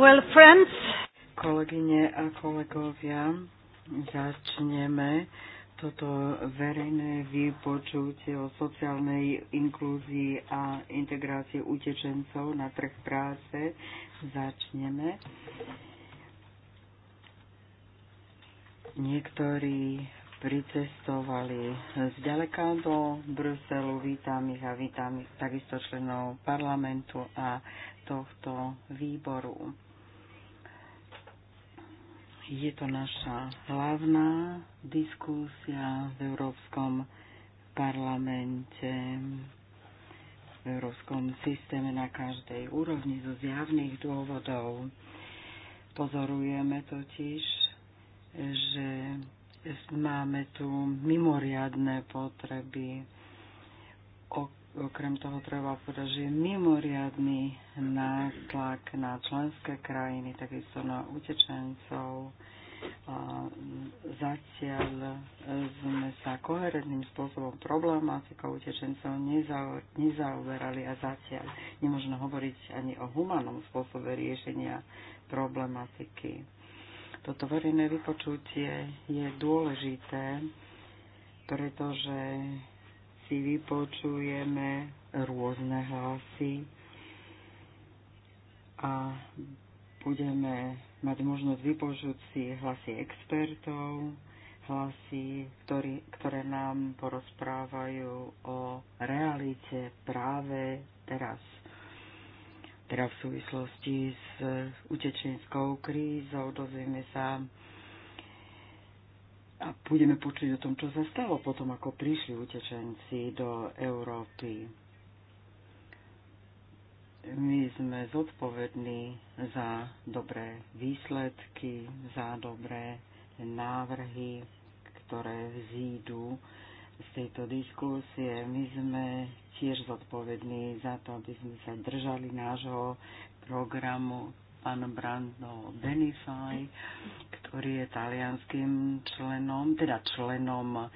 Well, friends. Kolegyne a kolegovia, začneme toto verejné vypočutie o sociálnej inklúzii a integrácii utečencov na trh práce. Začneme. Niektorí pricestovali zďaleka do Bruselu. Vítam ich a vítam ich takisto členov parlamentu a tohto výboru. Je to naša hlavná diskusia v Európskom parlamente, v Európskom systéme na každej úrovni zo zjavných dôvodov. Pozorujeme totiž, že máme tu mimoriadne potreby, o Okrem toho treba povedať, že je mimoriadný nátlak na členské krajiny, takisto na utečencov. A zatiaľ sme sa koherentným spôsobom problematika utečencov nezauberali a zatiaľ nemôžno hovoriť ani o humanom spôsobe riešenia problematiky. Toto verejné vypočutie je dôležité, pretože si vypočujeme rôzne hlasy a budeme mať možnosť vypočuť si hlasy expertov, hlasy, ktorý, ktoré nám porozprávajú o realite práve teraz. Teda v súvislosti s utečenskou krízou dozvieme sa a budeme počuť o tom, čo sa stalo potom, ako prišli utečenci do Európy. My sme zodpovední za dobré výsledky, za dobré návrhy, ktoré vzídu z tejto diskusie. My sme tiež zodpovední za to, aby sme sa držali nášho programu pánom Brando Benifaj, ktorý je talianským členom, teda členom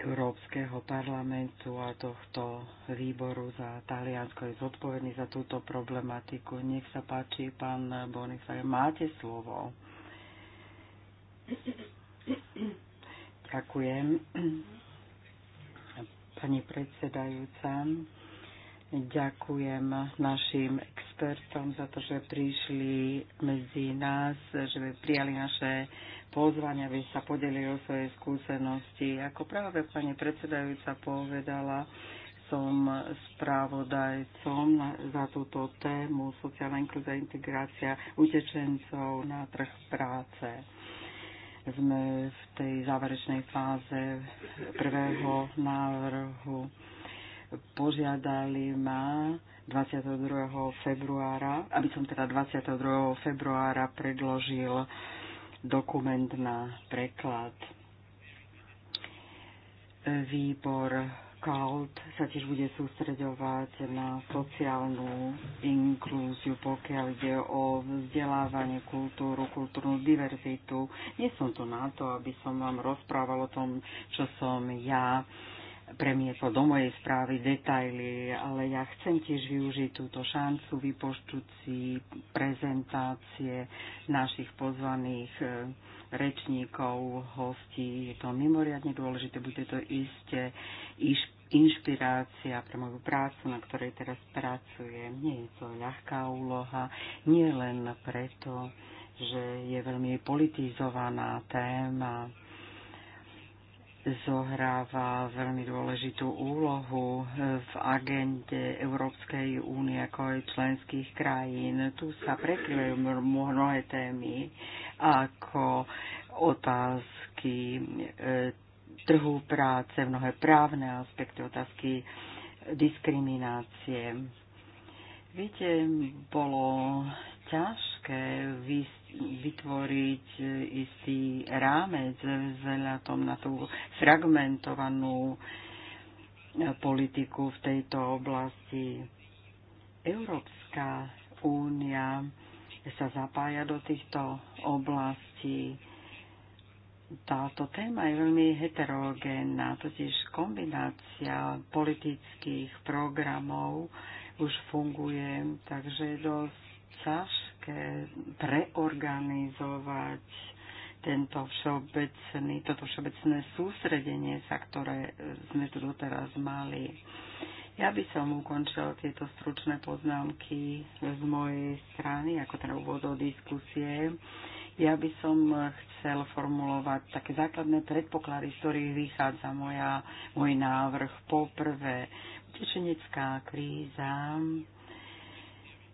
Európskeho parlamentu a tohto výboru za Taliansko je zodpovedný za túto problematiku. Nech sa páči, pán Bonifaj, máte slovo. Ďakujem. Pani predsedajúca, Ďakujem našim expertom za to, že prišli medzi nás, že prijali naše pozvanie, aby sa podelili o svoje skúsenosti. Ako práve pani predsedajúca povedala, som správodajcom za túto tému sociálna inkluzia integrácia utečencov na trh práce. Sme v tej záverečnej fáze prvého návrhu požiadali ma 22. februára, aby som teda 22. februára predložil dokument na preklad. Výbor Kalt sa tiež bude sústreďovať na sociálnu inklúziu, pokiaľ ide o vzdelávanie, kultúru, kultúrnu diverzitu. Nie som tu na to, aby som vám rozprával o tom, čo som ja premietlo do mojej správy detaily, ale ja chcem tiež využiť túto šancu vypočuť si prezentácie našich pozvaných e, rečníkov, hostí. Je to mimoriadne dôležité, bude to iste inšpirácia pre moju prácu, na ktorej teraz pracujem. Nie je to ľahká úloha, nie len preto, že je veľmi politizovaná téma, zohráva veľmi dôležitú úlohu v agende Európskej únie ako aj členských krajín. Tu sa prekryvajú mnohé témy ako otázky e, trhu práce, mnohé právne aspekty, otázky diskriminácie. Viete, bolo ťažké vysť vytvoriť e, istý rámec vzhľadom na tú fragmentovanú e, politiku v tejto oblasti. Európska únia sa zapája do týchto oblastí. Táto téma je veľmi heterogénna, totiž kombinácia politických programov už funguje, takže je dosť také preorganizovať tento všeobecný, toto všeobecné sústredenie sa, ktoré sme tu doteraz mali. Ja by som ukončila tieto stručné poznámky z mojej strany, ako ten úvod do diskusie. Ja by som chcel formulovať také základné predpoklady, z ktorých vychádza moja, môj návrh. Poprvé, utečenecká kríza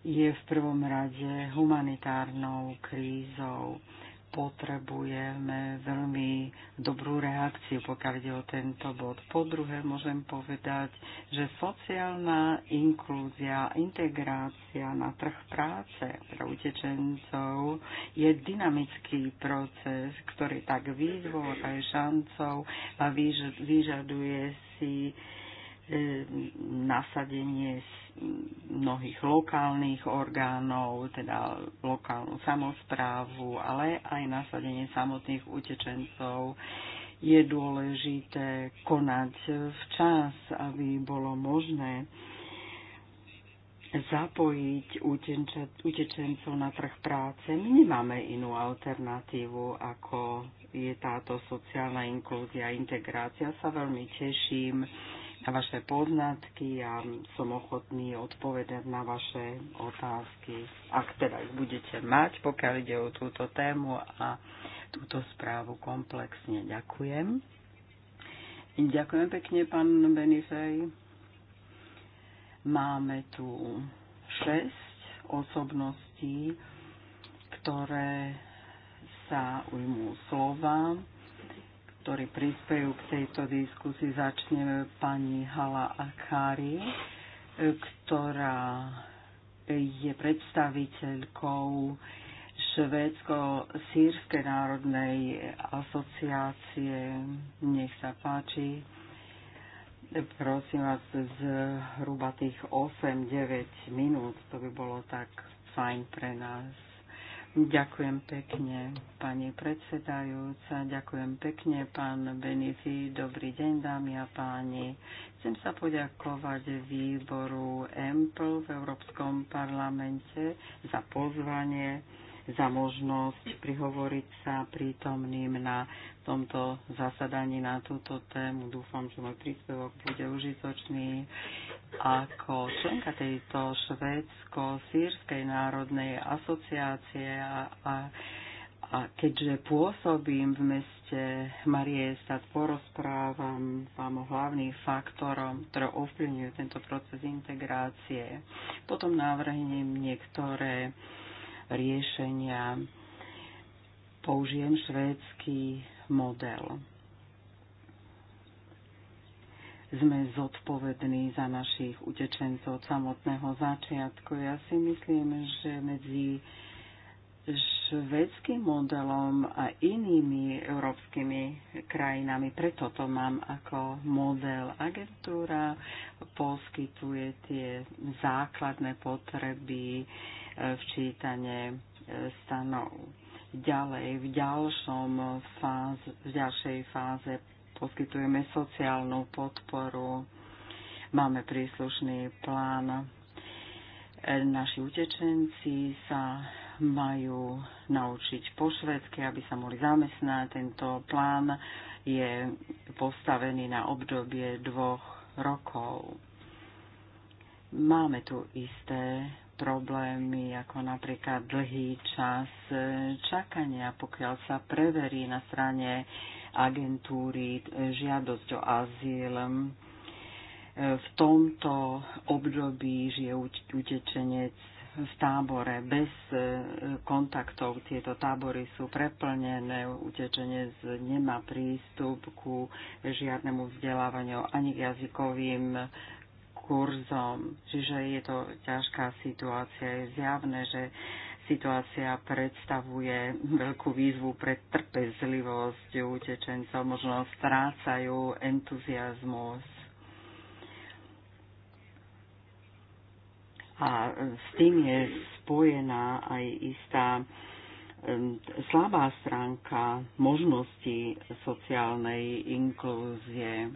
je v prvom rade humanitárnou krízou. Potrebujeme veľmi dobrú reakciu, pokiaľ ide o tento bod. Po druhé, môžem povedať, že sociálna inklúzia, integrácia na trh práce pre utečencov je dynamický proces, ktorý tak výzvou, aj šancou a vyžaduje si nasadenie mnohých lokálnych orgánov, teda lokálnu samozprávu, ale aj nasadenie samotných utečencov. Je dôležité konať včas, aby bolo možné zapojiť utečencov na trh práce. My nemáme inú alternatívu, ako je táto sociálna inklúzia, integrácia. Sa veľmi teším, na vaše poznatky a som ochotný odpovedať na vaše otázky, ak teda ich budete mať, pokiaľ ide o túto tému a túto správu komplexne. Ďakujem. Ďakujem pekne, pán Benifej. Máme tu 6 osobností, ktoré sa ujmú slova ktorí prispejú k tejto diskusii. Začneme pani Hala Akari, ktorá je predstaviteľkou švédsko sírskej národnej asociácie. Nech sa páči. Prosím vás, zhruba tých 8-9 minút, to by bolo tak fajn pre nás. Ďakujem pekne, pani predsedajúca. Ďakujem pekne, pán Benifi. Dobrý deň, dámy a páni. Chcem sa poďakovať výboru EMPL v Európskom parlamente za pozvanie za možnosť prihovoriť sa prítomným na tomto zasadaní na túto tému. Dúfam, že môj príspevok bude užitočný. Ako členka tejto švédsko-sírskej národnej asociácie a, a a keďže pôsobím v meste Mariestad, porozprávam vám o hlavných faktorom, ktoré ovplyvňujú tento proces integrácie. Potom návrhnem niektoré riešenia. Použijem švédsky model. Sme zodpovední za našich utečencov od samotného začiatku. Ja si myslím, že medzi švedským modelom a inými európskymi krajinami. Preto to mám ako model. Agentúra poskytuje tie základné potreby včítanie e, stanov. Ďalej, v, ďalšom fáze, v ďalšej fáze poskytujeme sociálnu podporu, máme príslušný plán. E, naši utečenci sa majú naučiť po švedsky, aby sa mohli zamestnať. Tento plán je postavený na obdobie dvoch rokov. Máme tu isté problémy, ako napríklad dlhý čas e, čakania, pokiaľ sa preverí na strane agentúry e, žiadosť o azyl. E, v tomto období žije utečenec v tábore bez kontaktov. Tieto tábory sú preplnené, utečenec nemá prístup ku žiadnemu vzdelávaniu ani k jazykovým kurzom. Čiže je to ťažká situácia. Je zjavné, že situácia predstavuje veľkú výzvu pre trpezlivosť utečencov. Možno strácajú entuziasmus. A s tým je spojená aj istá slabá stránka možnosti sociálnej inklúzie.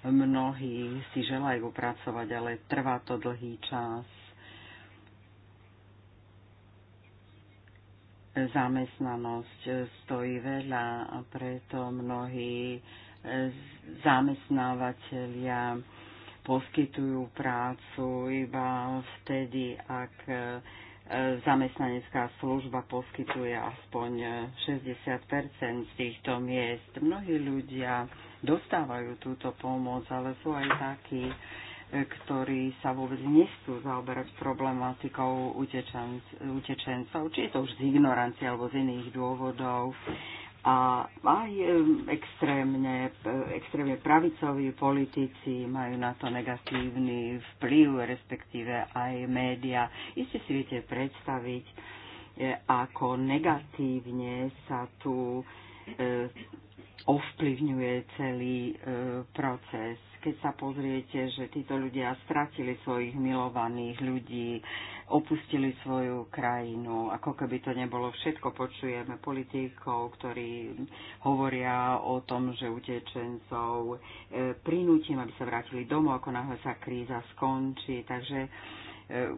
Mnohí si želajú pracovať, ale trvá to dlhý čas. Zamestnanosť stojí veľa a preto mnohí zamestnávateľia poskytujú prácu iba vtedy, ak zamestnanecká služba poskytuje aspoň 60 z týchto miest. Mnohí ľudia dostávajú túto pomoc, ale sú aj takí, e, ktorí sa vôbec nechcú zaoberať problematikou utečencov, či je to už z ignorancie alebo z iných dôvodov. A aj e, extrémne, e, extrémne pravicoví politici majú na to negatívny vplyv, respektíve aj média. Iste si viete predstaviť, ako negatívne sa tu ovplyvňuje celý e, proces. Keď sa pozriete, že títo ľudia stratili svojich milovaných ľudí, opustili svoju krajinu, ako keby to nebolo všetko, počujeme politikov, ktorí hovoria o tom, že utečencov e, prinútim, aby sa vrátili domov, ako náhle sa kríza skončí. Takže e,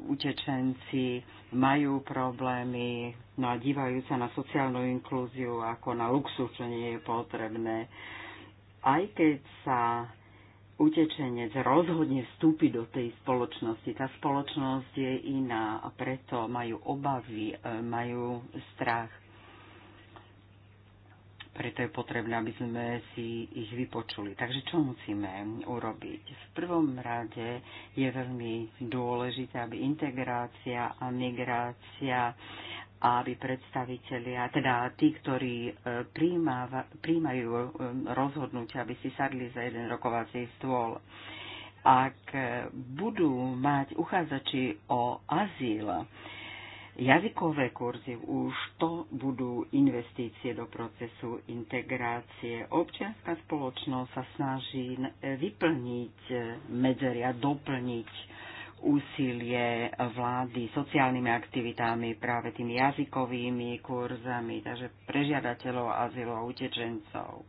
utečenci majú problémy, no a dívajú sa na sociálnu inklúziu ako na luxus, čo nie je potrebné. Aj keď sa utečenec rozhodne vstúpi do tej spoločnosti. Tá spoločnosť je iná a preto majú obavy, e, majú strach. Preto je potrebné, aby sme si ich vypočuli. Takže čo musíme urobiť? V prvom rade je veľmi dôležité, aby integrácia a migrácia aby predstavitelia, teda tí, ktorí e, príjmajú e, rozhodnutia, aby si sadli za jeden rokovací stôl. Ak e, budú mať uchádzači o azyl, jazykové kurzy, už to budú investície do procesu integrácie. Občianská spoločnosť sa snaží vyplniť e, medzeria, doplniť úsilie vlády sociálnymi aktivitami, práve tými jazykovými kurzami, takže prežiadateľov azylu a utečencov.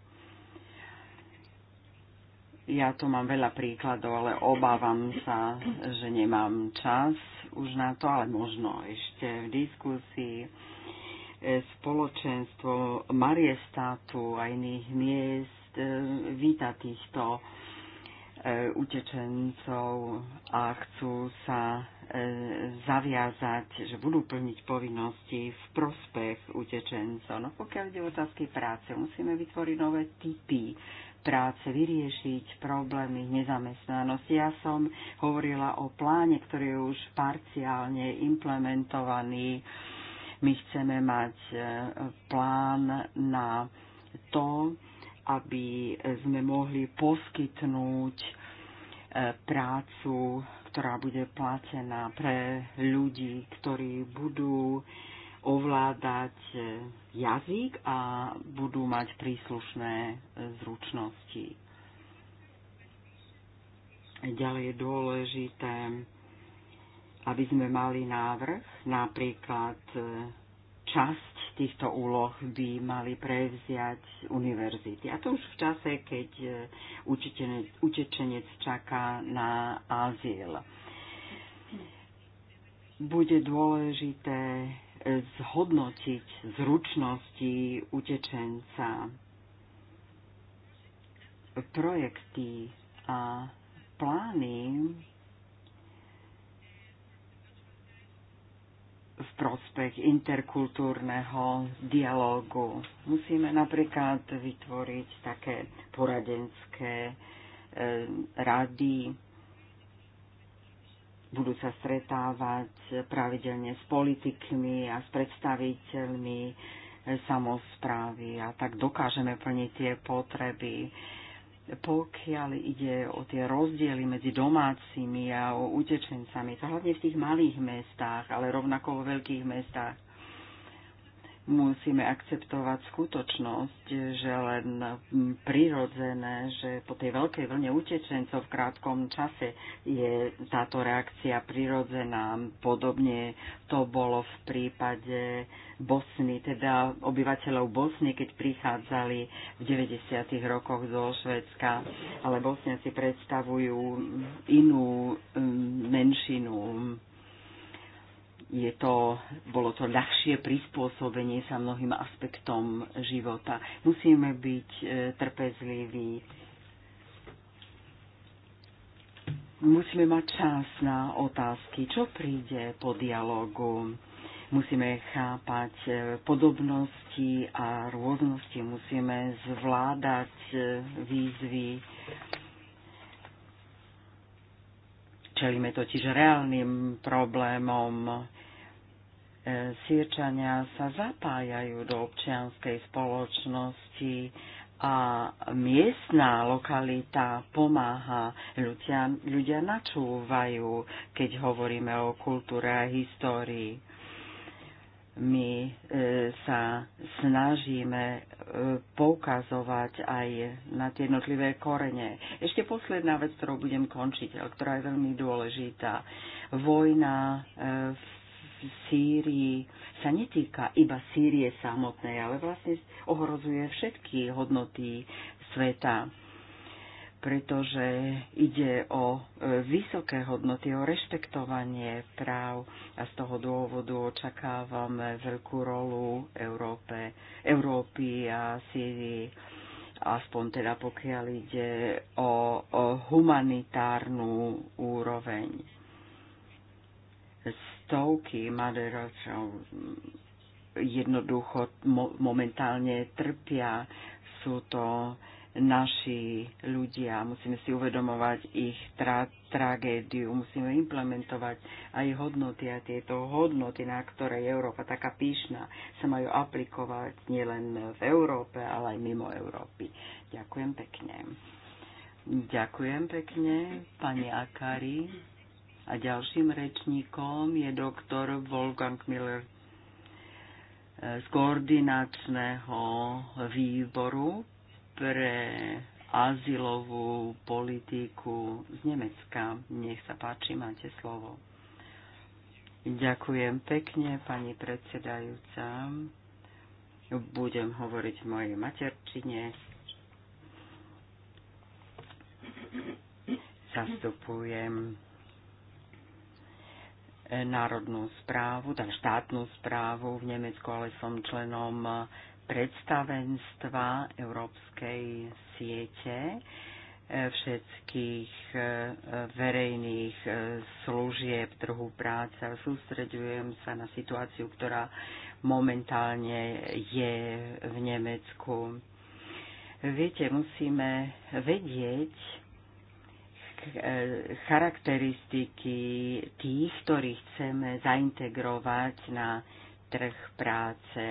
Ja tu mám veľa príkladov, ale obávam sa, že nemám čas už na to, ale možno ešte v diskusii e, spoločenstvo Marie Státu a iných miest e, víta týchto e, utečencov a chcú sa zaviazať, že budú plniť povinnosti v prospech utečencov. No pokiaľ ide o otázky práce, musíme vytvoriť nové typy práce, vyriešiť problémy nezamestnanosti. Ja som hovorila o pláne, ktorý je už parciálne implementovaný. My chceme mať e, plán na to, aby sme mohli poskytnúť e, prácu, ktorá bude platená pre ľudí, ktorí budú ovládať eh, jazyk a budú mať príslušné eh, zručnosti. Ďalej je dôležité, aby sme mali návrh, napríklad eh, časť týchto úloh by mali prevziať univerzity. A to už v čase, keď utečenec, čaká na azyl. Bude dôležité zhodnotiť zručnosti utečenca, projekty a plány v prospech interkultúrneho dialógu. Musíme napríklad vytvoriť také poradenské eh, rady, budú sa stretávať pravidelne s politikmi a s predstaviteľmi e, samozprávy a tak dokážeme plniť tie potreby. Pokiaľ ide o tie rozdiely medzi domácimi a o utečencami, to hlavne v tých malých mestách, ale rovnako vo veľkých mestách, musíme akceptovať skutočnosť, že len prirodzené, že po tej veľkej vlne utečencov v krátkom čase je táto reakcia prirodzená. Podobne to bolo v prípade Bosny, teda obyvateľov Bosny, keď prichádzali v 90. rokoch zo Švedska, ale bosnia si predstavujú inú mm, menšinu je to, bolo to ľahšie prispôsobenie sa mnohým aspektom života. Musíme byť e, trpezliví. Musíme mať čas na otázky, čo príde po dialogu. Musíme chápať e, podobnosti a rôznosti. Musíme zvládať e, výzvy Čelíme totiž reálnym problémom. E, Sýrčania sa zapájajú do občianskej spoločnosti a miestná lokalita pomáha. Ľudia, ľudia načúvajú, keď hovoríme o kultúre a histórii my e, sa snažíme e, poukazovať aj na tie jednotlivé korene. Ešte posledná vec, ktorou budem končiť, ale ktorá je veľmi dôležitá. Vojna e, v Sýrii sa netýka iba Sýrie samotnej, ale vlastne ohrozuje všetky hodnoty sveta pretože ide o e, vysoké hodnoty, o rešpektovanie práv a z toho dôvodu očakávame veľkú rolu Európe, Európy a Sýrii, aspoň teda pokiaľ ide o, o humanitárnu úroveň. Stovky Maderočov jednoducho momentálne trpia, sú to naši ľudia. Musíme si uvedomovať ich tra- tragédiu, musíme implementovať aj hodnoty a tieto hodnoty, na ktoré je Európa taká píšna, sa majú aplikovať nielen v Európe, ale aj mimo Európy. Ďakujem pekne. Ďakujem pekne, pani Akari. A ďalším rečníkom je doktor Wolfgang Miller eh, z koordinačného výboru pre azylovú politiku z Nemecka. Nech sa páči, máte slovo. Ďakujem pekne, pani predsedajúca. Budem hovoriť v mojej materčine. Zastupujem národnú správu, tam teda štátnu správu v Nemecku, ale som členom predstavenstva Európskej siete e, všetkých e, verejných e, služieb trhu práce. Sústredujem sa na situáciu, ktorá momentálne je v Nemecku. Viete, musíme vedieť charakteristiky tých, ktorých chceme zaintegrovať na trh práce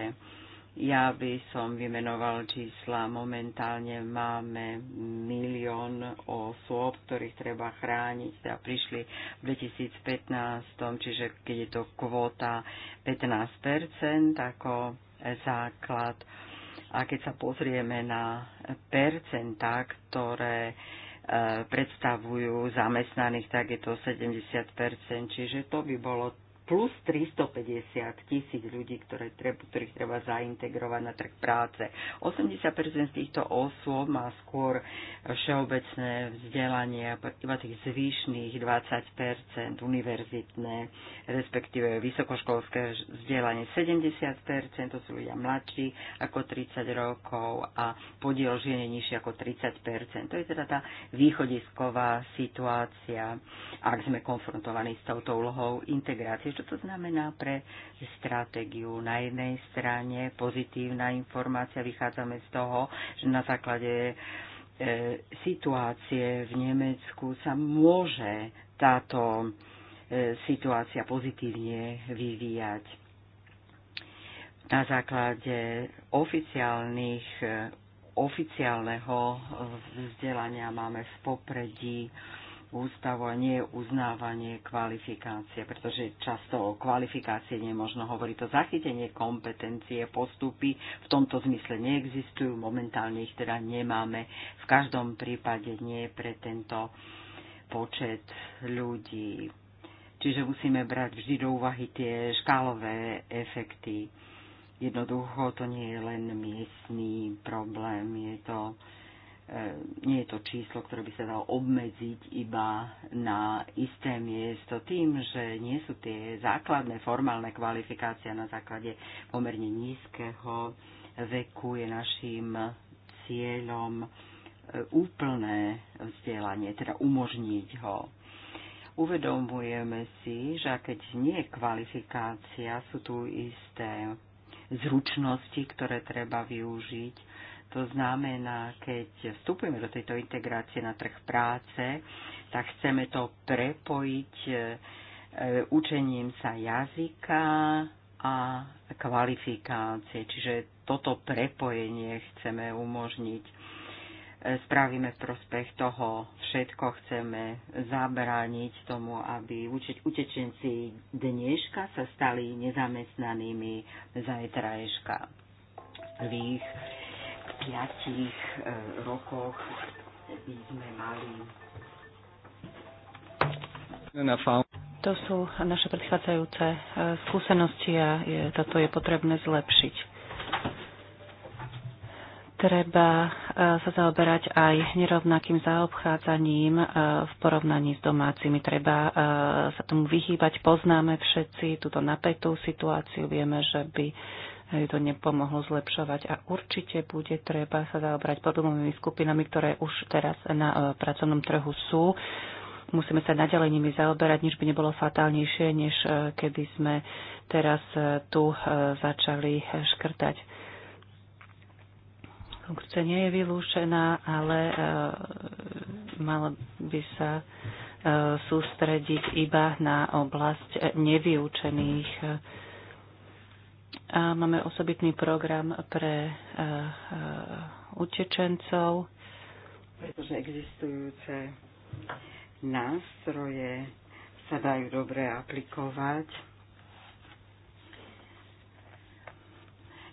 ja by som vymenoval čísla. Momentálne máme milión osôb, ktorých treba chrániť a teda prišli v 2015, čiže keď je to kvóta 15 ako základ. A keď sa pozrieme na percentá, ktoré e, predstavujú zamestnaných, tak je to 70%, čiže to by bolo plus 350 tisíc ľudí, ktoré treba, ktorých treba zaintegrovať na trh práce. 80% z týchto osôb má skôr všeobecné vzdelanie, iba tých zvyšných 20% univerzitné, respektíve vysokoškolské vzdelanie. 70% to sú ľudia mladší ako 30 rokov a podiel žien je nižší ako 30%. To je teda tá východisková situácia, ak sme konfrontovaní s touto úlohou integrácie. Čo čo to znamená pre stratégiu. Na jednej strane pozitívna informácia, vychádzame z toho, že na základe e, situácie v Nemecku sa môže táto e, situácia pozitívne vyvíjať. Na základe oficiálnych, e, oficiálneho vzdelania máme v popredí ústavu a nie uznávanie kvalifikácie, pretože často o kvalifikácie nie možno hovoriť. To zachytenie kompetencie, postupy v tomto zmysle neexistujú, momentálne ich teda nemáme. V každom prípade nie pre tento počet ľudí. Čiže musíme brať vždy do úvahy tie škálové efekty. Jednoducho to nie je len miestný problém, je to Ehm, nie je to číslo, ktoré by sa dalo obmedziť iba na isté miesto tým, že nie sú tie základné formálne kvalifikácie na základe pomerne nízkeho veku je našim cieľom e, úplné vzdelanie, teda umožniť ho. Uvedomujeme si, že keď nie je kvalifikácia, sú tu isté zručnosti, ktoré treba využiť to znamená, keď vstupujeme do tejto integrácie na trh práce, tak chceme to prepojiť e, učením sa jazyka a kvalifikácie. Čiže toto prepojenie chceme umožniť e, spravíme v prospech toho všetko, chceme zabrániť tomu, aby utečenci dneška sa stali nezamestnanými zajtrajška. Lých piatich e, rokoch by sme mali to sú naše predchádzajúce e, skúsenosti a je, toto je potrebné zlepšiť. Treba e, sa zaoberať aj nerovnakým zaobchádzaním v porovnaní s domácimi. Treba sa tomu vyhýbať. Poznáme všetci túto napätú situáciu. Vieme, že by ju to nepomohlo zlepšovať a určite bude treba sa zaobrať problémovými skupinami, ktoré už teraz na e, pracovnom trhu sú. Musíme sa naďalej nimi zaoberať, nič by nebolo fatálnejšie, než e, kedy sme teraz e, tu začali škrtať. Funkcia nie je vylúčená, ale mala by sa sústrediť iba na oblasť nevyučených a máme osobitný program pre eh, eh, utečencov. Pretože existujúce nástroje sa dajú dobre aplikovať.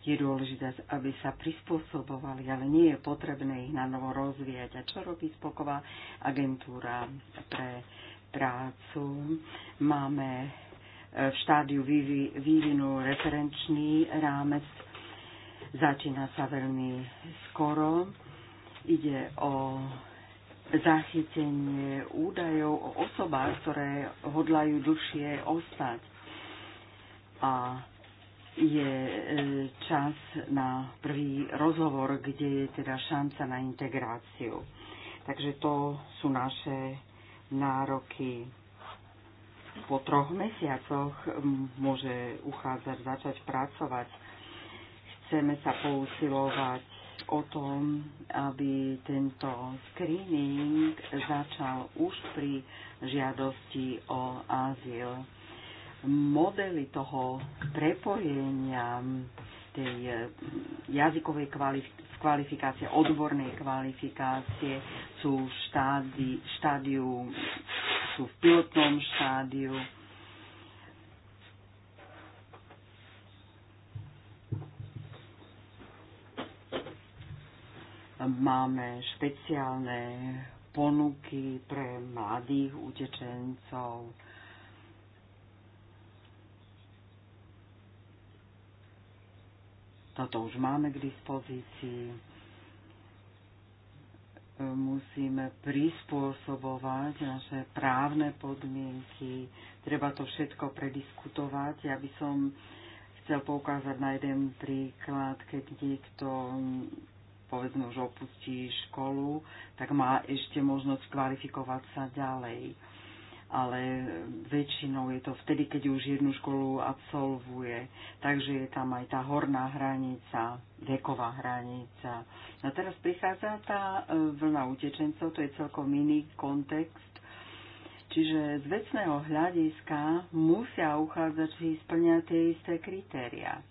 Je dôležité, aby sa prispôsobovali, ale nie je potrebné ich na novo rozvíjať. A čo robí Spoková agentúra pre prácu? Máme v štádiu vývinu referenčný rámec. Začína sa veľmi skoro. Ide o zachytenie údajov o osobách, ktoré hodlajú dlhšie ostať. A je e, čas na prvý rozhovor, kde je teda šanca na integráciu. Takže to sú naše nároky po troch mesiacoch môže uchádzať začať pracovať. Chceme sa pousilovať o tom, aby tento screening začal už pri žiadosti o azyl. Modely toho prepojenia tej e, jazykovej kvalifikácie, odbornej kvalifikácie sú v štádiu sú v pilotnom štádiu. Máme špeciálne ponuky pre mladých utečencov. Toto už máme k dispozícii musíme prispôsobovať naše právne podmienky, treba to všetko prediskutovať. Ja by som chcel poukázať na jeden príklad, keď niekto povedzme už opustí školu, tak má ešte možnosť kvalifikovať sa ďalej ale väčšinou je to vtedy, keď už jednu školu absolvuje. Takže je tam aj tá horná hranica, veková hranica. No a teraz prichádza tá e, vlna utečencov, to je celkom iný kontext. Čiže z vecného hľadiska musia uchádzači splňať tie isté kritéria.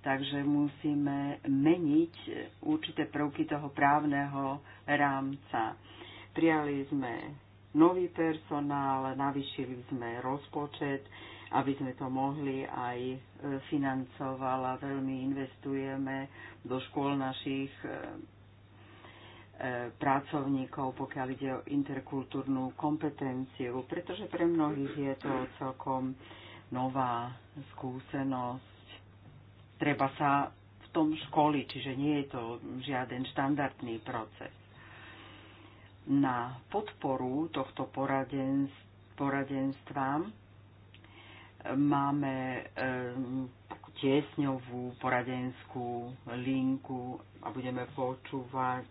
Takže musíme meniť určité prvky toho právneho rámca. Prijali sme nový personál, navýšili sme rozpočet, aby sme to mohli aj e, financovať a veľmi investujeme do škôl našich e, e, pracovníkov, pokiaľ ide o interkultúrnu kompetenciu, pretože pre mnohých je to celkom nová skúsenosť. Treba sa v tom školi, čiže nie je to žiaden štandardný proces na podporu tohto poradenstva máme e, tiesňovú poradenskú linku a budeme počúvať,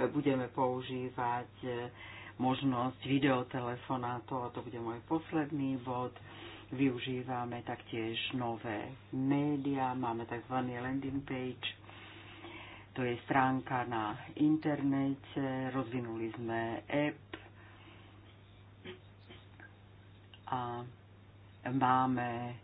e, budeme používať e, možnosť videotelefonátov, a to bude môj posledný bod. Využívame taktiež nové médiá, máme tzv. landing page, to je stránka na internete, rozvinuli sme app a máme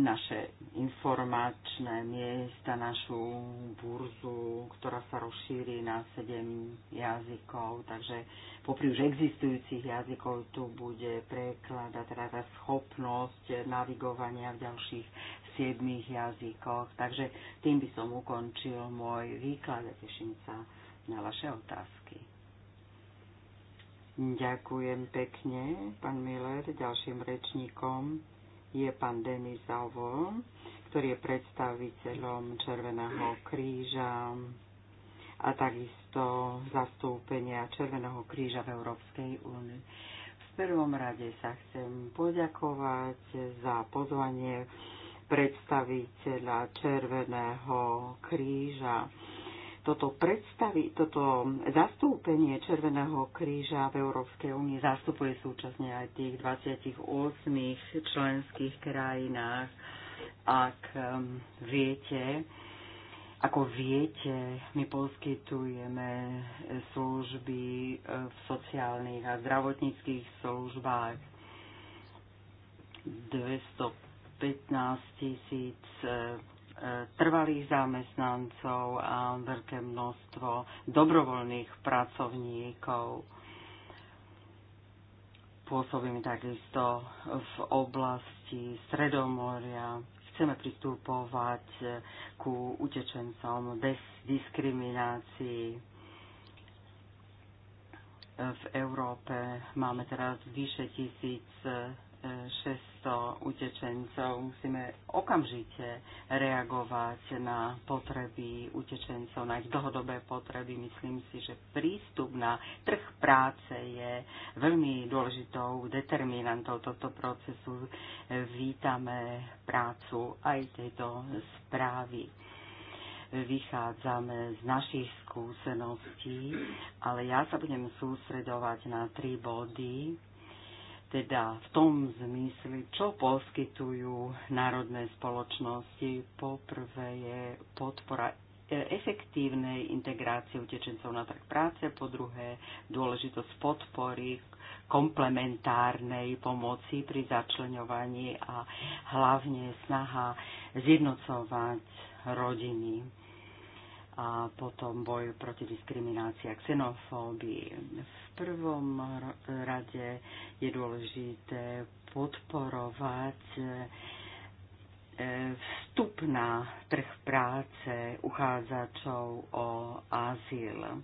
naše informačné miesta, našu burzu, ktorá sa rozšíri na 7 jazykov, takže popri už existujúcich jazykov tu bude preklad a teda tá schopnosť navigovania v ďalších siedmých jazykoch. Takže tým by som ukončil môj výklad a teším sa na vaše otázky. Ďakujem pekne, pán Miller. Ďalším rečníkom je pán Denis Zavol, ktorý je predstaviteľom Červeného kríža a takisto zastúpenia Červeného kríža v Európskej únii. V prvom rade sa chcem poďakovať za pozvanie predstaviteľa Červeného kríža. Toto, predstavi, toto zastúpenie Červeného kríža v Európskej únii zastupuje súčasne aj tých 28 členských krajinách. Ak um, viete, ako viete, my poskytujeme služby um, v sociálnych a zdravotníckých službách 200 15 tisíc e, e, trvalých zamestnancov a veľké množstvo dobrovoľných pracovníkov. Pôsobíme takisto v oblasti Stredomoria. Chceme pristupovať e, ku utečencom bez diskriminácií v Európe máme teraz vyše tisíc. 600 utečencov. Musíme okamžite reagovať na potreby utečencov, na ich dlhodobé potreby. Myslím si, že prístup na trh práce je veľmi dôležitou determinantou tohto procesu. Vítame prácu aj tejto správy vychádzame z našich skúseností, ale ja sa budem sústredovať na tri body, teda v tom zmysli, čo poskytujú národné spoločnosti. Poprvé je podpora e, efektívnej integrácie utečencov na trh práce, po druhé dôležitosť podpory komplementárnej pomoci pri začlenovaní a hlavne snaha zjednocovať rodiny a potom boj proti diskriminácii a xenofóbii. V prvom rade je dôležité podporovať e, vstup na trh práce uchádzačov o azyl.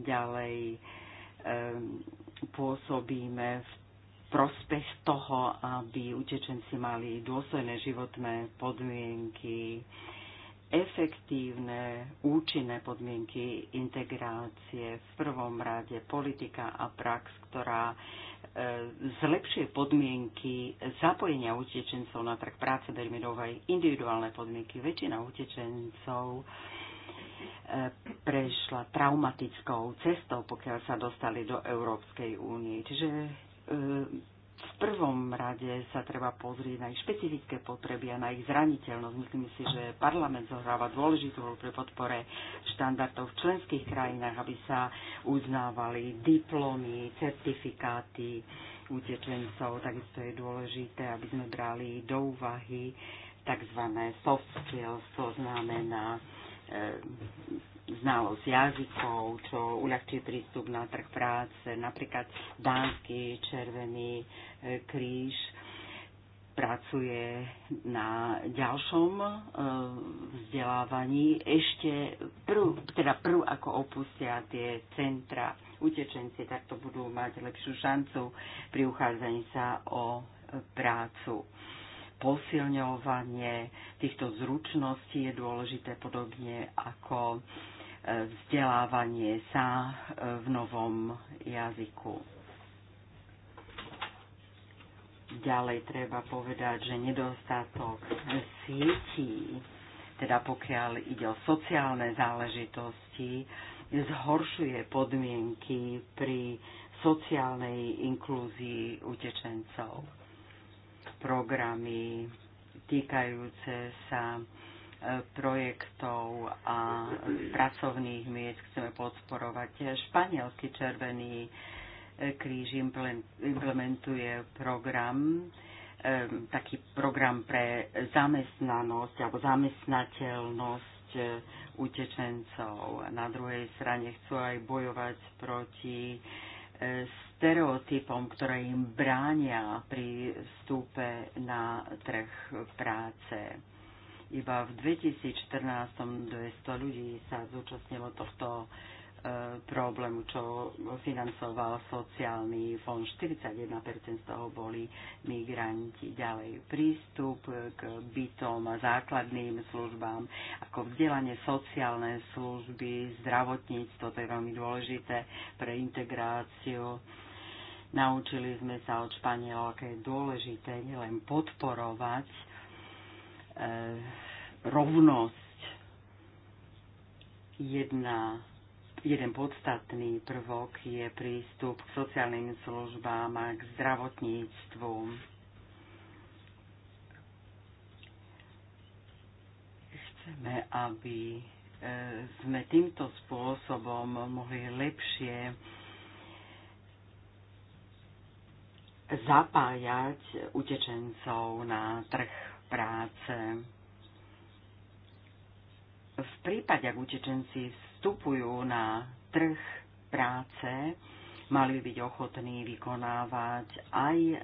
Ďalej e, pôsobíme v prospech toho, aby utečenci mali dôstojné životné podmienky, efektívne, účinné podmienky integrácie, v prvom rade politika a prax, ktorá e, zlepšuje podmienky zapojenia utečencov na trh práce, berme do individuálne podmienky. Väčšina utečencov e, prešla traumatickou cestou, pokiaľ sa dostali do Európskej únie. Čiže e, v prvom rade sa treba pozrieť na ich špecifické potreby a na ich zraniteľnosť. Myslím si, že parlament zohráva dôležitú rolu pri podpore štandardov v členských krajinách, aby sa uznávali diplomy, certifikáty utečencov. Takisto je dôležité, aby sme brali do úvahy tzv. soft skills, to znamená e, znalosť jazykov, čo uľahčí prístup na trh práce, napríklad dánsky červený e, kríž pracuje na ďalšom e, vzdelávaní ešte prv, teda prv ako opustia tie centra utečenci, tak to budú mať lepšiu šancu pri uchádzaní sa o e, prácu. Posilňovanie týchto zručností je dôležité podobne ako vzdelávanie sa e, v novom jazyku. Ďalej treba povedať, že nedostatok sietí, teda pokiaľ ide o sociálne záležitosti, zhoršuje podmienky pri sociálnej inklúzii utečencov. Programy týkajúce sa projektov a pracovných miest chceme podporovať. Španielský Červený e, kríž implementuje program, e, taký program pre zamestnanosť alebo zamestnateľnosť e, utečencov. Na druhej strane chcú aj bojovať proti stereotypom, ktoré im bránia pri vstupe na trh práce iba v 2014 200 ľudí sa zúčastnilo tohto e, problému, čo financoval sociálny fond. 41% z toho boli migranti. Ďalej prístup k bytom a základným službám, ako vzdelanie sociálne služby, zdravotníctvo, to je veľmi dôležité pre integráciu. Naučili sme sa od Španielov, aké je dôležité nielen podporovať Eh, rovnosť jedna jeden podstatný prvok je prístup k sociálnym službám a k zdravotníctvu. Chceme, aby eh, sme týmto spôsobom mohli lepšie zapájať utečencov na trh práce. V prípade, ak utečenci vstupujú na trh práce, mali byť ochotní vykonávať aj e,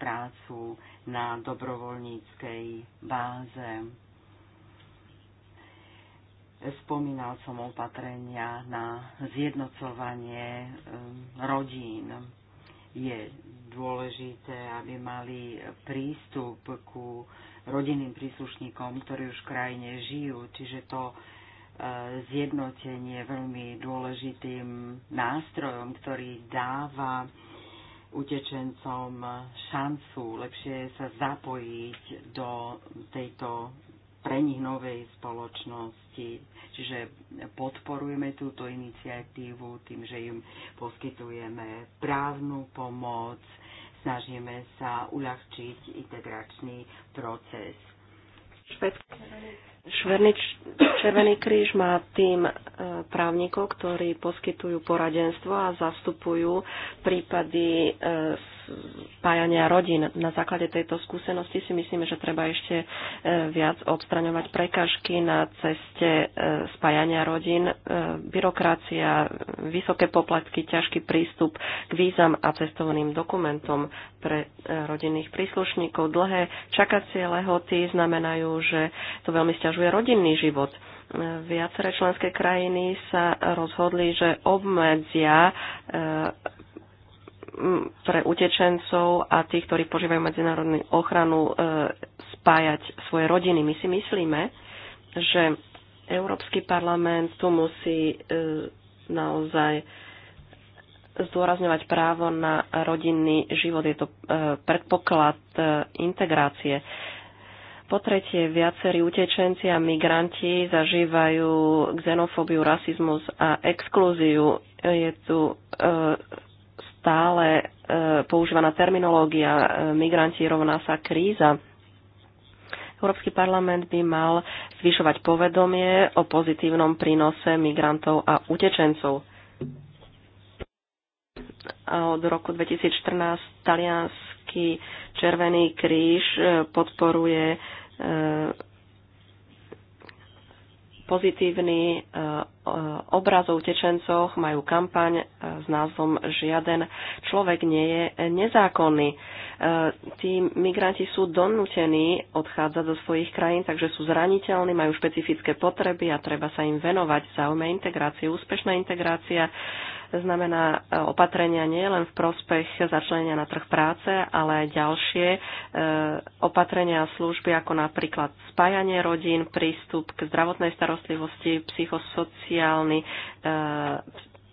prácu na dobrovoľníckej báze. Spomínal som opatrenia na zjednocovanie e, rodín. Je dôležité, aby mali prístup ku rodinným príslušníkom, ktorí už v krajine žijú. Čiže to e, zjednotenie je veľmi dôležitým nástrojom, ktorý dáva utečencom šancu lepšie sa zapojiť do tejto pre nich novej spoločnosti. Čiže podporujeme túto iniciatívu tým, že im poskytujeme právnu pomoc, Snažíme sa uľahčiť integračný proces. Šverný, Červený kríž má tým e, právnikov, ktorí poskytujú poradenstvo a zastupujú prípady s e, spájania rodín. Na základe tejto skúsenosti si myslíme, že treba ešte e, viac odstraňovať prekažky na ceste e, spájania rodín, e, byrokracia, vysoké poplatky, ťažký prístup k vízam a cestovným dokumentom pre rodinných príslušníkov. Dlhé čakacie lehoty znamenajú, že to veľmi stiažuje rodinný život viaceré členské krajiny sa rozhodli, že obmedzia pre utečencov a tých, ktorí požívajú medzinárodnú ochranu, e, spájať svoje rodiny. My si myslíme, že Európsky parlament tu musí e, naozaj zdôrazňovať právo na rodinný život. Je to e, predpoklad integrácie. Po tretie, viacerí utečenci a migranti zažívajú xenofóbiu, rasizmus a exklúziu. Je tu stále e, používaná terminológia e, migranti rovná sa kríza. Európsky parlament by mal zvyšovať povedomie o pozitívnom prínose migrantov a utečencov. A od roku 2014 talianský Červený kríž e, podporuje pozitívny e, e, obraz o utečencoch, majú kampaň e, s názvom Žiaden človek nie je nezákonný. Tí migranti sú donútení odchádzať zo svojich krajín, takže sú zraniteľní, majú špecifické potreby a treba sa im venovať v záujme integrácie. Úspešná integrácia znamená e, opatrenia nie len v prospech začlenia na trh práce, ale aj ďalšie e, opatrenia a služby, ako napríklad spájanie rodín, prístup k zdravotnej starostlivosti, psychosociálny e,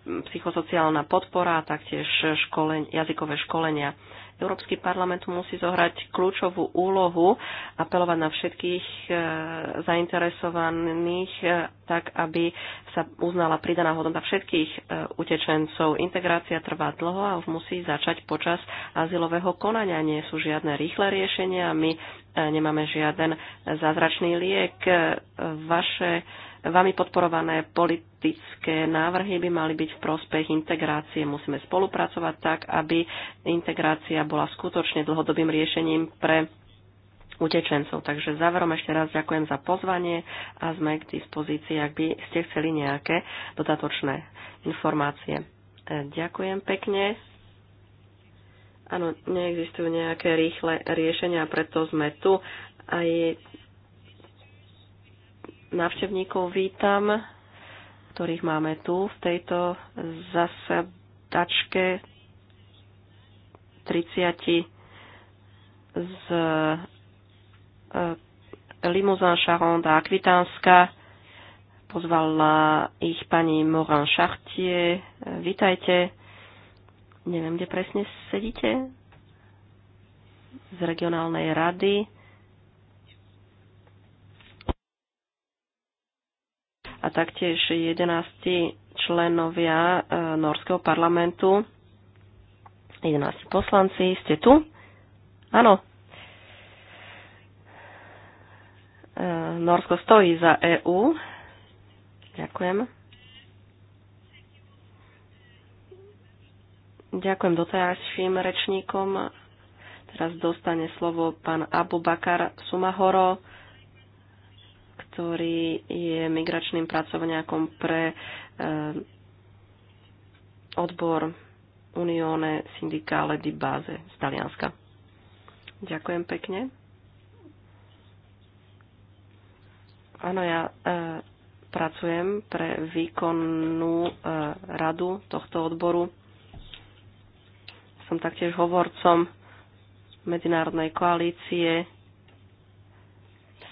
psychosociálna podpora a taktiež školen, jazykové školenia. Európsky parlament musí zohrať kľúčovú úlohu, apelovať na všetkých e, zainteresovaných, e, tak aby sa uznala pridaná hodnota všetkých e, utečencov. Integrácia trvá dlho a už musí začať počas azylového konania. Nie sú žiadne rýchle riešenia, my nemáme žiaden zázračný liek. Vaše vami podporované politické návrhy by mali byť v prospech integrácie. Musíme spolupracovať tak, aby integrácia bola skutočne dlhodobým riešením pre utečencov. Takže záverom ešte raz ďakujem za pozvanie a sme k dispozícii, ak by ste chceli nejaké dodatočné informácie. E, ďakujem pekne. Áno, neexistujú nejaké rýchle riešenia, preto sme tu. Aj návštevníkov vítam, ktorých máme tu v tejto zasadačke 30 z eh, Limousin, Charente a Akvitánska. Pozvala ich pani Morin Chartier. Vítajte. Neviem, kde presne sedíte. Z regionálnej rady. a taktiež 11 členovia e, Norského parlamentu. 11 poslanci, ste tu? Áno. E, Norsko stojí za EÚ. Ďakujem. Ďakujem doterajším rečníkom. Teraz dostane slovo pán Abu Bakar Sumahoro ktorý je migračným pracovňákom pre eh, odbor Unione Sindicale di Base z Talianska. Ďakujem pekne. Áno, ja e, pracujem pre výkonnú e, radu tohto odboru. Som taktiež hovorcom medzinárodnej koalície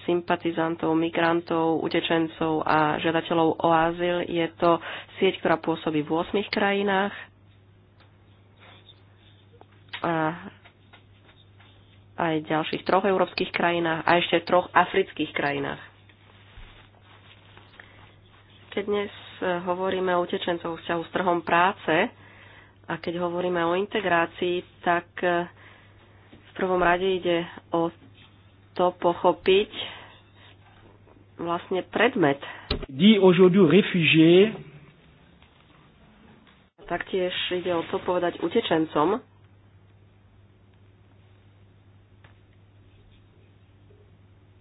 sympatizantov, migrantov, utečencov a žiadateľov o azyl. Je to sieť, ktorá pôsobí v 8 krajinách. A aj v ďalších troch európskych krajinách a ešte v troch afrických krajinách. Keď dnes e, hovoríme o utečencoch vzťahu s trhom práce a keď hovoríme o integrácii, tak e, v prvom rade ide o to pochopiť vlastne predmet. Dí aujourd'hui réfugié. Taktiež ide o to povedať utečencom.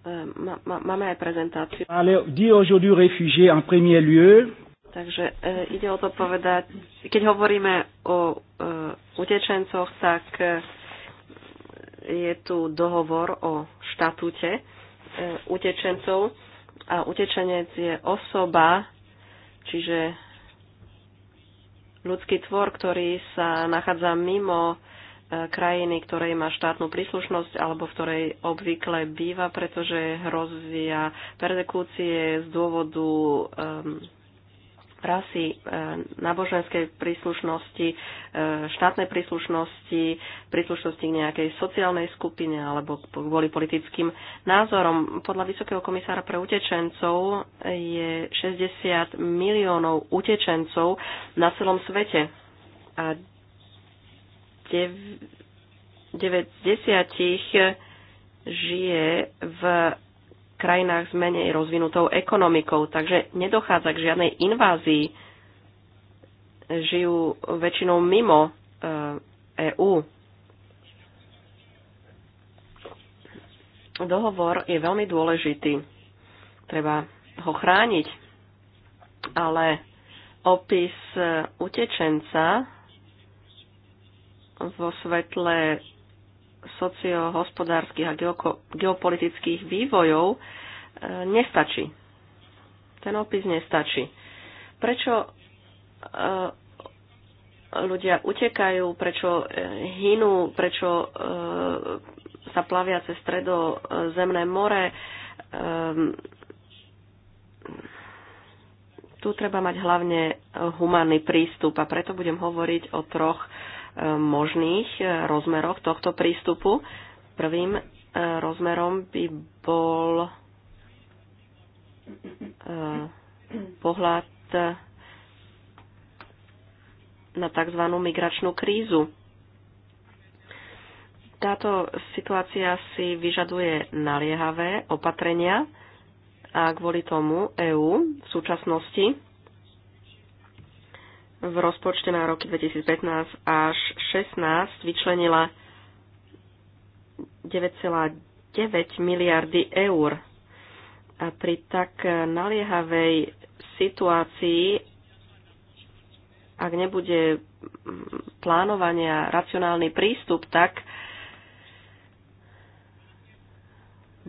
E, máme aj prezentáciu. Ale dí aujourd'hui réfugié en premier lieu. Takže e, ide o to povedať, keď hovoríme o e, utečencoch, tak e, je tu dohovor o štatúte e, utečencov a utečenec je osoba, čiže ľudský tvor, ktorý sa nachádza mimo e, krajiny, ktorej má štátnu príslušnosť alebo v ktorej obvykle býva, pretože hrozia persekúcie z dôvodu E, rasy, e, náboženskej príslušnosti, e, štátnej príslušnosti, príslušnosti k nejakej sociálnej skupine alebo kvôli politickým názorom. Podľa Vysokého komisára pre utečencov je 60 miliónov utečencov na celom svete a 9 z 10 žije v krajinách s menej rozvinutou ekonomikou, takže nedochádza k žiadnej invázii. Žijú väčšinou mimo EÚ. Eh, e Dohovor je veľmi dôležitý. Treba ho chrániť. Ale opis eh, utečenca vo svetle sociohospodárskych a geopolitických vývojov e, nestačí. Ten opis nestačí. Prečo e, ľudia utekajú, prečo e, hynú, prečo sa plavia cez stredozemné more. Tu treba mať hlavne humánny prístup a preto budem hovoriť o troch možných eh, rozmeroch tohto prístupu. Prvým eh, rozmerom by bol eh, pohľad na tzv. migračnú krízu. Táto situácia si vyžaduje naliehavé opatrenia a kvôli tomu EÚ v súčasnosti v rozpočte na roky 2015 až 16 vyčlenila 9,9 miliardy eur. A pri tak naliehavej situácii, ak nebude plánovania racionálny prístup, tak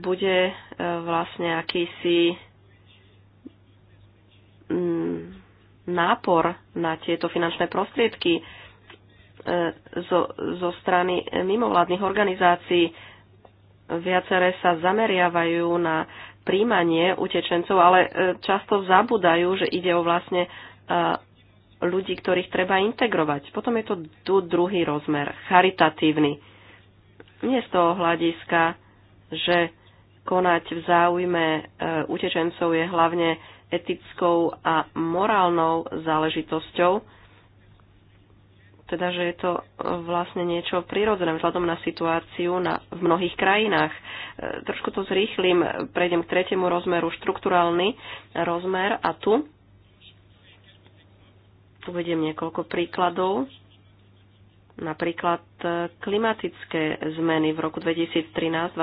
bude e, vlastne akýsi nápor na tieto finančné prostriedky e, zo, zo strany mimovládnych organizácií. Viaceré sa zameriavajú na príjmanie utečencov, ale e, často zabudajú, že ide o vlastne e, ľudí, ktorých treba integrovať. Potom je to tu druhý rozmer, charitatívny. Nie z toho hľadiska, že konať v záujme utečencov je hlavne etickou a morálnou záležitosťou. Teda, že je to e, vlastne niečo prirodzené vzhľadom na situáciu na, v mnohých krajinách. E, trošku to zrýchlim, prejdem k tretiemu rozmeru, štrukturálny rozmer a tu uvediem niekoľko príkladov. Napríklad e, klimatické zmeny v roku 2013 22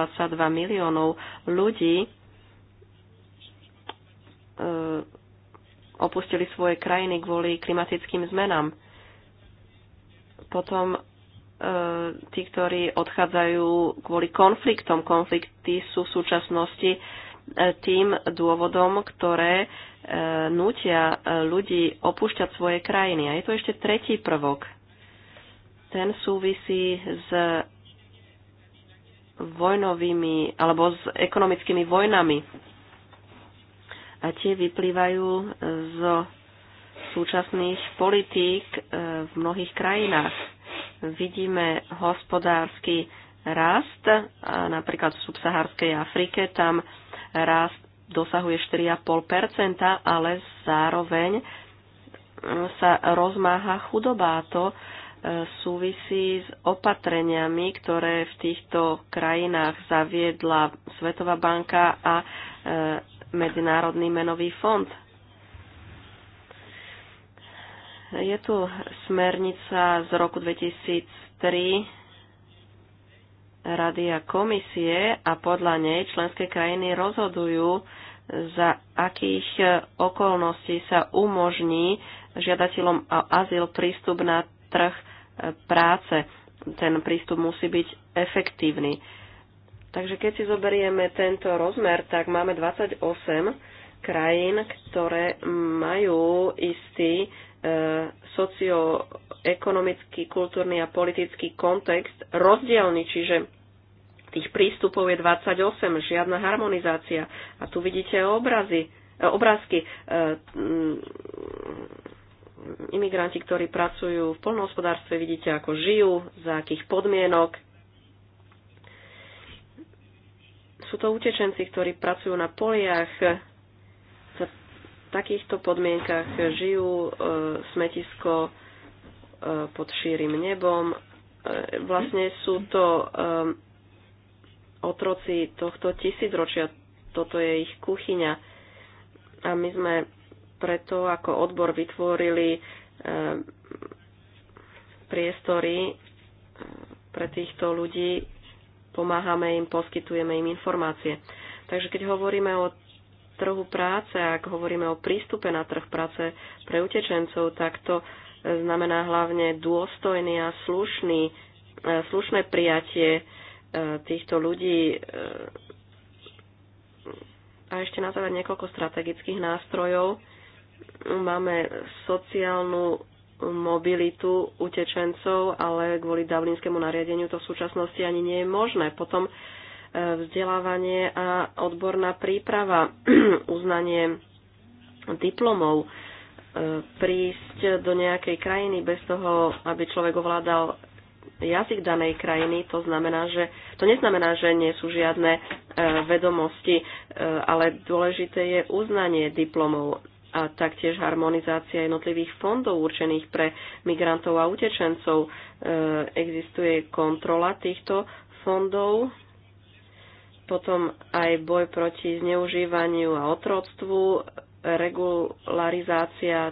miliónov ľudí E, opustili svoje krajiny kvôli klimatickým zmenám. Potom e, tí, ktorí odchádzajú kvôli konfliktom. Konflikty sú v súčasnosti e, tým dôvodom, ktoré nutia ľudí opúšťať svoje krajiny. A je to ešte tretí prvok. Ten súvisí s vojnovými alebo s ekonomickými vojnami a tie vyplývajú e, zo súčasných politík e, v mnohých krajinách. Vidíme hospodársky rast, napríklad v subsahárskej Afrike, tam rast dosahuje 4,5%, ale zároveň e, sa rozmáha chudoba a to súvisí s opatreniami, ktoré v týchto krajinách zaviedla Svetová banka a Medzinárodný menový fond. Je tu smernica z roku 2003 Rady a komisie a podľa nej členské krajiny rozhodujú, za akých okolností sa umožní žiadateľom o azyl prístup na trh práce. Ten prístup musí byť efektívny. Takže keď si zoberieme tento rozmer, tak máme 28 krajín, ktoré majú istý e, socioekonomický, kultúrny a politický kontext rozdielny, čiže tých prístupov je 28, žiadna harmonizácia. A tu vidíte obrazy, e, obrázky. E, imigranti, ktorí pracujú v polnohospodárstve, vidíte, ako žijú, za akých podmienok, sú to utečenci, ktorí pracujú na poliach, v takýchto podmienkach žijú, e, smetisko e, pod šírim nebom. E, vlastne sú to e, otroci tohto tisícročia, toto je ich kuchyňa. A my sme preto ako odbor vytvorili e, priestory e, pre týchto ľudí, pomáhame im, poskytujeme im informácie. Takže keď hovoríme o trhu práce, ak hovoríme o prístupe na trh práce pre utečencov, tak to e, znamená hlavne dôstojný a slušný, e, slušné prijatie e, týchto ľudí a ešte na záver niekoľko strategických nástrojov. Máme sociálnu mobilitu utečencov, ale kvôli dublinskému nariadeniu to v súčasnosti ani nie je možné. Potom e, vzdelávanie a odborná príprava, uznanie diplomov, e, prísť do nejakej krajiny bez toho, aby človek ovládal jazyk danej krajiny, to znamená, že to neznamená, že nie sú žiadne e, vedomosti, ale dôležité je uznanie diplomov a taktiež harmonizácia jednotlivých fondov určených pre migrantov a utečencov. E, existuje kontrola týchto fondov, potom aj boj proti zneužívaniu a otroctvu, regularizácia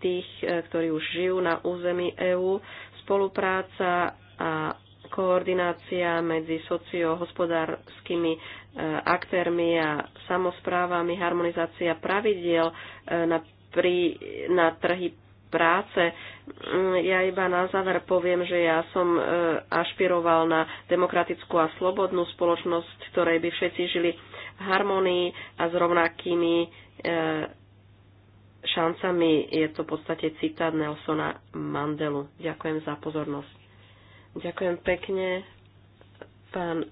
tých, e, ktorí už žijú na území EÚ, spolupráca a koordinácia medzi sociohospodárskymi Eh, aktérmi a samozprávami, harmonizácia pravidiel eh, na, pri, na trhy práce. Mm, ja iba na záver poviem, že ja som eh, ašpiroval na demokratickú a slobodnú spoločnosť, ktorej by všetci žili v harmonii a s rovnakými šancami. Je to v podstate citát Nelsona Mandelu. Ďakujem za pozornosť. Ďakujem pekne Pán e,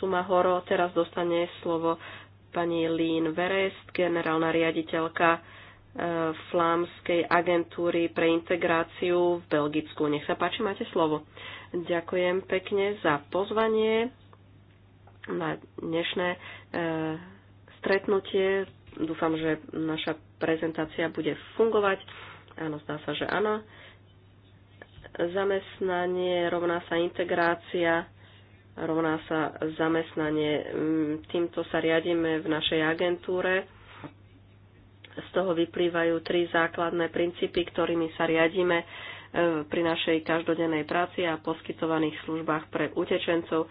Sumahoro teraz dostane slovo pani Lín Verest, generálna riaditeľka e, Flámskej agentúry pre integráciu v Belgicku. Nech sa páči, máte slovo. Ďakujem pekne za pozvanie na dnešné e, stretnutie. Dúfam, že naša prezentácia bude fungovať. Áno, zdá sa, že áno. Zamestnanie rovná sa integrácia rovná sa zamestnanie. Mm, Týmto sa riadíme v našej agentúre. Z toho vyplývajú tri základné princípy, ktorými sa riadíme e, pri našej každodennej práci a poskytovaných službách pre utečencov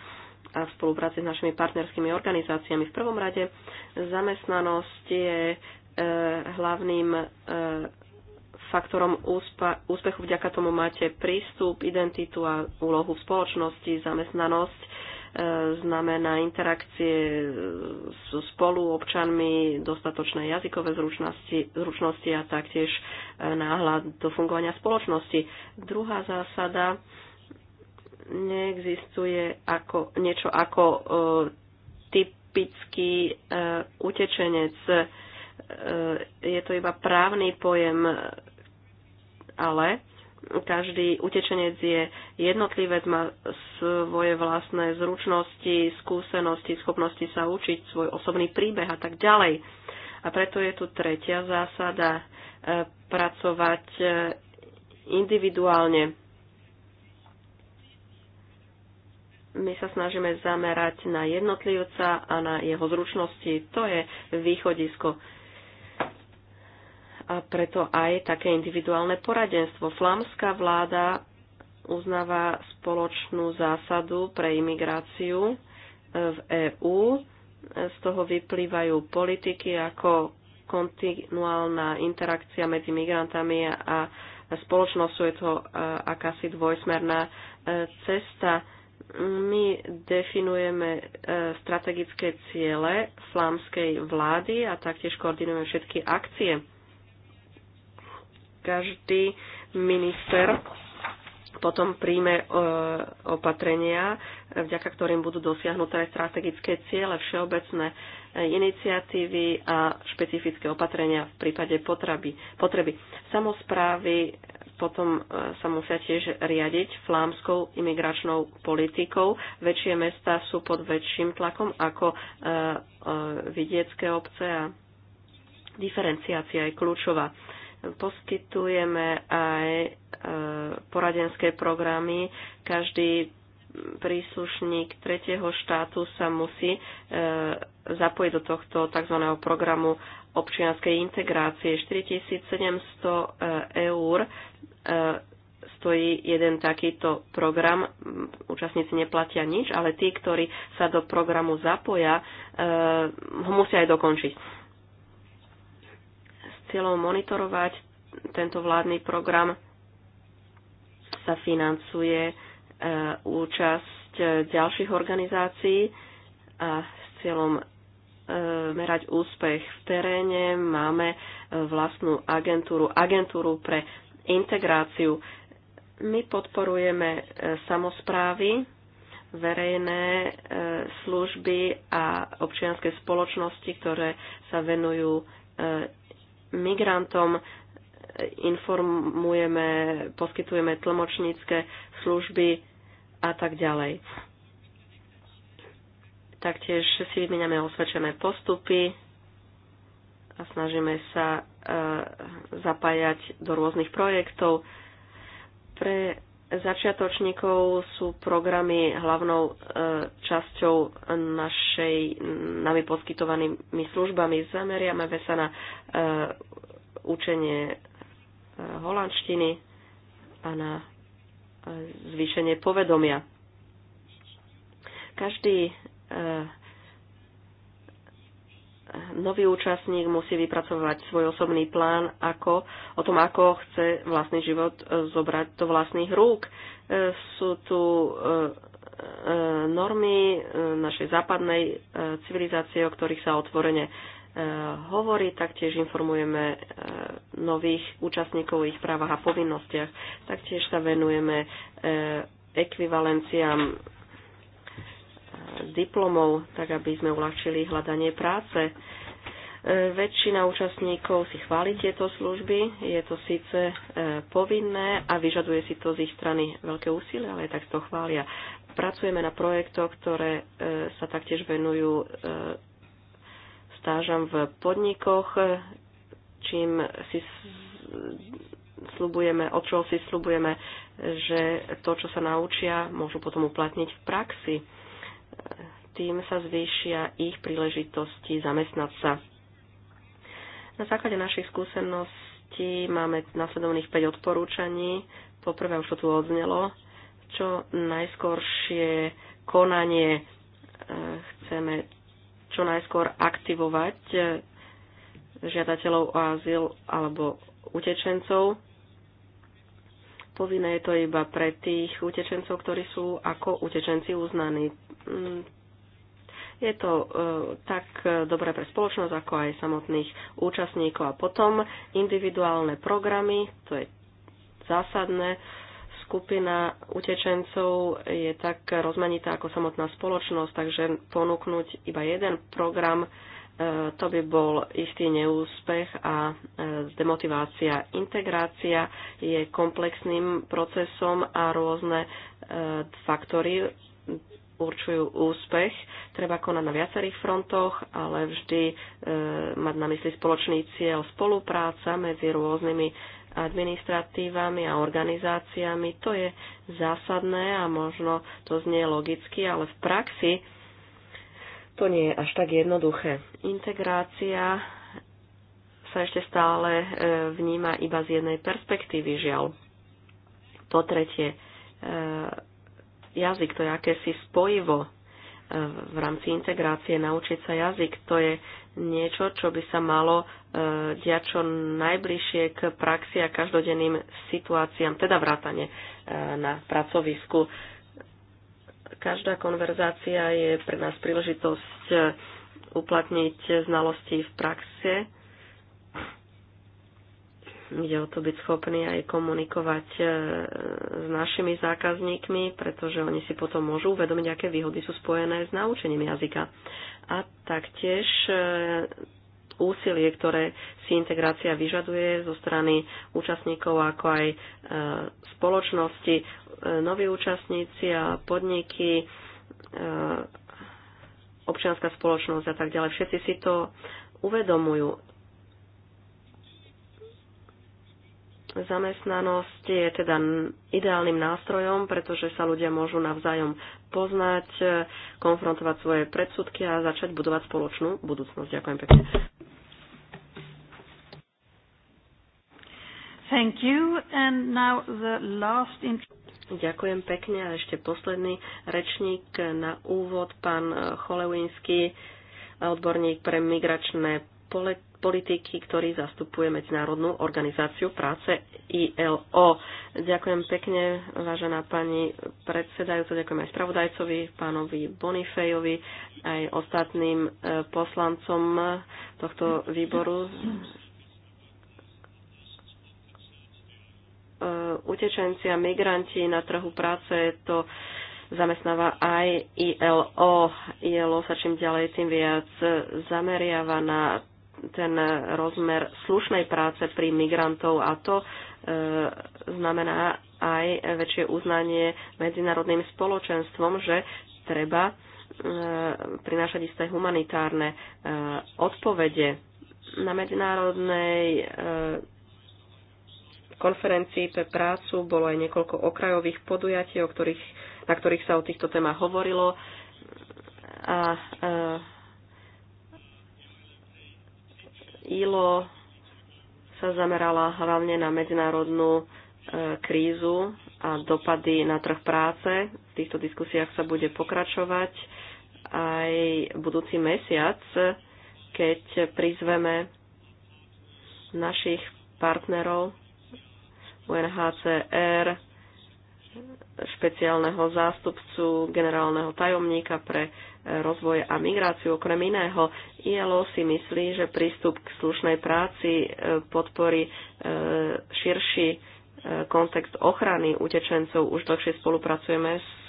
a v spolupráci s našimi partnerskými organizáciami. V prvom rade zamestnanosť je e, hlavným e, faktorom úspechu. Vďaka tomu máte prístup, identitu a úlohu v spoločnosti, zamestnanosť znamená interakcie so spoluobčanmi, dostatočné jazykové zručnosti, zručnosti a taktiež eh, náhľad do fungovania spoločnosti. Druhá zásada neexistuje ako, niečo ako e, typický e, utečenec. E, je to iba právny pojem, ale každý utečenec je jednotlivec, má svoje vlastné zručnosti, skúsenosti, schopnosti sa učiť, svoj osobný príbeh a tak ďalej. A preto je tu tretia zásada e, pracovať e, individuálne. My sa snažíme zamerať na jednotlivca a na jeho zručnosti. To je východisko a preto aj také individuálne poradenstvo. Flámska vláda uznáva spoločnú zásadu pre imigráciu e, v EÚ. Z toho vyplývajú politiky ako kontinuálna interakcia medzi migrantami a spoločnosťou. Je to e, akási dvojsmerná e, cesta. My definujeme strategické ciele flámskej vlády a taktiež koordinujeme všetky akcie každý minister potom príjme e, opatrenia, vďaka ktorým budú dosiahnuté strategické ciele, všeobecné iniciatívy a špecifické opatrenia v prípade potreby. potreby. Samozprávy potom e, sa musia tiež riadiť flámskou imigračnou politikou. Väčšie mesta sú pod väčším tlakom ako e, vidiecké obce a diferenciácia je kľúčová Poskytujeme aj e, poradenské programy. Každý príslušník tretieho štátu sa musí e, zapojiť do tohto tzv. programu občianskej integrácie. 4700 e, eur stojí jeden takýto program. Účastníci neplatia nič, ale tí, ktorí sa do programu zapoja, ho musia aj dokončiť cieľom monitorovať tento vládny program sa financuje e, účasť e, ďalších organizácií a s cieľom e, merať úspech v teréne. Máme vlastnú agentúru, agentúru pre integráciu. My podporujeme samozprávy, verejné služby a občianske spoločnosti, ktoré sa venujú migrantom, informujeme, poskytujeme tlmočnícke služby a tak ďalej. Taktiež si vymeniame osvedčené postupy a snažíme sa e, zapájať do rôznych projektov. Pre začiatočníkov sú programy hlavnou e, časťou našej nami poskytovanými službami. Zameriame sa na e, učenie e, holandštiny a na zvýšenie povedomia. Každý nový účastník musí vypracovať svoj osobný plán ako, o tom, ako chce vlastný život e, zobrať do vlastných rúk. E, sú tu e, normy našej západnej civilizácie, o ktorých sa otvorene hovorí, taktiež informujeme nových účastníkov o ich právach a povinnostiach, taktiež sa venujeme ekvivalenciám diplomov, tak aby sme uľahčili hľadanie práce. E, väčšina účastníkov si chváli tieto služby, je to síce e, povinné a vyžaduje si to z ich strany veľké úsilie, ale aj tak to chvália. Pracujeme na projektoch, ktoré e, sa taktiež venujú stážam v podnikoch, čím si slubujeme, od čoho si slubujeme, že to, čo sa naučia, môžu potom uplatniť v praxi tým sa zvýšia ich príležitosti zamestnať sa. Na základe našich skúseností máme nasledovných 5 odporúčaní. Poprvé už to tu odznelo, čo najskôršie konanie e, chceme čo najskôr aktivovať e, žiadateľov o azyl alebo utečencov. Povinné je to iba pre tých utečencov, ktorí sú ako utečenci uznaní. Mm. je to e, tak e, dobré pre spoločnosť, ako aj samotných účastníkov. A potom individuálne programy, to je zásadné. Skupina utečencov je tak rozmanitá ako samotná spoločnosť, takže ponúknuť iba jeden program, e, to by bol istý neúspech a demotivácia. Integrácia je komplexným procesom a rôzne faktory určujú úspech. Treba konať na viacerých frontoch, ale vždy e, mať na mysli spoločný cieľ spolupráca medzi rôznymi administratívami a organizáciami. To je zásadné a možno to znie logicky, ale v praxi to nie je až tak jednoduché. Integrácia sa ešte stále e, vníma iba z jednej perspektívy, žiaľ. Po tretie, e, jazyk, to je akési spojivo e, v rámci integrácie naučiť sa jazyk. To je niečo, čo by sa malo e, diať čo najbližšie k praxi a každodenným situáciám, teda vrátane e, na pracovisku. Každá konverzácia je pre nás príležitosť uplatniť znalosti v praxe Ide o to byť schopný aj komunikovať e, s našimi zákazníkmi, pretože oni si potom môžu uvedomiť, aké výhody sú spojené s naučením jazyka. A taktiež e, úsilie, ktoré si integrácia vyžaduje zo strany účastníkov ako aj e, spoločnosti, noví účastníci a podniky, občianská spoločnosť a tak ďalej. Všetci si to uvedomujú. Zamestnanosť je teda ideálnym nástrojom, pretože sa ľudia môžu navzájom poznať, e, konfrontovať svoje predsudky a začať budovať spoločnú budúcnosť. Ďakujem pekne. Thank you. And now the last Ďakujem pekne a ešte posledný rečník na úvod, pán Cholewinsky, odborník pre migračné politiky, ktorý zastupuje Medzinárodnú organizáciu práce ILO. Ďakujem pekne, vážená pani predsedajúca, ďakujem aj spravodajcovi, pánovi Bonifejovi, aj ostatným e, poslancom tohto výboru. E, utečenci a migranti na trhu práce to zamestnáva aj ILO. ILO sa čím ďalej tým viac zameriava na ten rozmer slušnej práce pri migrantov a to e, znamená aj väčšie uznanie medzinárodným spoločenstvom, že treba e, prinášať isté humanitárne e, odpovede na medzinárodnej e, konferencii pre prácu bolo aj niekoľko okrajových podujatí, o ktorých, na ktorých sa o týchto témach hovorilo. A e, ILO sa zamerala hlavne na medzinárodnú e, krízu a dopady na trh práce. V týchto diskusiách sa bude pokračovať aj budúci mesiac, keď prizveme našich partnerov UNHCR, špeciálneho zástupcu generálneho tajomníka pre e, rozvoj a migráciu. Okrem iného, ILO si myslí, že prístup k slušnej práci e, podporí e, širší kontext ochrany utečencov. Už dlhšie spolupracujeme s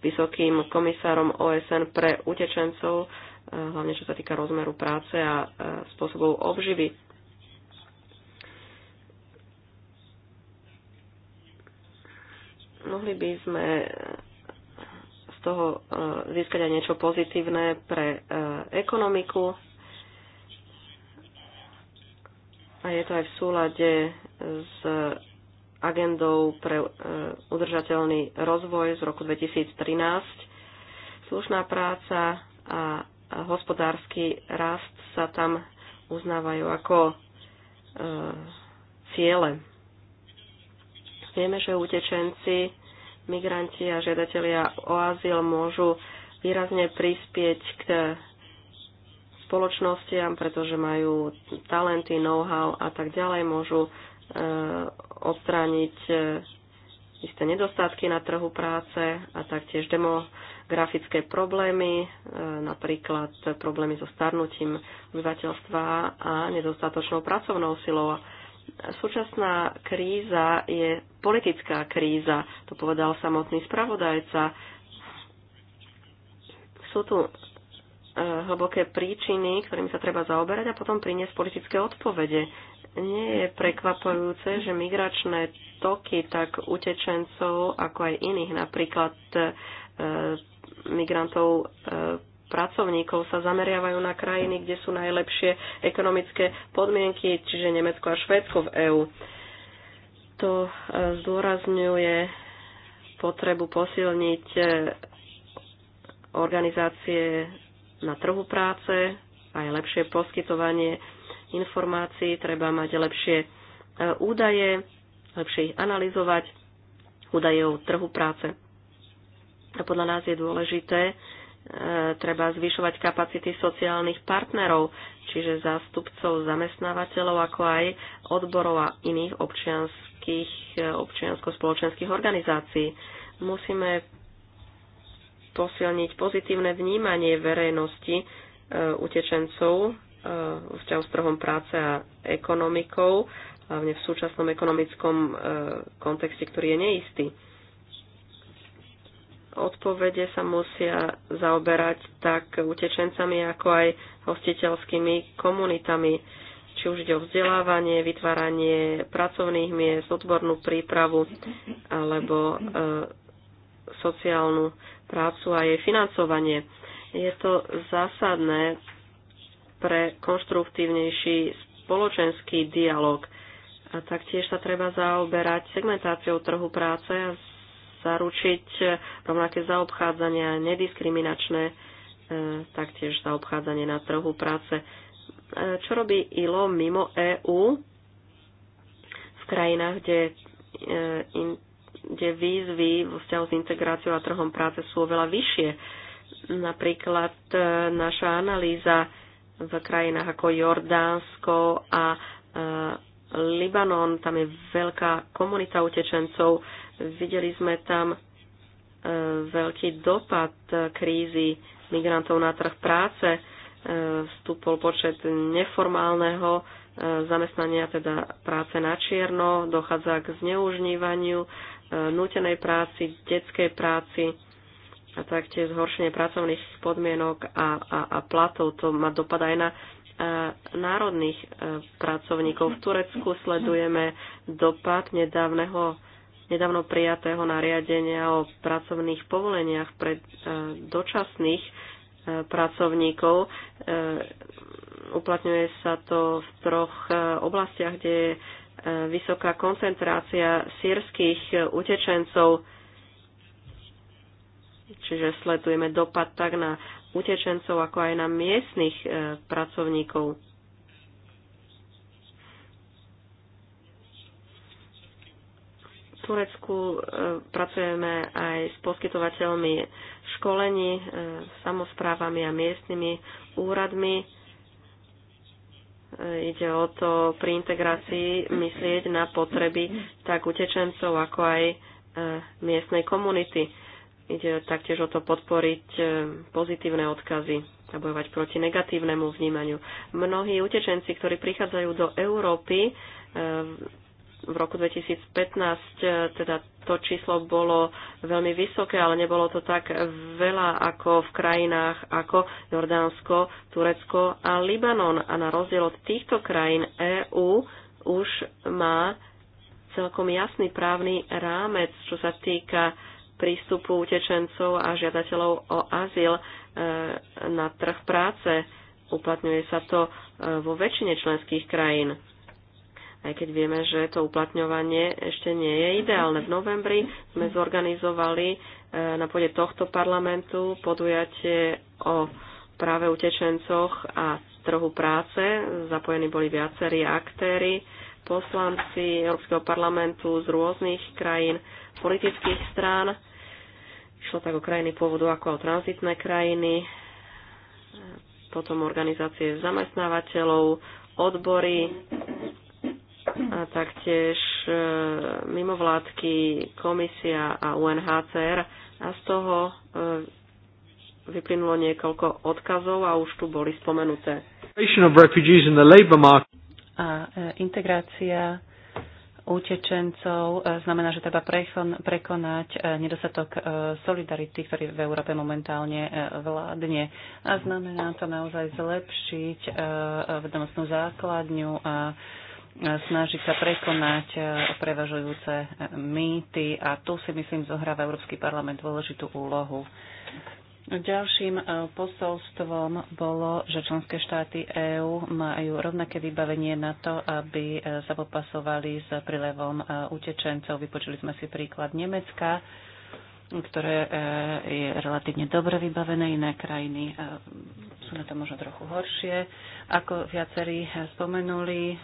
vysokým komisárom OSN pre utečencov, hlavne čo sa týka rozmeru práce a spôsobov obživy mohli by sme eh, z toho eh, získať aj niečo pozitívne pre eh, ekonomiku. A je to aj v súlade s agendou pre udržateľný rozvoj z roku 2013. Slušná práca a hospodársky rast sa tam uznávajú ako ciele. Vieme, že utečenci, migranti a žiadatelia o azyl môžu výrazne prispieť k spoločnostiam, pretože majú talenty, know-how a tak ďalej, môžu e, odstrániť e, isté nedostatky na trhu práce a taktiež demografické problémy, e, napríklad problémy so starnutím obyvateľstva a nedostatočnou pracovnou silou. Súčasná kríza je politická kríza, to povedal samotný spravodajca. Sú tu e, hlboké príčiny, ktorým sa treba zaoberať a potom priniesť politické odpovede. Nie je prekvapujúce, že migračné toky tak utečencov, ako aj iných, napríklad e, migrantov e, pracovníkov sa zameriavajú na krajiny, kde sú najlepšie ekonomické podmienky, čiže Nemecko a Švédsko v EÚ. E, to e, zdôrazňuje potrebu posilniť e, organizácie na trhu práce, aj lepšie poskytovanie informácií, treba mať lepšie e, údaje, lepšie ich analyzovať, údaje o trhu práce. A podľa nás je dôležité E, treba zvyšovať kapacity sociálnych partnerov, čiže zástupcov zamestnávateľov, ako aj odborov a iných občianských, e, občiansko-spoločenských organizácií. Musíme posilniť pozitívne vnímanie verejnosti e, utečencov e, vzťahu s trhom práce a ekonomikou, hlavne v súčasnom ekonomickom e, kontexte, ktorý je neistý odpovede sa musia zaoberať tak utečencami, ako aj hostiteľskými komunitami. Či už ide o vzdelávanie, vytváranie pracovných miest, odbornú prípravu alebo e, sociálnu prácu a jej financovanie. Je to zásadné pre konštruktívnejší spoločenský dialog. A taktiež sa treba zaoberať segmentáciou trhu práce a zaručiť rovnaké zaobchádzania, nediskriminačné, e, taktiež zaobchádzanie na trhu práce. E, čo robí ILO mimo EÚ v krajinách, kde, e, kde výzvy vo vzťahu s integráciou a trhom práce sú oveľa vyššie? Napríklad naša analýza v krajinách ako Jordánsko a Libanon, tam je veľká komunita utečencov Videli sme tam e, veľký dopad krízy migrantov na trh práce. E, vstúpol počet neformálneho e, zamestnania, teda práce na čierno, dochádza k zneužívaniu, nútenej práci, detskej práci a taktiež zhoršenie pracovných podmienok a, a, a platov. To má dopad aj na národných pracovníkov. V Turecku sledujeme dopad nedávneho nedávno prijatého nariadenia o pracovných povoleniach pre e, dočasných e, pracovníkov. E, uplatňuje sa to v troch oblastiach, kde je vysoká koncentrácia sírskych utečencov, čiže sledujeme dopad tak na utečencov, ako aj na miestnych pracovníkov. Turecku e, pracujeme aj s poskytovateľmi školení, e, samozprávami a miestnymi úradmi. E, ide o to pri integrácii myslieť na potreby tak utečencov, ako aj miestnej komunity. Ide taktiež o to podporiť pozitívne odkazy a bojovať proti negatívnemu vnímaniu. Mnohí utečenci, ktorí prichádzajú do Európy, v roku 2015 e, teda to číslo bolo veľmi vysoké, ale nebolo to tak veľa ako v krajinách ako Jordánsko, Turecko a Libanon. A na rozdiel od týchto krajín EÚ už má celkom jasný právny rámec, čo sa týka prístupu utečencov a žiadateľov o azyl e, na trh práce. Uplatňuje sa to e, vo väčšine členských krajín aj keď vieme, že to uplatňovanie ešte nie je ideálne. V novembri sme zorganizovali e, na pôde tohto parlamentu podujatie o práve utečencoch a trhu práce. Zapojení boli viacerí aktéry, poslanci Európskeho parlamentu z rôznych krajín, politických strán. Išlo tak o krajiny pôvodu ako o tranzitné krajiny, potom organizácie zamestnávateľov, odbory, a taktiež e, mimovládky, komisia a UNHCR a z toho e, vyplynulo niekoľko odkazov a už tu boli spomenuté. A e, integrácia utečencov znamená, že treba prekonať nedostatok solidarity, ktorý v Európe momentálne vládne. A znamená to naozaj zlepšiť vedomostnú základňu a snaží sa prekonať e, prevažujúce e, mýty a tu si myslím zohráva Európsky parlament dôležitú úlohu. Ďalším e, posolstvom bolo, že členské štáty EÚ majú rovnaké vybavenie na to, aby sa popasovali s prílevom utečencov. Vypočuli sme si príklad Nemecka, ktoré je relatívne dobre vybavené, iné krajiny sú na to možno trochu horšie. Ako viacerí spomenuli,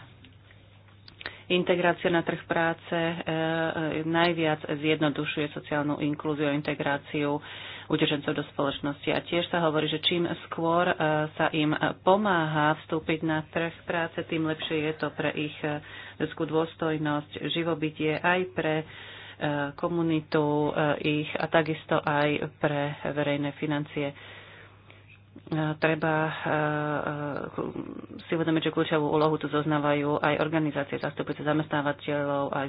Integrácia na trh práce e, e, najviac zjednodušuje sociálnu inklúziu a integráciu utečencov do spoločnosti. A tiež sa hovorí, že čím skôr e, sa im pomáha vstúpiť na trh práce, tým lepšie je to pre ich ľudskú dôstojnosť, živobytie aj pre komunitu ich a takisto aj pre verejné financie treba e, e, si uvedomiť, že kľúčovú úlohu tu zoznávajú aj organizácie zastupujúce zamestnávateľov, aj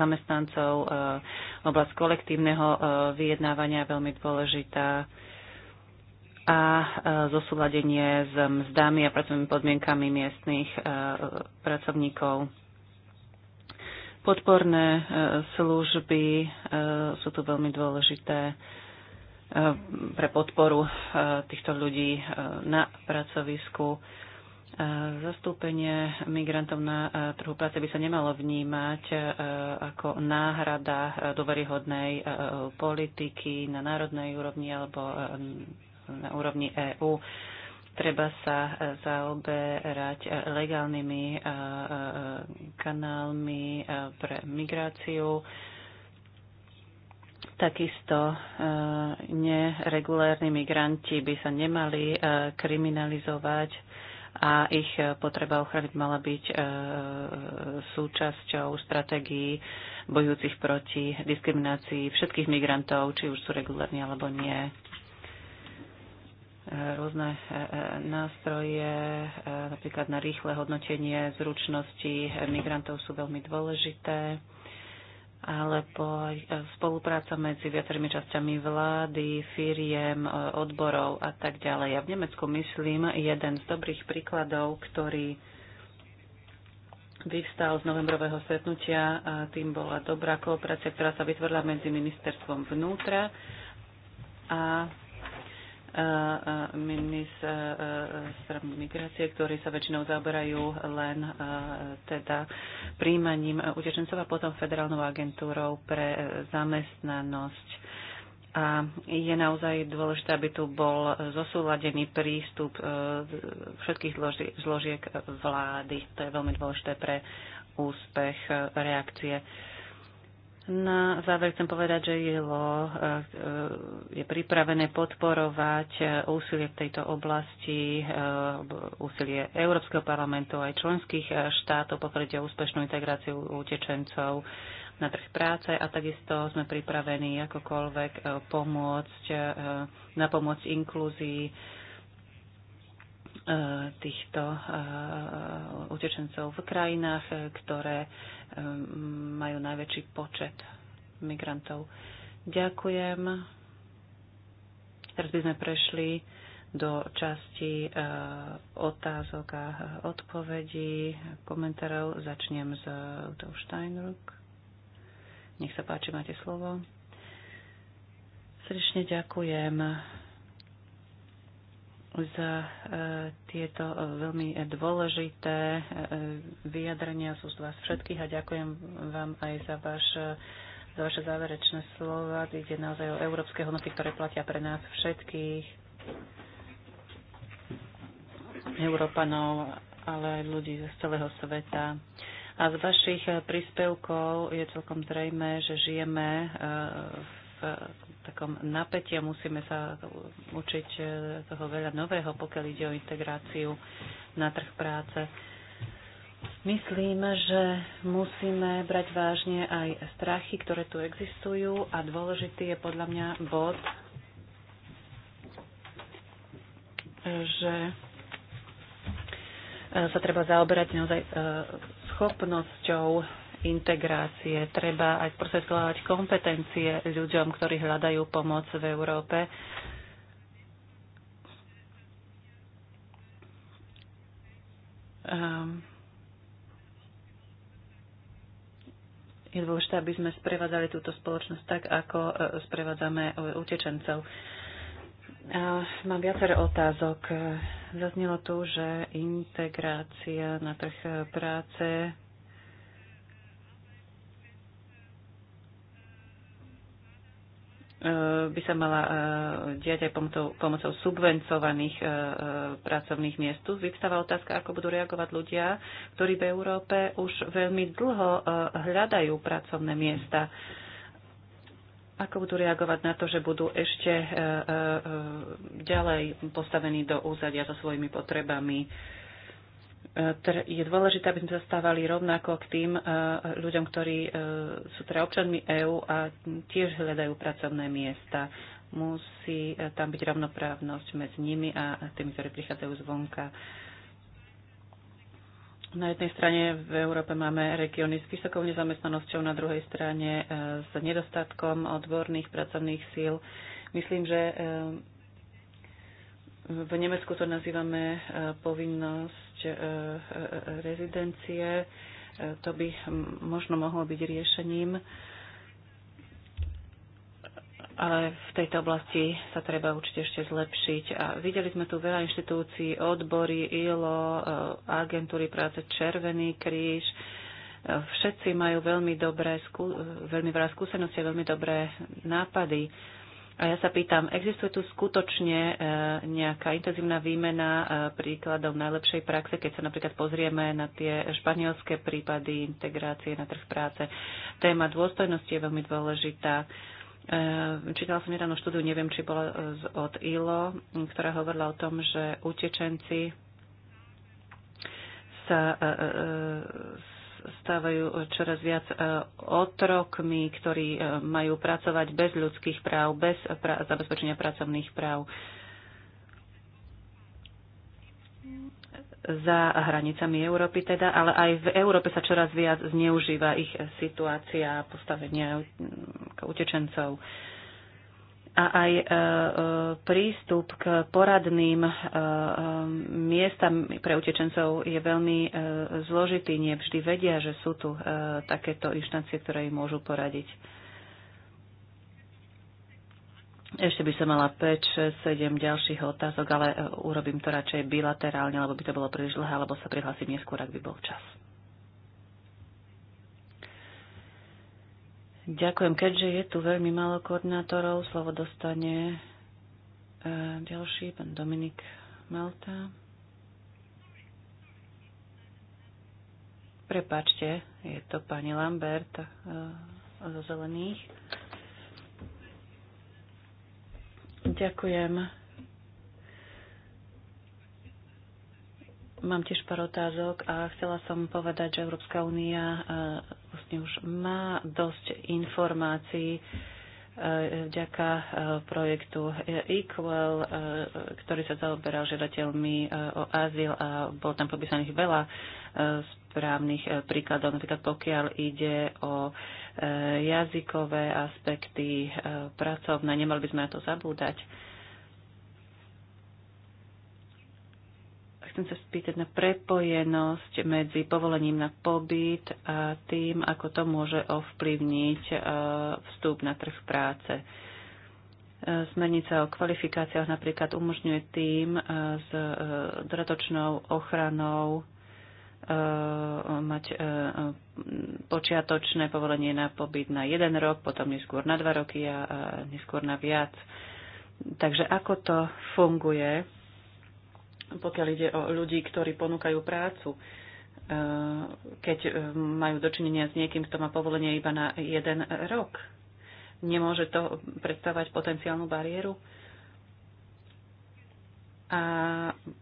zamestnancov. E, oblasť kolektívneho vyjednávania je veľmi dôležitá a zosúladenie s mzdami a pracovnými podmienkami miestných pracovníkov. Podporné služby sú tu veľmi dôležité Eh, pre podporu eh, týchto ľudí eh, na pracovisku. Zastúpenie migrantov na trhu práce by sa nemalo vnímať ako náhrada dôveryhodnej politiky na národnej úrovni alebo na úrovni EÚ. Treba sa zaoberať legálnymi kanálmi pre migráciu Takisto eh, neregulérni migranti by sa nemali eh, kriminalizovať a ich eh, potreba ochrany mala byť súčasťou stratégií bojúcich proti diskriminácii všetkých migrantov, či už sú regulárni alebo nie rôzne nástroje, napríklad na rýchle hodnotenie zručnosti migrantov sú veľmi dôležité alebo e, spolupráca medzi viacerými časťami vlády, firiem, e, odborov a tak ďalej. A v Nemecku, myslím, jeden z dobrých príkladov, ktorý vyvstal z novembrového stretnutia, a tým bola dobrá kooperácia, ktorá sa vytvorila medzi ministerstvom vnútra a minister migrácie, ktorí sa väčšinou zaoberajú len teda príjmaním utečencov a potom federálnou agentúrou pre zamestnanosť. A je naozaj dôležité, aby tu bol zosúladený prístup e, všetkých zložiek vlády. To je veľmi dôležité pre úspech e, reakcie na záver chcem povedať, že ILO eh, je pripravené podporovať eh, úsilie v tejto oblasti, eh, úsilie Európskeho parlamentu aj členských štátov, pokiaľ ide o úspešnú integráciu utečencov na trh práce a takisto sme pripravení akokoľvek pomôcť, na pomoc inklúzii Eh, týchto eh, utečencov v krajinách, eh, ktoré majú najväčší počet migrantov. Ďakujem. Teraz by sme prešli do časti otázok a odpovedí, komentárov. Začnem s Utou Steinruck. Nech sa páči, máte slovo. Srdečne ďakujem za e, tieto e, veľmi dôležité e, vyjadrenia sú z vás všetkých a ďakujem vám aj za, vaš, za vaše záverečné slova. Ide naozaj o európske hodnoty, ktoré platia pre nás všetkých Európanov, ale aj ľudí z celého sveta. A z vašich príspevkov je celkom zrejme, že žijeme v takom napätí a musíme sa učiť e, toho veľa nového, pokiaľ ide o integráciu na trh práce. Myslím, že musíme brať vážne aj strachy, ktoré tu existujú a dôležitý je podľa mňa bod, že e, sa treba zaoberať naozaj e, schopnosťou integrácie. Treba aj prosvetľovať kompetencie ľuďom, ktorí hľadajú pomoc v Európe. Um, je dôležité, aby sme sprevádzali túto spoločnosť tak, ako e, sprevádzame e, utečencov. Mám viacero otázok. E, zaznelo tu, že integrácia na trh práce Eh, by sa mala eh, diať aj pomocou, pomocou subvencovaných eh, pracovných miest. Tu vyvstáva otázka, ako budú reagovať ľudia, ktorí v Európe už veľmi dlho hľadajú pracovné miesta. Ako budú reagovať na to, že budú ešte ďalej postavení do úzadia so svojimi potrebami Eh, je dôležité, aby sme zastávali rovnako k tým eh, ľuďom, ktorí eh, sú teda občanmi EÚ a tiež hľadajú pracovné miesta. Musí tam byť rovnoprávnosť medzi nimi a tými, ktorí prichádzajú zvonka. Na jednej strane v Európe máme regióny s vysokou nezamestnanosťou, na druhej strane s nedostatkom odborných pracovných síl. Myslím, že v Nemecku to nazývame povinnosť E, e, e, rezidencie. To by možno mohlo byť riešením, ale v tejto oblasti sa treba určite ešte zlepšiť. A videli sme tu veľa inštitúcií, odbory, ILO, agentúry práce Červený kríž, všetci majú veľmi, dobré, veľmi veľa skúseností a veľmi dobré nápady. A ja sa pýtam, existuje tu skutočne e, nejaká intenzívna výmena e, príkladov najlepšej praxe, keď sa napríklad pozrieme na tie španielské prípady integrácie na trh práce. Téma dôstojnosti je veľmi dôležitá. E, čítala som nedávno štúdiu, neviem, či bola od ILO, ktorá hovorila o tom, že utečenci sa stávajú čoraz viac e, otrokmi, ktorí e, majú pracovať bez ľudských práv, bez pra- zabezpečenia pracovných práv za hranicami Európy teda, ale aj v Európe sa čoraz viac zneužíva ich situácia postavenia utečencov a aj e, e, prístup k poradným e, miestam pre utečencov je veľmi zložitý. Nie vždy vedia, že sú tu takéto inštancie, ktoré im môžu poradiť. Ešte by som mala 5, 6, 7 ďalších otázok, ale urobím to radšej bilaterálne, lebo by to bolo príliš dlhé, alebo sa prihlásim neskôr, ak by bol čas. Ďakujem. Keďže je tu veľmi málo koordinátorov, slovo dostane e, ďalší, pán Dominik Malta. Prepačte, je to pani Lambert e, zo Zelených. Ďakujem. Mám tiež pár otázok a chcela som povedať, že Európska únia e, vlastne už má dosť informácií e, vďaka e, projektu Equal, e, ktorý sa zaoberal žiadateľmi o azyl a bol tam popísaných veľa správnych príkladov, napríklad pokiaľ ide o jazykové aspekty pracovné, nemali by sme na to zabúdať. Chcem sa spýtať na prepojenosť medzi povolením na pobyt a tým, ako to môže ovplyvniť e, vstup na trh práce. E, smernica o kvalifikáciách napríklad umožňuje tým e, s dodatočnou ochranou mať počiatočné povolenie na pobyt na jeden rok, potom neskôr na dva roky a neskôr na viac. Takže ako to funguje? pokiaľ ide o ľudí, ktorí ponúkajú prácu, e, keď e, majú dočinenia s niekým, kto má povolenie iba na jeden rok. Nemôže to predstavať potenciálnu bariéru? A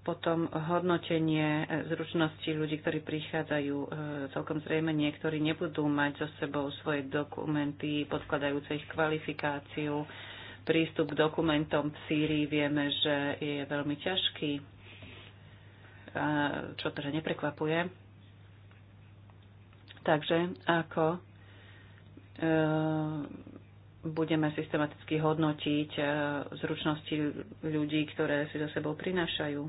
potom hodnotenie zručnosti ľudí, ktorí prichádzajú. E, celkom zrejme niektorí nebudú mať so sebou svoje dokumenty, podkladajúce ich kvalifikáciu. Prístup k dokumentom v Sýrii vieme, že je veľmi ťažký čo teda neprekvapuje. Takže ako e, budeme systematicky hodnotiť e, zručnosti ľudí, ktoré si za sebou prinášajú,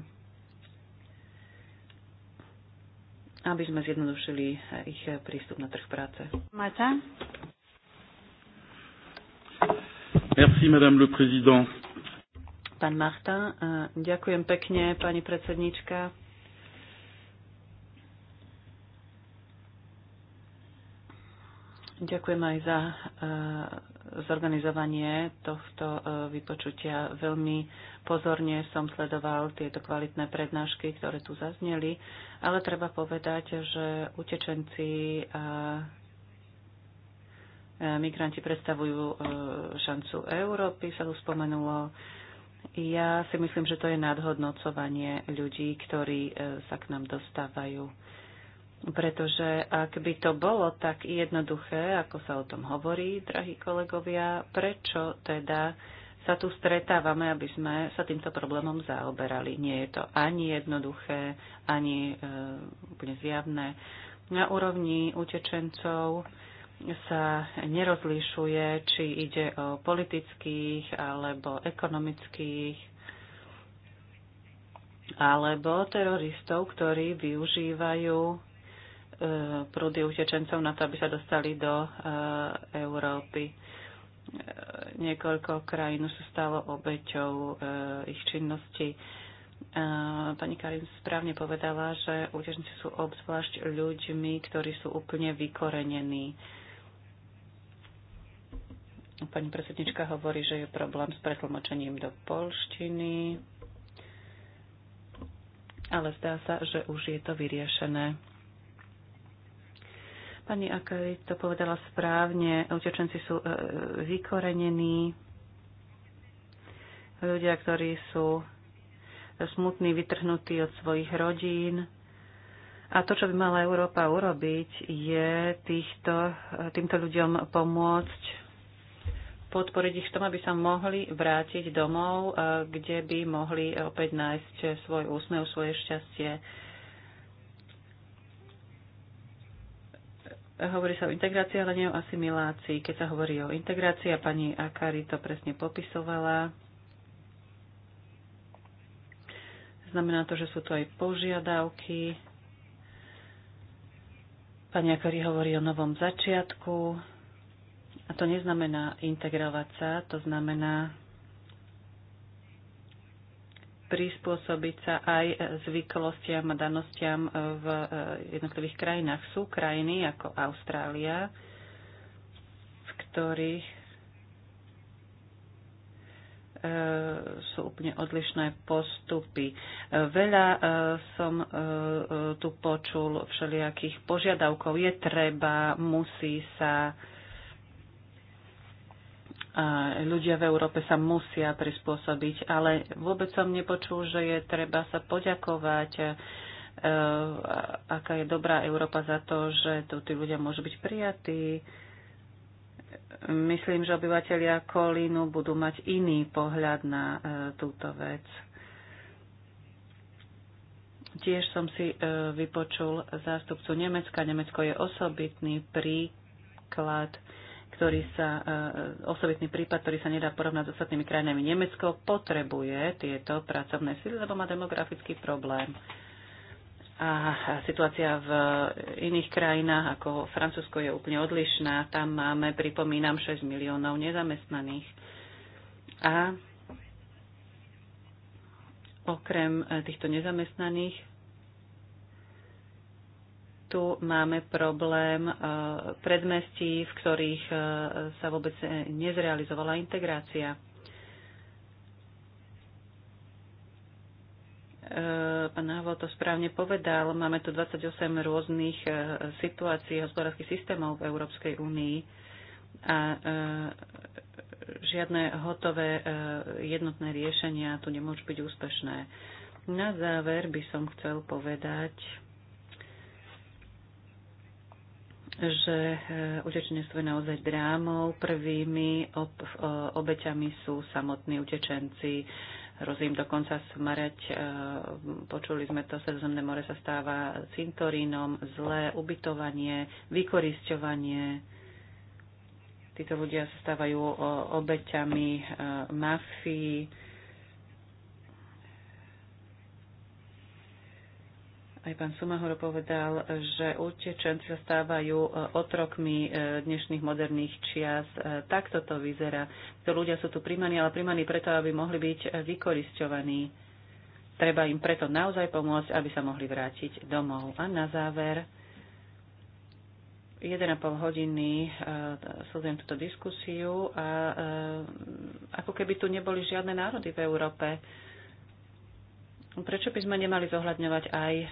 aby sme zjednodušili ich prístup na trh práce. Marta? Merci, madame le président. Pán Marta, e, ďakujem pekne, pani predsednička. Ďakujem aj za eh, zorganizovanie tohto eh, vypočutia. Veľmi pozorne som sledoval tieto kvalitné prednášky, ktoré tu zazneli, ale treba povedať, že utečenci a eh, migranti predstavujú šancu Európy, sa tu spomenulo. Ja si myslím, že to je nadhodnocovanie ľudí, ktorí sa k nám dostávajú. Pretože ak by to bolo tak jednoduché, ako sa o tom hovorí, drahí kolegovia, prečo teda sa tu stretávame, aby sme sa týmto problémom zaoberali? Nie je to ani jednoduché, ani e, zjavné. Na úrovni utečencov sa nerozlišuje, či ide o politických alebo ekonomických alebo teroristov, ktorí využívajú E, prúdy utečencov na to, aby sa dostali do e, Európy. E, niekoľko krajín sa stalo obeťou ich činnosti. Pani Karin správne povedala, že utečenci sú obzvlášť ľuďmi, ktorí sú úplne vykorenení. Pani predsednička hovorí, že je problém s pretlmočením do polštiny, ale zdá sa, že už je to vyriešené. Pani Akej to povedala správne, utečenci sú e, vykorenení, ľudia, ktorí sú smutní, vytrhnutí od svojich rodín. A to, čo by mala Európa urobiť, je týchto, e, týmto ľuďom pomôcť, podporiť ich v tom, aby sa mohli vrátiť domov, e, kde by mohli opäť nájsť svoj úsmev, svoje šťastie. Hovorí sa o integrácii, ale nie o asimilácii. Keď sa hovorí o integrácii, a pani Akari to presne popisovala, znamená to, že sú to aj požiadavky. Pani Akari hovorí o novom začiatku. A to neznamená integrovať sa, to znamená prispôsobiť sa aj zvyklostiam a danostiam v e, jednotlivých krajinách. Sú krajiny ako Austrália, v ktorých e, sú úplne odlišné postupy. E, veľa som tu počul všelijakých požiadavkov. Je treba, musí sa, ľudia v Európe sa musia prispôsobiť, ale vôbec som nepočul, že je treba sa poďakovať, e, aká je dobrá Európa za to, že tu tí ľudia môžu byť prijatí. Myslím, že obyvateľia Kolínu budú mať iný pohľad na e, túto vec. Tiež som si e, vypočul zástupcu Nemecka. Nemecko je osobitný príklad ktorý sa, e, e, osobitný prípad, ktorý sa nedá porovnať s ostatnými krajinami. Nemecko potrebuje tieto pracovné síly, lebo má demografický problém. A situácia v iných krajinách, ako Francúzsko, je úplne odlišná. Tam máme, pripomínam, 6 miliónov nezamestnaných. A okrem e, týchto nezamestnaných tu máme problém eh, predmestí, v ktorých eh, sa vôbec eh, nezrealizovala integrácia. Pán Havol to správne povedal, máme tu 28 rôznych situácií hospodárskych systémov v Európskej únii a žiadne hotové jednotné riešenia tu nemôžu byť úspešné. Na záver by som chcel povedať, že eh, utečenstvo je naozaj drámou. Prvými ob, eh, obeťami sú samotní utečenci. Hrozím dokonca smrť. Eh, počuli sme to, Sredozemné more sa stáva cintorínom, zlé ubytovanie, vykorisťovanie. Títo ľudia sa stávajú obeťami mafii Aj pán Sumahoro povedal, že utečenci sa stávajú e, otrokmi e, dnešných moderných čias. E, takto to vyzerá. To ľudia sú tu primaní, ale primaní preto, aby mohli byť vykoristovaní. Treba im preto naozaj pomôcť, aby sa mohli vrátiť domov. A na záver, 1,5 hodiny sledujem túto diskusiu a ako keby tu neboli žiadne národy v Európe Prečo by sme nemali zohľadňovať aj e,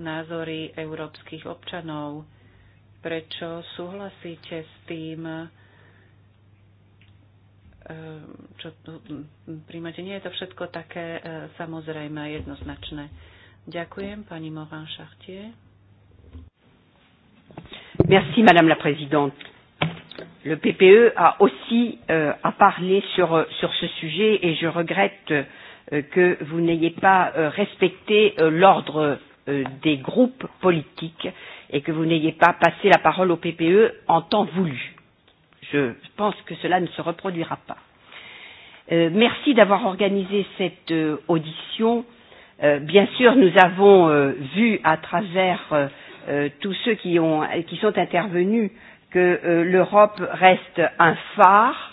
názory európskych občanov? Prečo súhlasíte s tým, e, čo tu príjmate? Nie je to všetko také e, samozrejme a jednoznačné. Ďakujem, pani Movan Šachtie. Merci, madame la présidente. Le PPE a aussi euh, a parlé sur, sur ce sujet et je regrette euh, Euh, que vous n'ayez pas euh, respecté euh, l'ordre des groupes politiques et que vous n'ayez pas passé la parole au PPE en temps voulu. Je pense que cela ne se reproduira pas. Euh, merci d'avoir organisé cette euh, audition. Euh, bien sûr, nous avons euh, vu à travers euh, euh, tous ceux qui, ont, qui sont intervenus que euh, l'Europe reste un phare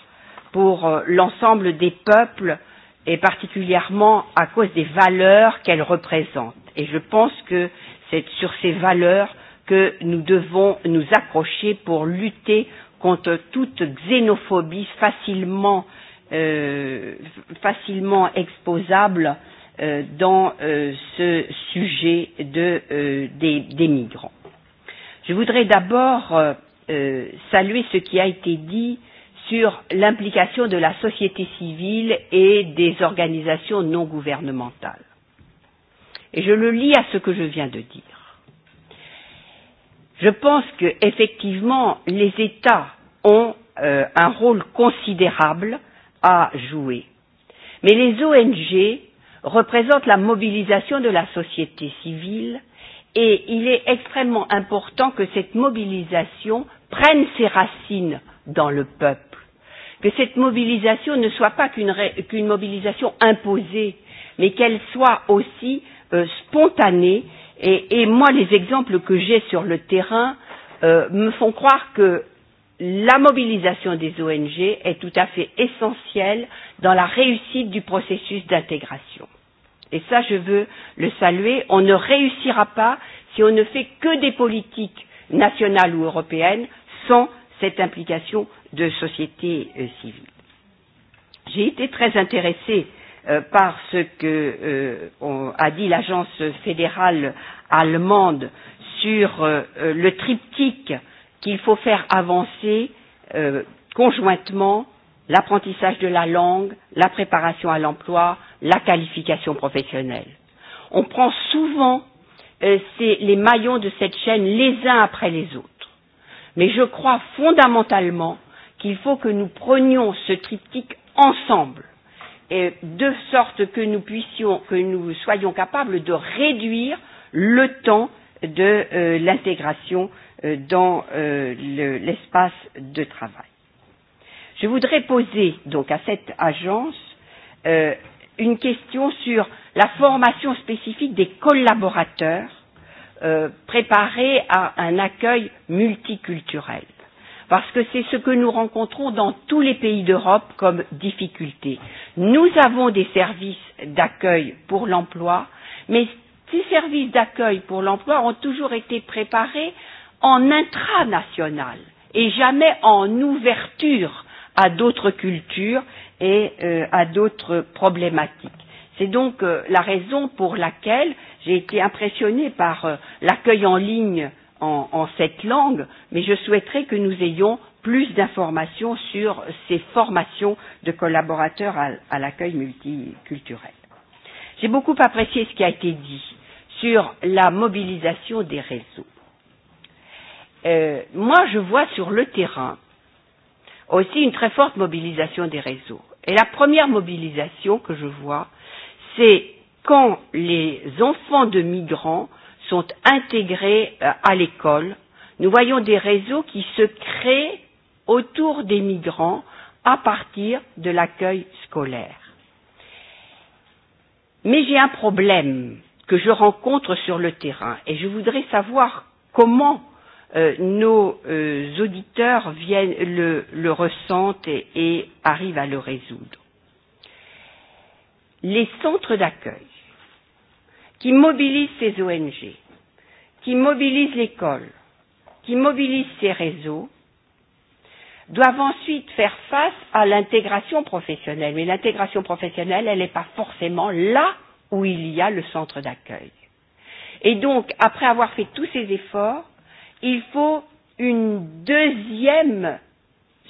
pour euh, l'ensemble des peuples et particulièrement à cause des valeurs qu'elle représente. Et je pense que c'est sur ces valeurs que nous devons nous accrocher pour lutter contre toute xénophobie facilement, euh, facilement exposable euh, dans euh, ce sujet de, euh, des, des migrants. Je voudrais d'abord euh, saluer ce qui a été dit euh, sur l'implication de la société civile et des organisations non gouvernementales. Et je le lis à ce que je viens de dire. Je pense que effectivement les États ont euh, un rôle considérable à jouer. Mais les ONG représentent la mobilisation de la société civile et il est extrêmement important que cette mobilisation prenne ses racines dans le peuple que cette mobilisation ne soit pas qu'une qu mobilisation imposée, mais qu'elle soit aussi euh, spontanée. Et, et moi, les exemples que j'ai sur le terrain euh, me font croire que la mobilisation des ONG est tout à fait essentielle dans la réussite du processus d'intégration. Et ça, je veux le saluer. On ne réussira pas si on ne fait que des politiques nationales ou européennes sans cette implication de société euh, civile. J'ai été très intéressée euh, par ce que euh, on a dit l'agence fédérale allemande sur euh, euh, le triptyque qu'il faut faire avancer euh, conjointement l'apprentissage de la langue, la préparation à l'emploi, la qualification professionnelle. On prend souvent euh, les maillons de cette chaîne les uns après les autres, mais je crois fondamentalement qu'il faut que nous prenions ce triptyque ensemble, et de sorte que nous puissions, que nous soyons capables de réduire le temps de euh, l'intégration euh, dans euh, l'espace le, de travail. Je voudrais poser donc à cette agence euh, une question sur la formation spécifique des collaborateurs euh, préparés à un accueil multiculturel parce que c'est ce que nous rencontrons dans tous les pays d'Europe comme difficulté. Nous avons des services d'accueil pour l'emploi, mais ces services d'accueil pour l'emploi ont toujours été préparés en intranational et jamais en ouverture à d'autres cultures et euh, à d'autres problématiques. C'est donc euh, la raison pour laquelle j'ai été impressionnée par euh, l'accueil en ligne euh, en, en cette langue, mais je souhaiterais que nous ayons plus d'informations sur ces formations de collaborateurs à, à l'accueil multiculturel. J'ai beaucoup apprécié ce qui a été dit sur la mobilisation des réseaux. Euh, moi, je vois sur le terrain aussi une très forte mobilisation des réseaux. Et la première mobilisation que je vois, c'est quand les enfants de migrants sont intégrés euh, à l'école. Nous voyons des réseaux qui se créent autour des migrants à partir de l'accueil scolaire. Mais j'ai un problème que je rencontre sur le terrain et je voudrais savoir comment euh, nos euh, auditeurs viennent le, le ressentent et, et arrivent à le résoudre. Les centres d'accueil qui mobilise ces ONG, qui mobilise l'école, qui mobilise ces réseaux, doivent ensuite faire face à l'intégration professionnelle. Mais l'intégration professionnelle, elle n'est pas forcément là où il y a le centre d'accueil. Et donc, après avoir fait tous ces efforts, il faut une deuxième,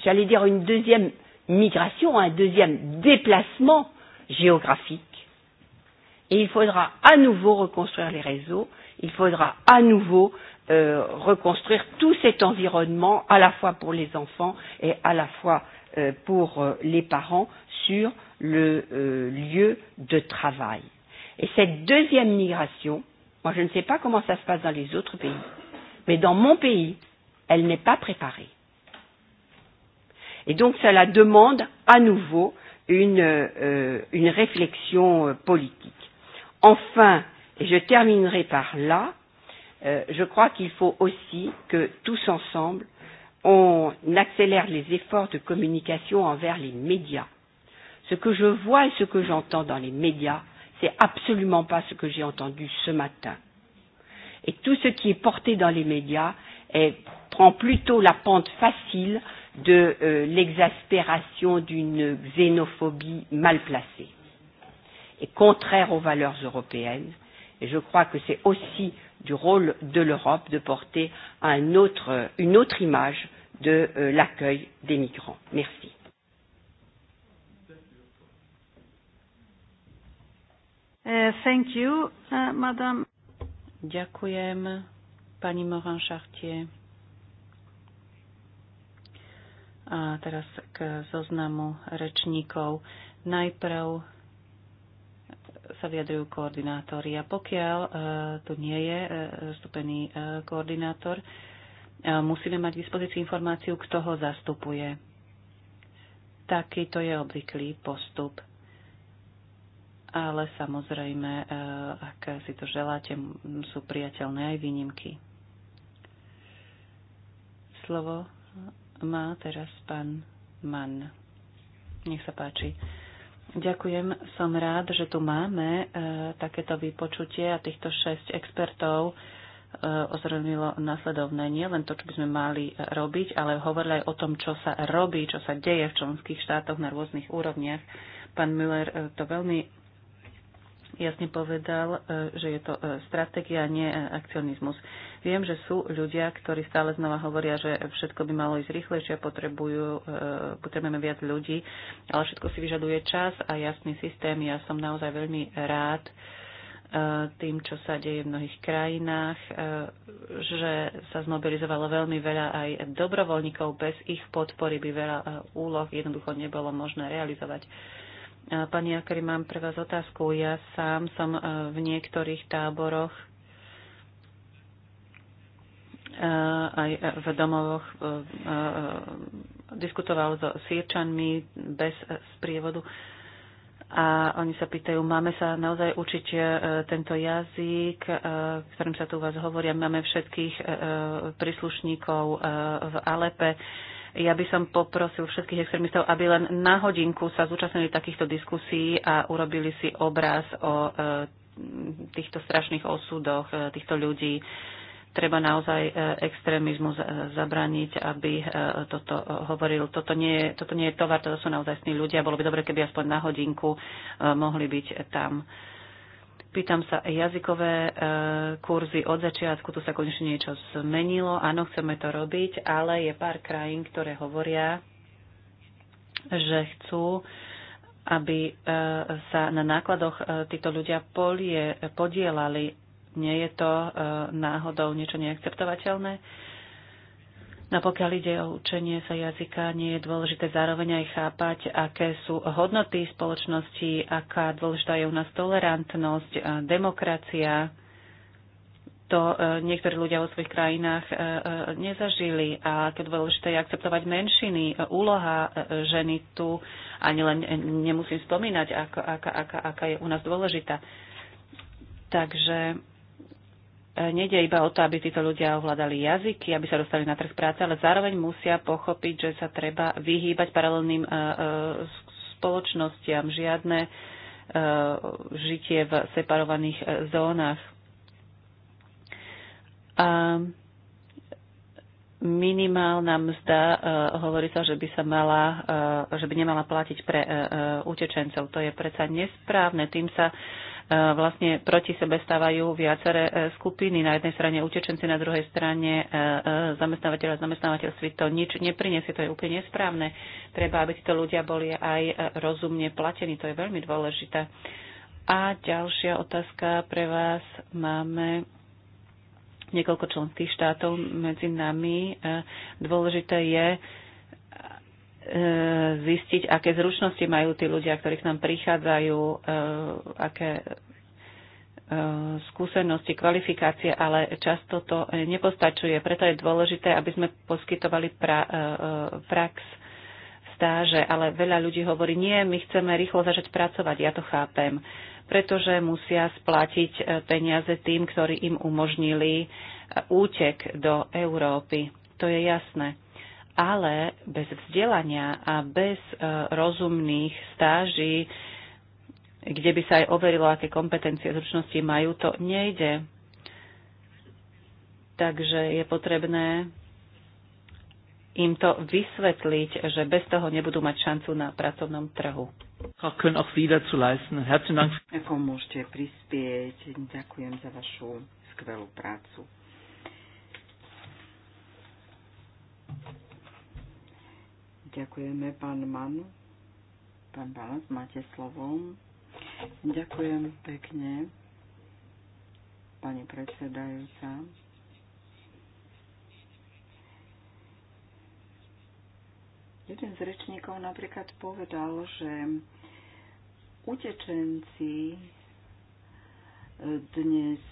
j'allais dire une deuxième migration, un deuxième déplacement géographique et il faudra à nouveau reconstruire les réseaux, il faudra à nouveau euh, reconstruire tout cet environnement, à la fois pour les enfants et à la fois euh, pour euh, les parents, sur le euh, lieu de travail. Et cette deuxième migration, moi je ne sais pas comment ça se passe dans les autres pays, mais dans mon pays, elle n'est pas préparée. Et donc cela demande à nouveau une, euh, une réflexion euh, politique. Enfin, et je terminerai par là, euh, je crois qu'il faut aussi que tous ensemble, on accélère les efforts de communication envers les médias. Ce que je vois et ce que j'entends dans les médias, c'est absolument pas ce que j'ai entendu ce matin. Et tout ce qui est porté dans les médias est, prend plutôt la pente facile de euh, l'exaspération d'une xénophobie mal placée est contraire aux valeurs européennes. Et je crois que c'est aussi du rôle de l'Europe de porter un autre, une autre image de euh, l'accueil des migrants. Merci. Uh, thank you, uh, madame. Ďakujem, pani Morin Chartier. A teraz k zoznamu rečníkov. Najprv sa vyjadrujú koordinátori. A pokiaľ e, tu nie je e, zastúpený e, koordinátor, musíme mať k dispozícii informáciu, kto ho zastupuje. Taký to je obvyklý postup. Ale samozrejme, ak si to želáte, sú priateľné aj výnimky. Slovo má teraz pán Mann. Nech sa páči. Ďakujem, som rád, že tu máme e, takéto vypočutie a týchto šesť expertov e, ozrejmilo nasledovné. Nie len to, čo by sme mali robiť, ale hovorili aj o tom, čo sa robí, čo sa deje v členských štátoch na rôznych úrovniach. Pán Müller e, to veľmi jasne povedal, e, že je to e, stratégia, nie e, akcionizmus. Viem, že sú ľudia, ktorí stále znova hovoria, že všetko by malo ísť rýchlejšie, potrebujú, e, potrebujeme viac ľudí, ale všetko si vyžaduje čas a jasný systém. Ja som naozaj veľmi rád e, tým, čo sa deje v mnohých krajinách, e, že sa zmobilizovalo veľmi veľa aj dobrovoľníkov. Bez ich podpory by veľa úloh jednoducho nebolo možné realizovať. Pani Akari, mám pre vás otázku. Ja sám som v niektorých táboroch Eh, aj v domovoch eh, eh, diskutoval so sírčanmi bez sprievodu a oni sa pýtajú, máme sa naozaj učiť tento jazyk, ktorým sa tu u vás hovoria, máme všetkých príslušníkov v Alepe. Ja by som poprosil všetkých extrémistov, aby len na hodinku sa zúčastnili takýchto diskusí a urobili si obraz o týchto strašných osudoch týchto ľudí treba naozaj e, extrémizmu e, zabraniť, aby e, toto hovoril. Toto nie, je, toto nie je tovar, toto sú naozaj sní ľudia. Bolo by dobre, keby aspoň na hodinku mohli byť tam. Pýtam sa jazykové kurzy od začiatku, tu sa konečne niečo zmenilo. Áno, chceme to robiť, ale je pár krajín, ktoré hovoria, že chcú aby sa na nákladoch títo ľudia polie, podielali nie je to e, náhodou niečo neakceptovateľné? No pokiaľ ide o učenie sa jazyka, nie je dôležité zároveň aj chápať, aké sú hodnoty spoločnosti, aká dôležitá je u nás tolerantnosť, demokracia. To e, niektorí ľudia vo svojich krajinách e, nezažili a aké dôležité je akceptovať menšiny. Úloha ženy tu ani len nemusím spomínať, aká, aká, aká je u nás dôležitá. Takže nejde iba o to, aby títo ľudia ovládali jazyky, aby sa dostali na trh práce, ale zároveň musia pochopiť, že sa treba vyhýbať paralelným e, e, spoločnostiam. Žiadne e, žitie v separovaných zónach. A minimálna mzda, hovorí sa, že by sa mala, že by nemala platiť pre utečencov. To je predsa nesprávne. Tým sa E, vlastne proti sebe stávajú viaceré e, skupiny. Na jednej strane utečenci, na druhej strane e, zamestnávateľ a zamestnávateľství. To nič nepriniesie, to je úplne nesprávne. Treba, aby títo ľudia boli aj rozumne platení, to je veľmi dôležité. A ďalšia otázka pre vás. Máme niekoľko členských štátov medzi nami. Dôležité je, E, zistiť, aké zručnosti majú tí ľudia, ktorí k nám prichádzajú, e, aké e, skúsenosti, kvalifikácie, ale často to nepostačuje. Preto je dôležité, aby sme poskytovali pra, prax, stáže, ale veľa ľudí hovorí, nie, my chceme rýchlo začať pracovať, ja to chápem, pretože musia splatiť peniaze tým, ktorí im umožnili útek do Európy. To je jasné ale bez vzdelania a bez e, rozumných stáží, kde by sa aj overilo, aké kompetencie a zručnosti majú, to nejde. Takže je potrebné im to vysvetliť, že bez toho nebudú mať šancu na pracovnom trhu. Ako môžete prispieť? Ďakujem za vašu skvelú prácu. Ďakujeme, pán Man. Pán Balas, máte slovo. Ďakujem pekne, pani predsedajúca. Jeden z rečníkov napríklad povedal, že utečenci dnes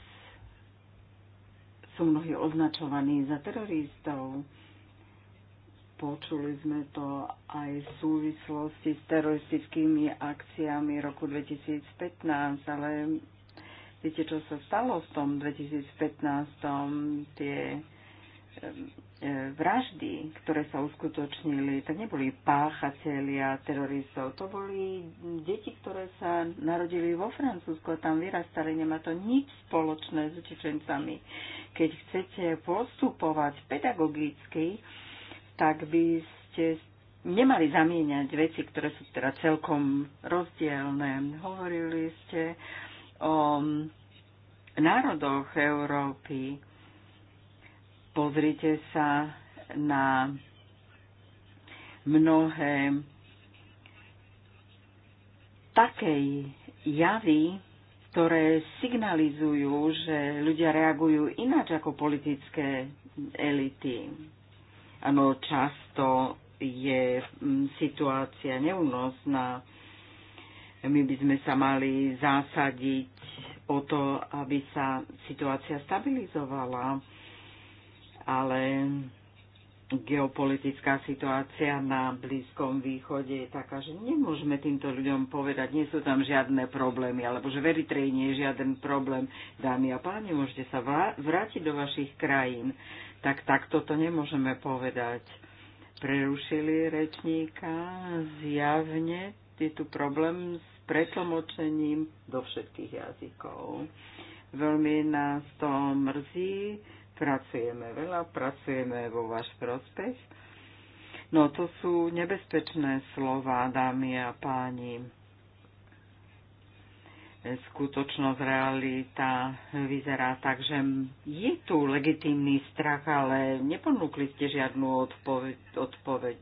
sú mnohí označovaní za teroristov Počuli sme to aj v súvislosti s teroristickými akciami roku 2015, ale viete, čo sa stalo v tom 2015? tie e, vraždy, ktoré sa uskutočnili, tak neboli páchatelia teroristov. To boli deti, ktoré sa narodili vo Francúzsku a tam vyrastali. Nemá to nič spoločné s učičencami. Keď chcete postupovať pedagogicky, tak by ste nemali zamieňať veci, ktoré sú teda celkom rozdielne. Hovorili ste o národoch Európy. Pozrite sa na mnohé také javy, ktoré signalizujú, že ľudia reagujú ináč ako politické elity Áno, často je mm, situácia neúnosná. My by sme sa mali zásadiť o to, aby sa situácia stabilizovala, ale geopolitická situácia na Blízkom východe je taká, že nemôžeme týmto ľuďom povedať, nie sú tam žiadne problémy, alebo že v Eritreji nie je žiaden problém. Dámy a páni, môžete sa vrátiť do vašich krajín tak takto to nemôžeme povedať. Prerušili rečníka, zjavne je tu problém s pretlmočením do všetkých jazykov. Veľmi nás to mrzí, pracujeme veľa, pracujeme vo váš prospech. No to sú nebezpečné slova, dámy a páni skutočnosť, realita vyzerá tak, že je tu legitímny strach, ale neponúkli ste žiadnu odpoveď. odpoveď.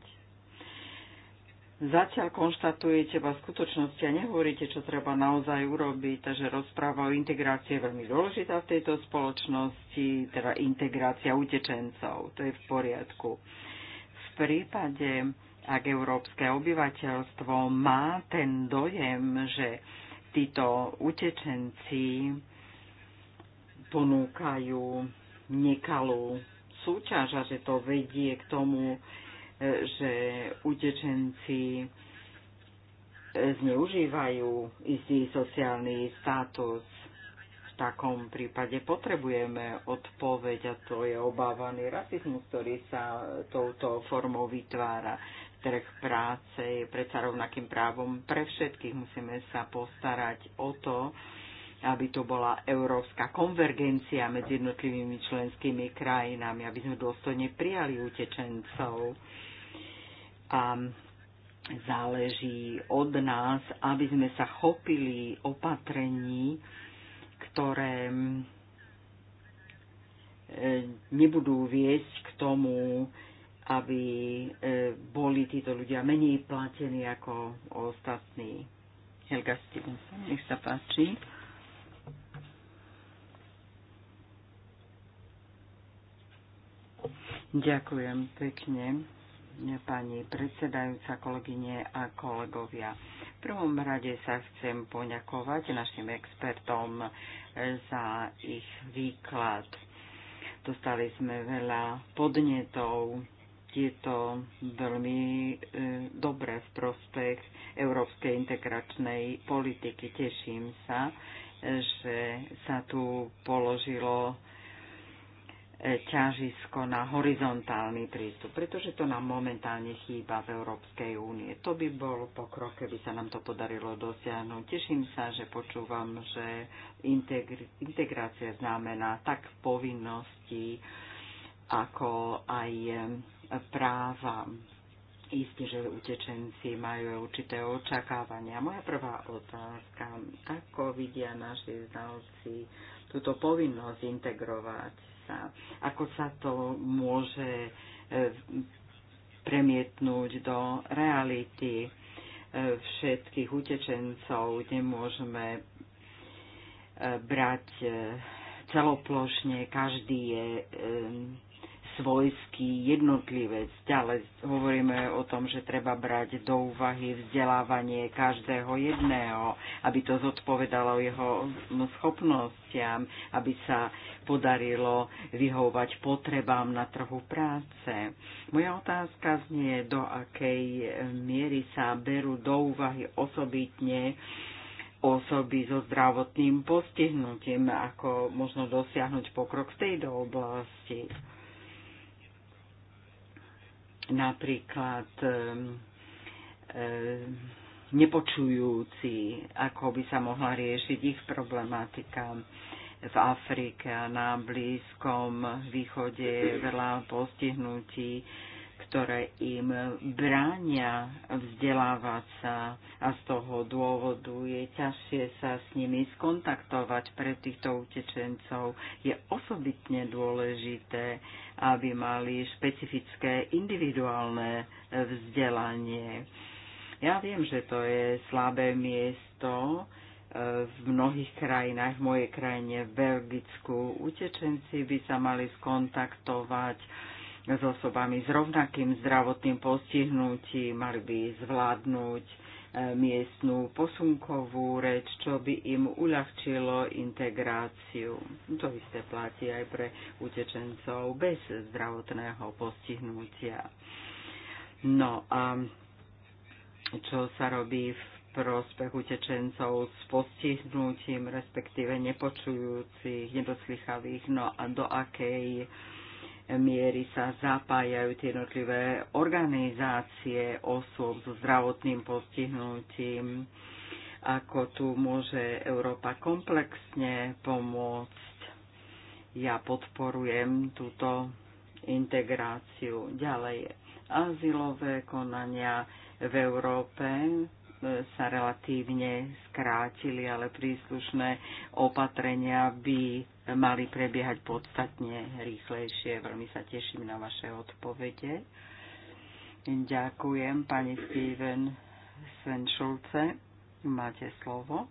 Zatiaľ konštatujete iba skutočnosti a nehovoríte, čo treba naozaj urobiť, takže rozpráva o integrácii je veľmi dôležitá v tejto spoločnosti, teda integrácia utečencov, to je v poriadku. V prípade, ak európske obyvateľstvo má ten dojem, že títo utečenci ponúkajú nekalú súťaž a že to vedie k tomu, e, že utečenci e, zneužívajú istý sociálny status. V takom prípade potrebujeme odpoveď a to je obávaný rasizmus, ktorý sa touto formou vytvára trh práce je predsa rovnakým právom pre všetkých. Musíme sa postarať o to, aby to bola európska konvergencia medzi jednotlivými členskými krajinami, aby sme dôstojne prijali utečencov. A záleží od nás, aby sme sa chopili opatrení, ktoré e, nebudú viesť k tomu, aby e, boli títo ľudia menej platení ako ostatní. Helga Stevenson, nech sa páči. Ďakujem pekne, pani predsedajúca, kolegyne a kolegovia. V prvom rade sa chcem poďakovať našim expertom e, za ich výklad. Dostali sme veľa podnetov je to veľmi e, dobré v prospech európskej integračnej politiky. Teším sa, že sa tu položilo e, ťažisko na horizontálny prístup, pretože to nám momentálne chýba v Európskej únie. To by bol pokrok, keby sa nám to podarilo dosiahnuť. Teším sa, že počúvam, že integrácia znamená tak povinnosti, ako aj práva. Isté, že utečenci majú určité očakávania. Moja prvá otázka, ako vidia naši znalci túto povinnosť integrovať sa? Ako sa to môže e, premietnúť do reality e, všetkých utečencov? Nemôžeme e, brať celoplošne, každý je svojský jednotlivec. Ďalej hovoríme o tom, že treba brať do úvahy vzdelávanie každého jedného, aby to zodpovedalo jeho schopnostiam, aby sa podarilo vyhovať potrebám na trhu práce. Moja otázka znie, do akej miery sa berú do úvahy osobitne osoby so zdravotným postihnutím, ako možno dosiahnuť pokrok v tejto oblasti napríklad nepočujúci, ako by sa mohla riešiť ich problematika v Afrike a na Blízkom východe veľa postihnutí ktoré im bránia vzdelávať sa a z toho dôvodu je ťažšie sa s nimi skontaktovať pre týchto utečencov. Je osobitne dôležité, aby mali špecifické individuálne vzdelanie. Ja viem, že to je slabé miesto e, v mnohých krajinách, v mojej krajine v Belgicku. Utečenci by sa mali skontaktovať s osobami s rovnakým zdravotným postihnutím, mali by zvládnuť e, miestnú posunkovú reč, čo by im uľahčilo integráciu. To isté platí aj pre utečencov bez zdravotného postihnutia. No a čo sa robí v prospech utečencov s postihnutím, respektíve nepočujúcich, nedoslychavých, no a do akej miery sa zapájajú tie jednotlivé organizácie osôb so zdravotným postihnutím, ako tu môže Európa komplexne pomôcť. Ja podporujem túto integráciu ďalej. Azylové konania v Európe sa relatívne skrátili, ale príslušné opatrenia by mali prebiehať podstatne rýchlejšie. Veľmi sa teším na vaše odpovede. Ďakujem pani Steven Svenšulce. Máte slovo.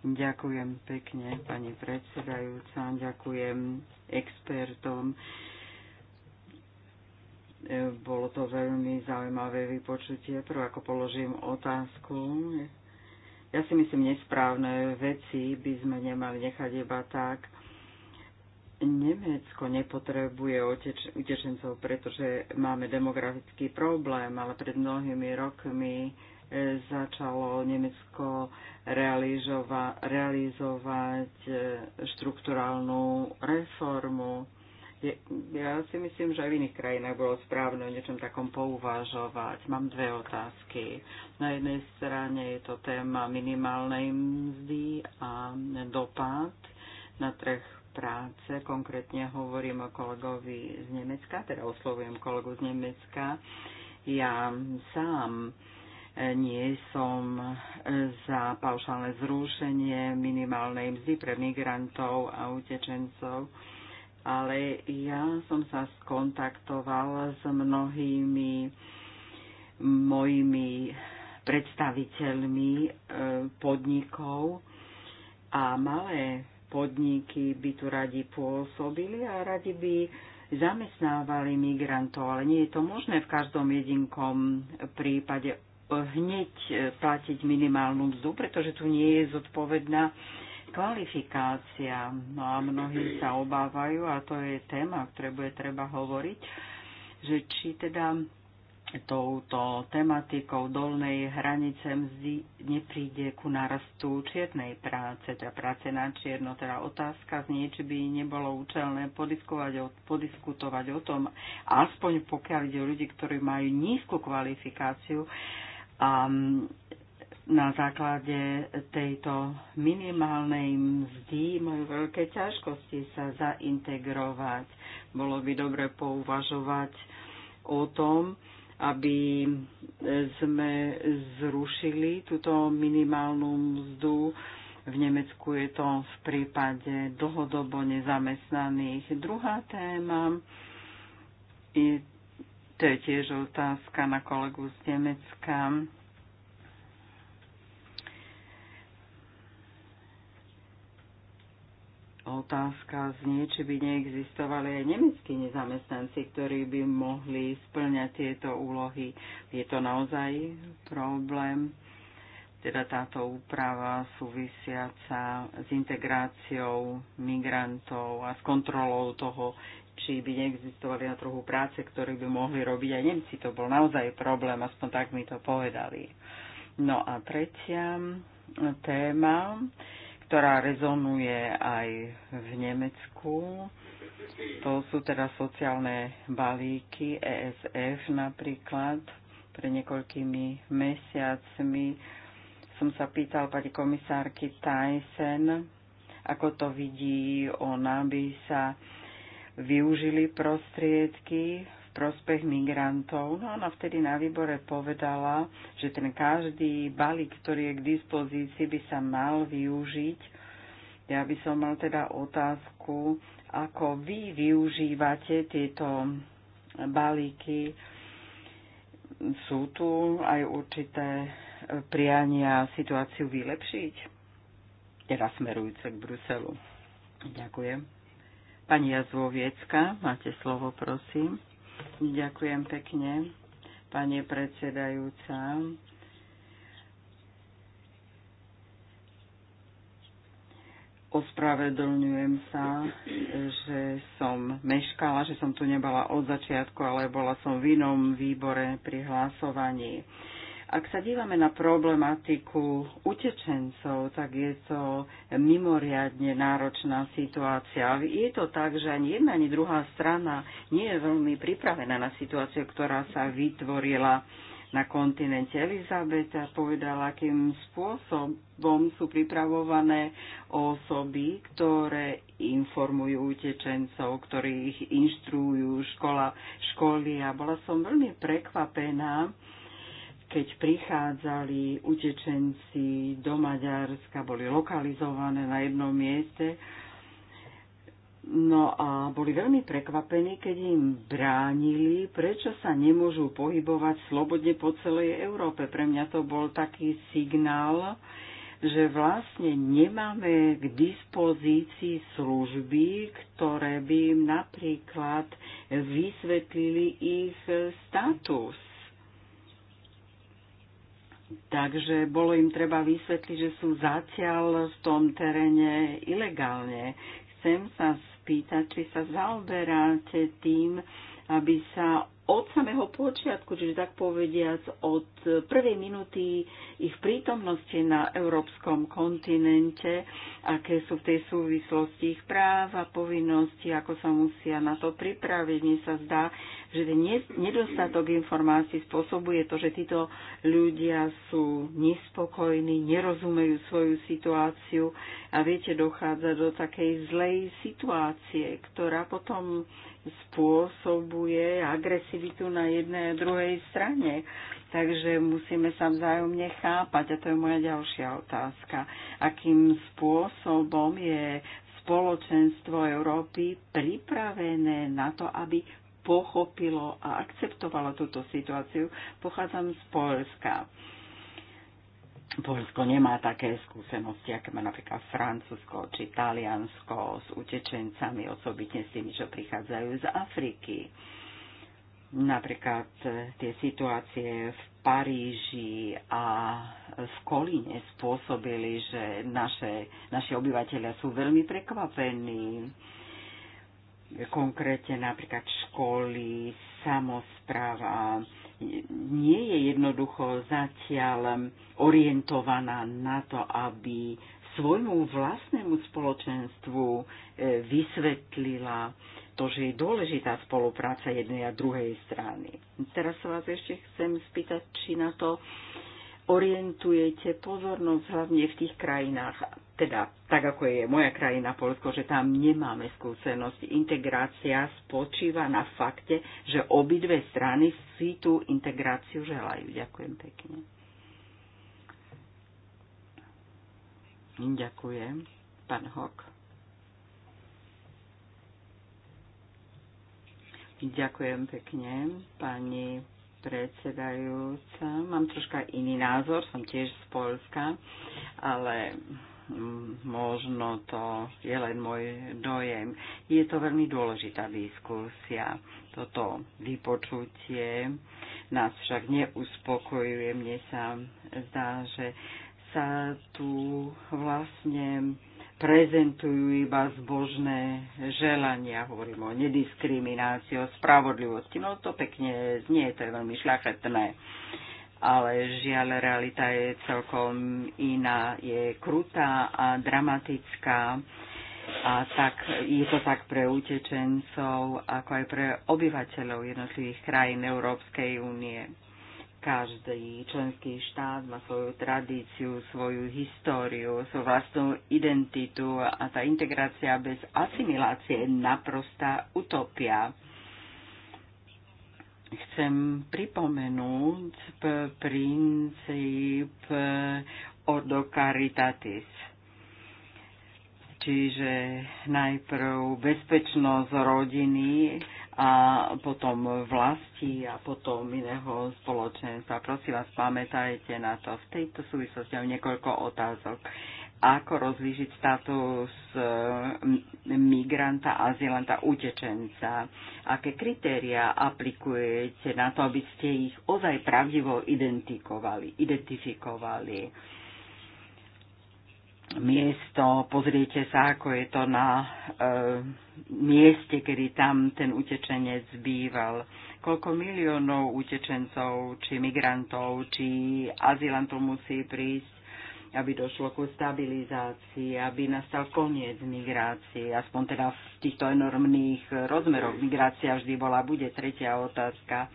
Ďakujem pekne, pani predsedajúca, ďakujem expertom E, bolo to veľmi zaujímavé vypočutie. Prv ako položím otázku, ja si myslím, nesprávne veci by sme nemali nechať iba tak. Nemecko nepotrebuje utečencov, pretože máme demografický problém, ale pred mnohými rokmi e, začalo Nemecko realizova- realizovať e, štruktúrálnu reformu ja si myslím, že aj v iných krajinách bolo správne o niečom takom pouvažovať. Mám dve otázky. Na jednej strane je to téma minimálnej mzdy a dopad na trh práce. Konkrétne hovorím o kolegovi z Nemecka, teda oslovujem kolegu z Nemecka. Ja sám e, nie som za paušálne zrušenie minimálnej mzdy pre migrantov a utečencov ale ja som sa skontaktovala s mnohými mojimi predstaviteľmi e, podnikov a malé podniky by tu radi pôsobili a radi by zamestnávali migrantov, ale nie je to možné v každom jedinkom prípade hneď platiť minimálnu mzdu, pretože tu nie je zodpovedná kvalifikácia. No a mnohí sa obávajú, a to je téma, o ktorej bude treba hovoriť, že či teda touto tematikou dolnej hranice mzdy nepríde ku narastu čiernej práce, teda práce na čierno. Teda otázka znie, či by nebolo účelné podiskutovať o tom, aspoň pokiaľ ide o ľudí, ktorí majú nízku kvalifikáciu, a na základe tejto minimálnej mzdy majú veľké ťažkosti sa zaintegrovať. Bolo by dobre pouvažovať o tom, aby sme zrušili túto minimálnu mzdu. V Nemecku je to v prípade dlhodobo nezamestnaných. Druhá téma je, to je tiež otázka na kolegu z Nemecka Otázka znie, či by neexistovali aj nemeckí nezamestnanci, ktorí by mohli splňať tieto úlohy. Je to naozaj problém, teda táto úprava súvisiaca s integráciou migrantov a s kontrolou toho, či by neexistovali na trhu práce, ktoré by mohli robiť aj Nemci. To bol naozaj problém, aspoň tak mi to povedali. No a tretia téma ktorá rezonuje aj v Nemecku. To sú teda sociálne balíky ESF napríklad. Pre niekoľkými mesiacmi som sa pýtal pani komisárky Tyson, ako to vidí ona, by sa využili prostriedky prospech migrantov. No ona vtedy na výbore povedala, že ten každý balík, ktorý je k dispozícii, by sa mal využiť. Ja by som mal teda otázku, ako vy využívate tieto balíky. Sú tu aj určité priania situáciu vylepšiť, teda smerujúce k Bruselu. Ďakujem. Pani Jazvoviecka, máte slovo, prosím. Ďakujem pekne, pani predsedajúca. ospravedlňujem sa, že som meškala, že som tu nebala od začiatku, ale bola som v inom výbore pri hlasovaní. Ak sa dívame na problematiku utečencov, tak je to mimoriadne náročná situácia. Je to tak, že ani jedna, ani druhá strana nie je veľmi pripravená na situáciu, ktorá sa vytvorila na kontinente. Elizabeta povedala, akým spôsobom sú pripravované osoby, ktoré informujú utečencov, ktorí ich inštruujú škola, školy. A bola som veľmi prekvapená, keď prichádzali utečenci do Maďarska, boli lokalizované na jednom mieste. No a boli veľmi prekvapení, keď im bránili, prečo sa nemôžu pohybovať slobodne po celej Európe. Pre mňa to bol taký signál, že vlastne nemáme k dispozícii služby, ktoré by im napríklad vysvetlili ich status Takže bolo im treba vysvetliť, že sú zatiaľ v tom teréne ilegálne. Chcem sa spýtať, či sa zaoberáte tým, aby sa od samého počiatku, čiže tak povediac od prvej minúty ich prítomnosti na európskom kontinente, aké sú v tej súvislosti ich práva, povinnosti, ako sa musia na to pripraviť. Mne sa zdá, že ten nedostatok informácií spôsobuje to, že títo ľudia sú nespokojní, nerozumejú svoju situáciu a viete, dochádza do takej zlej situácie, ktorá potom spôsobuje agresivitu na jednej a druhej strane. Takže musíme sa vzájomne chápať a to je moja ďalšia otázka. Akým spôsobom je spoločenstvo Európy pripravené na to, aby pochopilo a akceptovalo túto situáciu. Pochádzam z Polska. Polsko nemá také skúsenosti, aké má napríklad Francúzsko či Taliansko s utečencami, osobitne s tými, čo prichádzajú z Afriky. Napríklad e, tie situácie v Paríži a v Kolíne spôsobili, že naše, naši obyvateľia sú veľmi prekvapení konkrétne napríklad školy, samozpráva, nie je jednoducho zatiaľ orientovaná na to, aby svojmu vlastnému spoločenstvu e, vysvetlila to, že je dôležitá spolupráca jednej a druhej strany. Teraz sa vás ešte chcem spýtať, či na to orientujete pozornosť hlavne v tých krajinách, teda tak ako je moja krajina Polsko, že tam nemáme skúsenosť. Integrácia spočíva na fakte, že obidve strany si tú integráciu želajú. Ďakujem pekne. Ďakujem. Pán Hok. Ďakujem pekne, pani predsedajúca. Mám troška iný názor, som tiež z Polska, ale možno to je len môj dojem. Je to veľmi dôležitá diskusia. Toto vypočutie nás však neuspokojuje. Mne sa zdá, že sa tu vlastne prezentujú iba zbožné želania, hovorím o nediskriminácii, o spravodlivosti. No to pekne znie, to je veľmi šľachetné. Ale žiaľ, realita je celkom iná, je krutá a dramatická. A tak, je to tak pre utečencov, ako aj pre obyvateľov jednotlivých krajín Európskej únie každý členský štát má svoju tradíciu, svoju históriu, svoju vlastnú identitu a tá integrácia bez asimilácie je naprostá utopia. Chcem pripomenúť princíp eh, Ordo Caritatis čiže najprv bezpečnosť rodiny a potom vlasti a potom iného spoločenstva. Prosím vás, pamätajte na to. V tejto súvislosti mám niekoľko otázok. Ako rozlížiť status e, migranta, azylanta, utečenca? Aké kritéria aplikujete na to, aby ste ich ozaj pravdivo identifikovali? identifikovali? miesto, pozriete sa, ako je to na e, mieste, kedy tam ten utečenec býval. Koľko miliónov utečencov, či migrantov, či azylantov musí prísť, aby došlo ku stabilizácii, aby nastal koniec migrácie, aspoň teda v týchto enormných rozmeroch. Migrácia vždy bola, bude tretia otázka.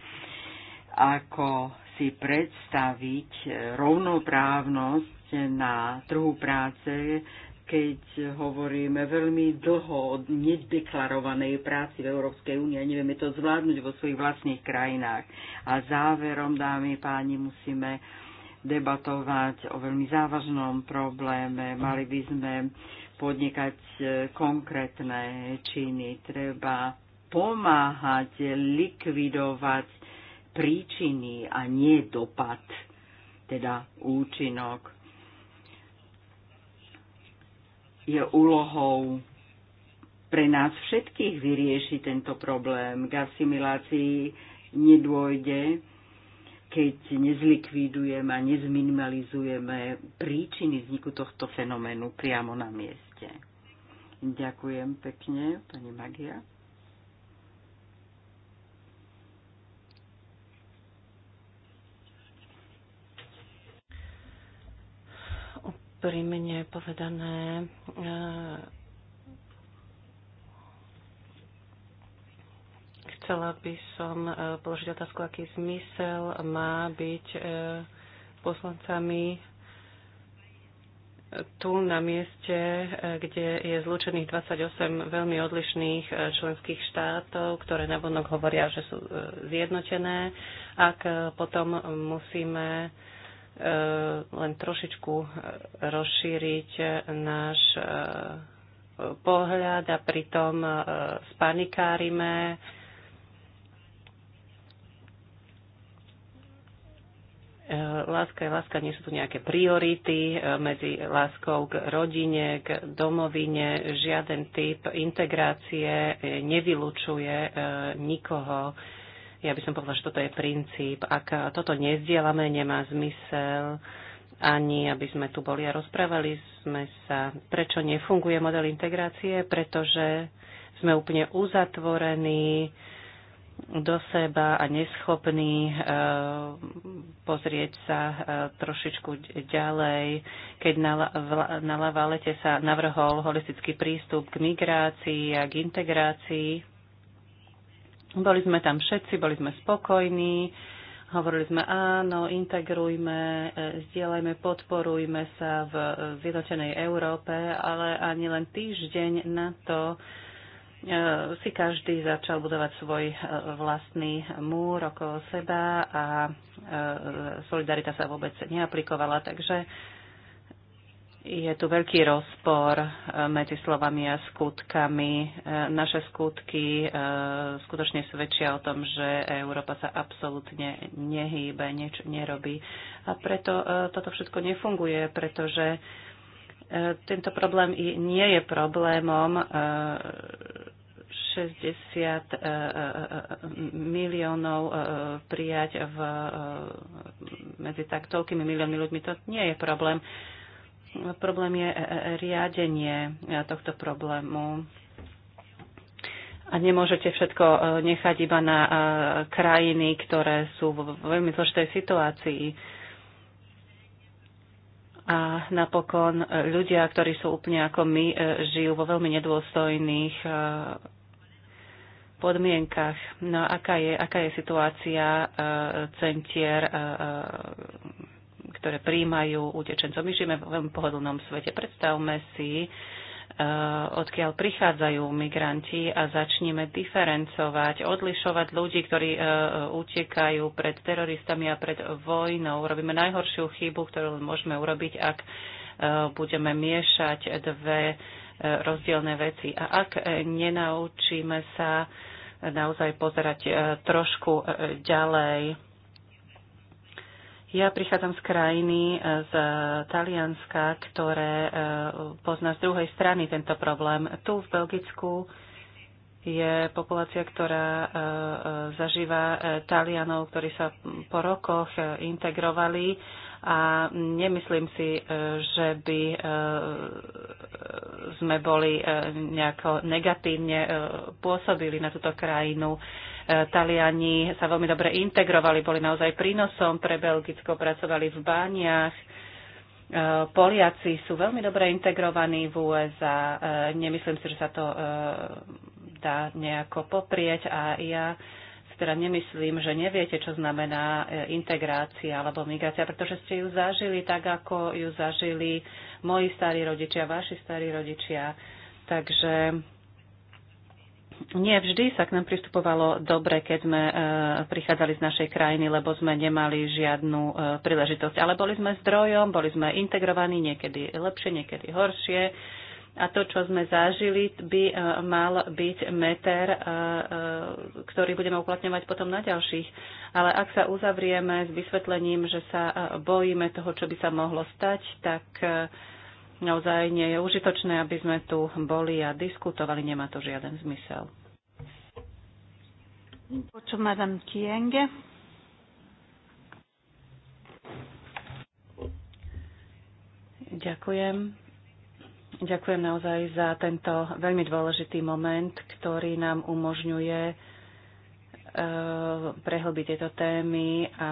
Ako si predstaviť e, rovnoprávnosť Vlastne na trhu práce, keď hovoríme veľmi dlho o nedeklarovanej práci v Európskej únii a nevieme to zvládnuť vo svojich vlastných krajinách. A záverom, dámy páni, musíme debatovať o veľmi závažnom probléme. Mali by sme podnikať konkrétne činy. Treba pomáhať likvidovať príčiny a nie dopad, teda účinok je úlohou pre nás všetkých vyriešiť tento problém. K asimilácii nedôjde, keď nezlikvidujeme a nezminimalizujeme príčiny vzniku tohto fenoménu priamo na mieste. Ďakujem pekne, pani Magia. úprimne povedané e, chcela by som e, položiť otázku, aký zmysel má byť e, poslancami tu na mieste, kde je zlučených 28 veľmi odlišných členských štátov, ktoré navonok hovoria, že sú zjednotené, ak potom musíme Eh, len trošičku eh, rozšíriť eh, náš pohľad a pritom spanikárime. Láska je láska, nie sú tu nejaké priority medzi láskou k rodine, k domovine. Žiaden typ integrácie nevylučuje nikoho ja by som povedala, že toto je princíp. Ak toto nezdielame, nemá zmysel ani aby sme tu boli a rozprávali sme sa, prečo nefunguje model integrácie, pretože sme úplne uzatvorení do seba a neschopní eh, pozrieť sa eh, trošičku ďalej. Keď na Lavalete sa navrhol holistický prístup k migrácii a k integrácii, boli sme tam všetci, boli sme spokojní, hovorili sme áno, integrujme, e, zdieľajme, podporujme sa v zjednotenej Európe, ale ani len týždeň na to e, si každý začal budovať svoj e, vlastný múr okolo seba a solidarita sa vôbec neaplikovala. Takže je tu veľký rozpor eh, medzi slovami a skutkami. Eh, naše skutky eh, skutočne svedčia o tom, že Európa sa absolútne nehýbe, nič nerobí. A preto toto všetko nefunguje, pretože tento problém nie je problémom 60 miliónov prijať v, medzi tak toľkými miliónmi ľuďmi. To nie je problém. Problém je e, e, riadenie e, tohto problému. A nemôžete všetko nechať iba na krajiny, ktoré sú v veľmi zložitej situácii. A napokon ľudia, ktorí sú úplne ako my, žijú vo veľmi nedôstojných podmienkach. No aká je, aká je situácia centier ktoré príjmajú utečencov. My žijeme v veľmi pohodlnom svete. Predstavme si, eh, odkiaľ prichádzajú migranti a začneme diferencovať, odlišovať ľudí, ktorí eh, utekajú pred teroristami a pred vojnou. Robíme najhoršiu chybu, ktorú môžeme urobiť, ak eh, budeme miešať dve rozdielne veci. A ak nenaučíme sa naozaj pozerať trošku ďalej, ja prichádzam z krajiny, e, z e, Talianska, ktoré e, pozná z druhej strany tento problém. Tu v Belgicku je populácia, ktorá zažíva Talianov, ktorí sa po rokoch integrovali a nemyslím si, že by sme boli nejako negatívne pôsobili na túto krajinu. Taliani sa veľmi dobre integrovali, boli naozaj prínosom pre Belgicko, pracovali v bániach. E, Poliaci sú veľmi dobre integrovaní v USA. E, nemyslím si, že sa to e, dá nejako poprieť a ja si teda nemyslím, že neviete, čo znamená integrácia alebo migrácia, pretože ste ju zažili tak, ako ju zažili moji starí rodičia, vaši starí rodičia. Takže nie vždy sa k nám pristupovalo dobre, keď sme e, prichádzali z našej krajiny, lebo sme nemali žiadnu e, príležitosť. Ale boli sme zdrojom, boli sme integrovaní, niekedy lepšie, niekedy horšie. A to, čo sme zažili, by e, mal byť meter, ktorý budeme uplatňovať potom na ďalších. Ale ak sa uzavrieme s vysvetlením, že sa bojíme toho, čo by sa mohlo stať, tak naozaj nie je užitočné, aby sme tu boli a diskutovali. Nemá to žiaden zmysel. Kienge. Ďakujem. Ďakujem naozaj za tento veľmi dôležitý moment, ktorý nám umožňuje e, prehlbiť tieto témy a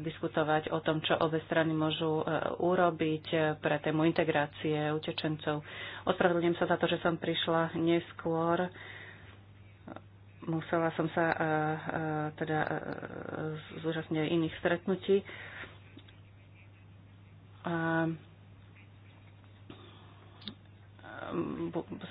diskutovať o tom, čo obe strany môžu e, urobiť pre tému integrácie utečencov. Ospravedlňujem sa za to, že som prišla neskôr musela som sa uh, uh, teda e, zúčastniť aj iných stretnutí. A,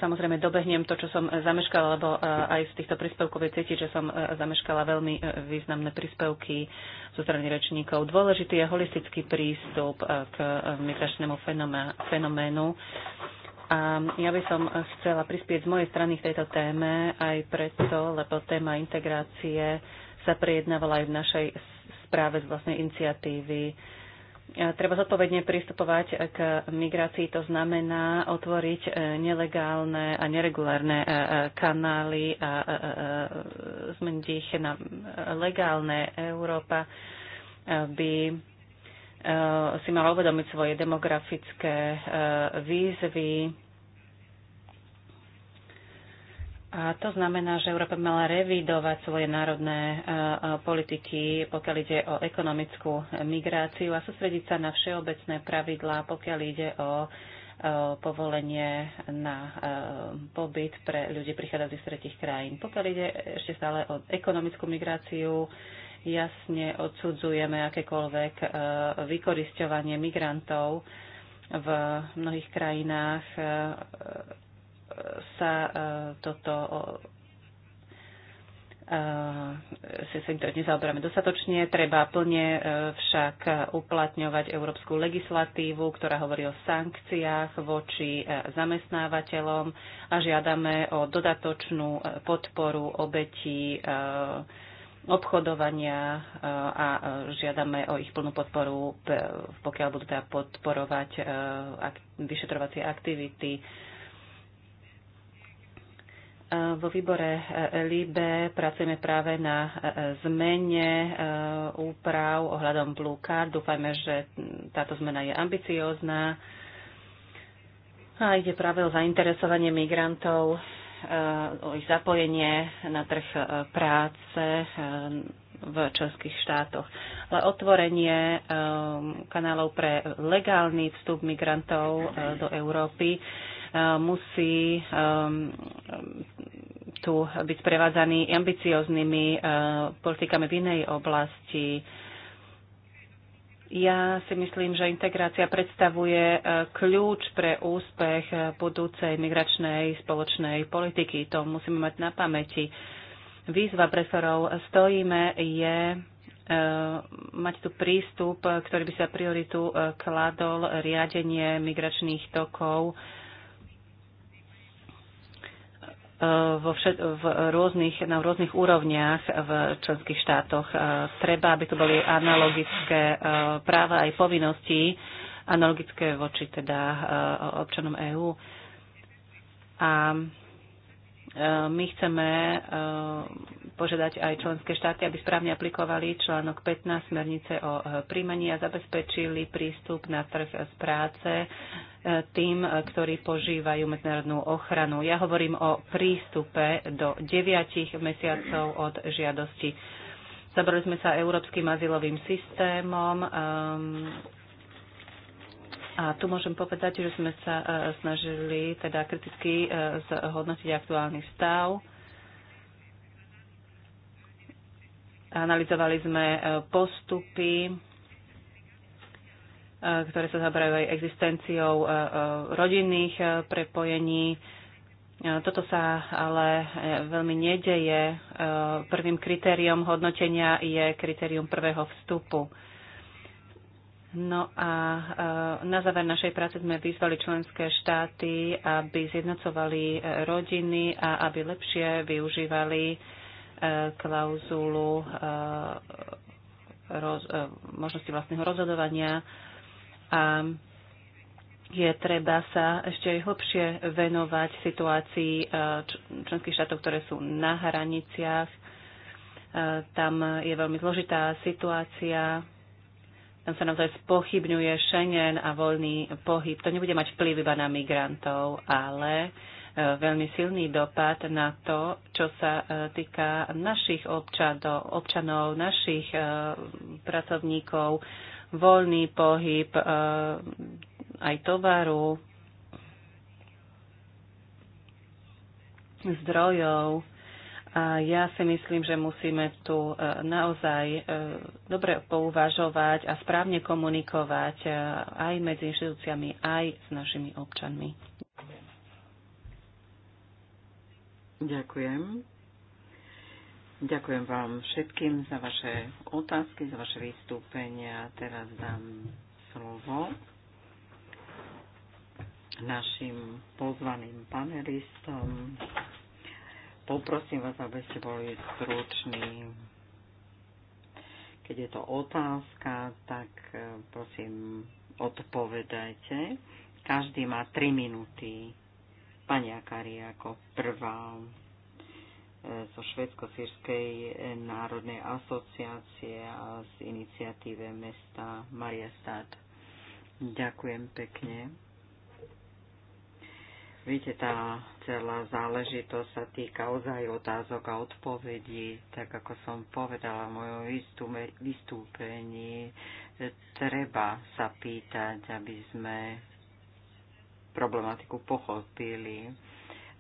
samozrejme dobehnem to, čo som zameškala, lebo aj z týchto príspevkov je cítiť, že som zameškala veľmi významné príspevky zo strany rečníkov. Dôležitý je holistický prístup k migračnému fenoménu a ja by som chcela prispieť z mojej strany k tejto téme aj preto, lebo téma integrácie sa prejednávala aj v našej správe z vlastnej iniciatívy. Treba zodpovedne pristupovať k migrácii, to znamená otvoriť e, nelegálne a neregulárne e, e, kanály a zmeniť ich na legálne. Európa by Eh, si mala uvedomiť svoje demografické eh, výzvy. A to znamená, že Európa mala revidovať svoje národné eh, politiky, pokiaľ ide o ekonomickú migráciu a sústrediť sa na všeobecné pravidlá, pokiaľ ide o povolenie na pobyt pre ľudí prichádzajúcich z tretich krajín. Pokiaľ ide ešte stále o ekonomickú migráciu, jasne odsudzujeme akékoľvek e, vykorisťovanie migrantov. V mnohých krajinách e, sa e, toto si sa to nezaoberáme dostatočne. Treba plne však uplatňovať európsku legislatívu, ktorá hovorí o sankciách voči zamestnávateľom a žiadame o dodatočnú podporu obetí obchodovania e, a e, žiadame o ich plnú podporu, pokiaľ budú teda podporovať e, vyšetrovacie aktivity. Vo výbore LIBE pracujeme práve na zmene úprav ohľadom Blue Card. Dúfajme, že táto zmena je ambiciózna a ide práve o zainteresovanie migrantov Eh, o ich zapojenie na trh eh, práce eh, v členských štátoch. Ale otvorenie kanálov pre legálny vstup migrantov do Európy musí tu byť sprevádzaný ambicioznými politikami v inej oblasti ja si myslím, že integrácia predstavuje e, kľúč pre úspech e, budúcej migračnej spoločnej politiky. To musíme mať na pamäti. Výzva, pre ktorou stojíme, je e, mať tu prístup, ktorý by sa prioritu kladol riadenie migračných tokov vo všet, v rôznych, na rôznych úrovniach v členských štátoch. E, treba, aby tu boli analogické e, práva aj povinnosti, analogické voči teda e, občanom EÚ. A my chceme požiadať aj členské štáty, aby správne aplikovali článok 15 smernice o e, príjmaní a zabezpečili prístup na trh z práce e, tým, e, ktorí požívajú medzinárodnú ochranu. Ja hovorím o prístupe do 9 mesiacov od žiadosti. Zabrali sme sa európskym azylovým systémom. Ehm, a tu môžem povedať, že sme sa snažili teda kriticky zhodnotiť aktuálny stav Analizovali sme e, postupy, e, ktoré sa zaberajú aj existenciou e, rodinných prepojení. Toto sa ale veľmi nedeje. Prvým kritériom hodnotenia je kritérium prvého vstupu. No a na záver našej práce sme vyzvali členské štáty, aby zjednocovali rodiny a aby lepšie využívali klauzulu eh, roz, eh, možnosti vlastného rozhodovania a je treba sa ešte aj hlbšie venovať situácii eh, členských štátov, ktoré sú na hraniciach. Tam je veľmi zložitá situácia. Tam sa naozaj spochybňuje Schengen a voľný pohyb. To nebude mať vplyv iba na migrantov, ale uh, veľmi silný dopad na to, čo sa e, týka našich občanov, občanov našich e, pracovníkov, voľný pohyb e, aj tovaru, zdrojov. A ja si myslím, že musíme tu naozaj dobre pouvažovať a správne komunikovať aj medzi inštitúciami, aj s našimi občanmi. Ďakujem. Ďakujem vám všetkým za vaše otázky, za vaše vystúpenia. Teraz dám slovo našim pozvaným panelistom. Poprosím vás, aby ste boli struční. Keď je to otázka, tak eh, prosím, odpovedajte. Každý má 3 minúty Pani Akari ako prvá e, zo Švedsko-sírskej e, národnej asociácie a z iniciatíve mesta Mariestad. Ďakujem pekne. Viete, tá celá záležitosť sa týka ozaj otázok a odpovedí, tak ako som povedala v mojom vystúpení, e, treba sa pýtať, aby sme problematiku pochopili.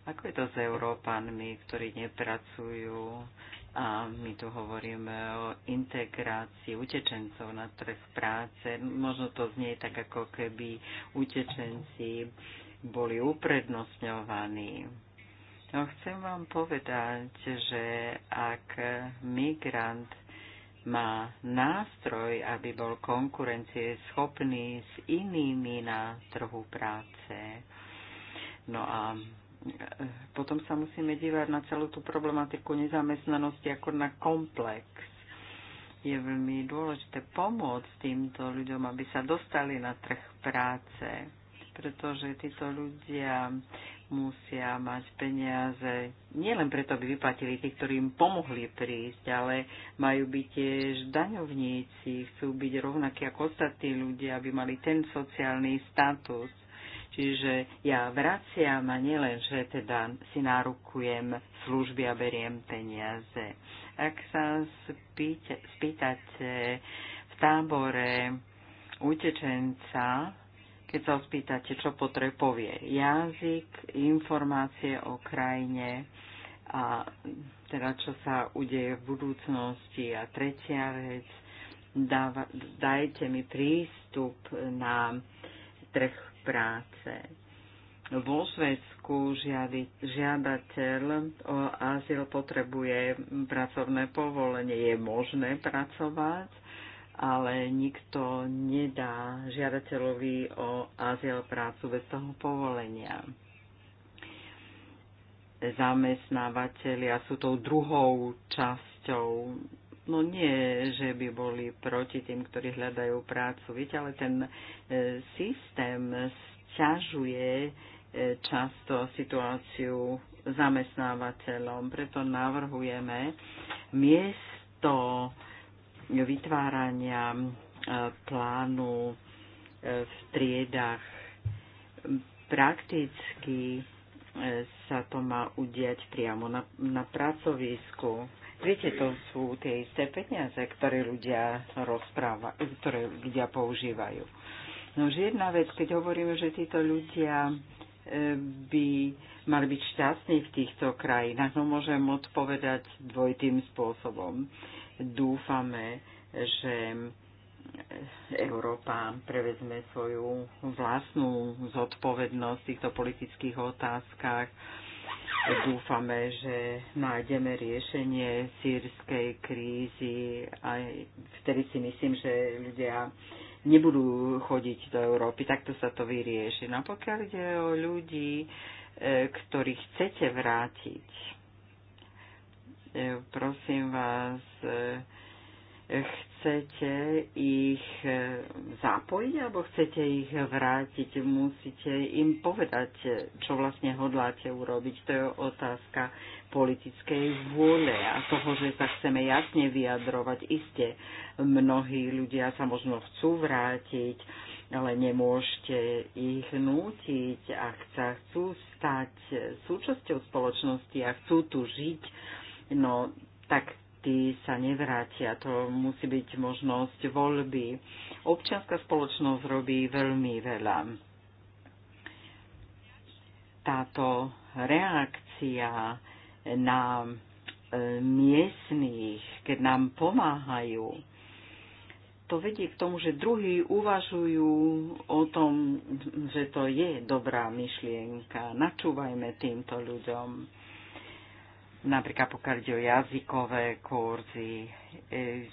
Ako je to s Európanmi, ktorí nepracujú a my tu hovoríme o integrácii utečencov na trh práce. Možno to znie tak, ako keby utečenci boli uprednostňovaní. No, chcem vám povedať, že ak migrant má nástroj, aby bol konkurencie schopný s inými na trhu práce. No a e, potom sa musíme dívať na celú tú problematiku nezamestnanosti ako na komplex. Je veľmi dôležité pomôcť týmto ľuďom, aby sa dostali na trh práce, pretože títo ľudia musia mať peniaze nielen preto, aby vyplatili tí, ktorí im pomohli prísť, ale majú byť tiež daňovníci, chcú byť rovnakí ako ostatní ľudia, aby mali ten sociálny status. Čiže ja vraciam a nielen, že teda si nárukujem služby a beriem peniaze. Ak sa spýtate v tábore utečenca, keď sa spýtate, čo potrebuje, povie jazyk, informácie o krajine a teda čo sa udeje v budúcnosti. A tretia vec, dáva, dajte mi prístup na trh práce. Vo Švedsku žiadateľ o azyl potrebuje pracovné povolenie. Je možné pracovať, ale nikto nedá žiadateľovi o azyl prácu bez toho povolenia. Zamestnávateľia sú tou druhou časťou. No nie, že by boli proti tým, ktorí hľadajú prácu. Viete, ale ten e, systém sťažuje e, často situáciu zamestnávateľom. Preto navrhujeme miesto vytvárania e, plánu e, v triedach. Prakticky e, sa to má udiať priamo na, na pracovisku. Viete, to sú tie isté peniaze, ktoré ľudia, rozpráva, ktoré ľudia používajú. No už jedna vec, keď hovoríme, že títo ľudia by mali byť šťastní v týchto krajinách, no môžem odpovedať dvojitým spôsobom. Dúfame, že Európa prevezme svoju vlastnú zodpovednosť v týchto politických otázkach. Dúfame, že nájdeme riešenie sírskej krízy. Aj vtedy si myslím, že ľudia nebudú chodiť do Európy. Takto sa to vyrieši. No a pokiaľ ide o ľudí, e, ktorých chcete vrátiť, Ehm, prosím vás, eh, chcete ich eh, zapojiť alebo chcete ich vrátiť? Musíte im povedať, čo vlastne hodláte urobiť. To je otázka politickej vôle a toho, že sa chceme jasne vyjadrovať. Isté, mnohí ľudia sa možno chcú vrátiť, ale nemôžete ich nútiť. Ak sa chcú stať súčasťou spoločnosti a chcú tu žiť, no tak tí sa nevrátia. To musí byť možnosť voľby. Občianská spoločnosť robí veľmi veľa. Táto reakcia na e, miestných, keď nám pomáhajú, to vedie k tomu, že druhí uvažujú o tom, že to je dobrá myšlienka. Načúvajme týmto ľuďom napríklad pokiaľ ide o jazykové kurzy. E,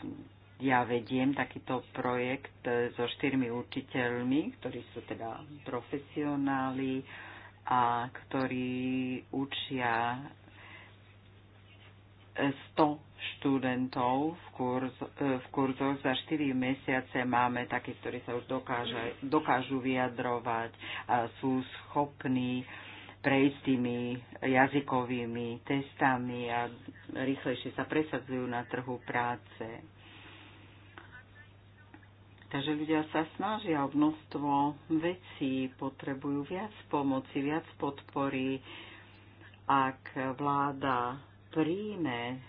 ja vediem takýto projekt e, so štyrmi učiteľmi, ktorí sú teda profesionáli a ktorí učia 100 e, študentov v, kurzo, v kurzoch. Za 4 mesiace máme takých, ktorí sa už dokáže, dokážu vyjadrovať a sú schopní uh, prejsť tými jazykovými testami a rýchlejšie sa presadzujú na trhu práce. Takže ľudia sa snažia o množstvo vecí, potrebujú viac pomoci, viac podpory. Ak vláda príjme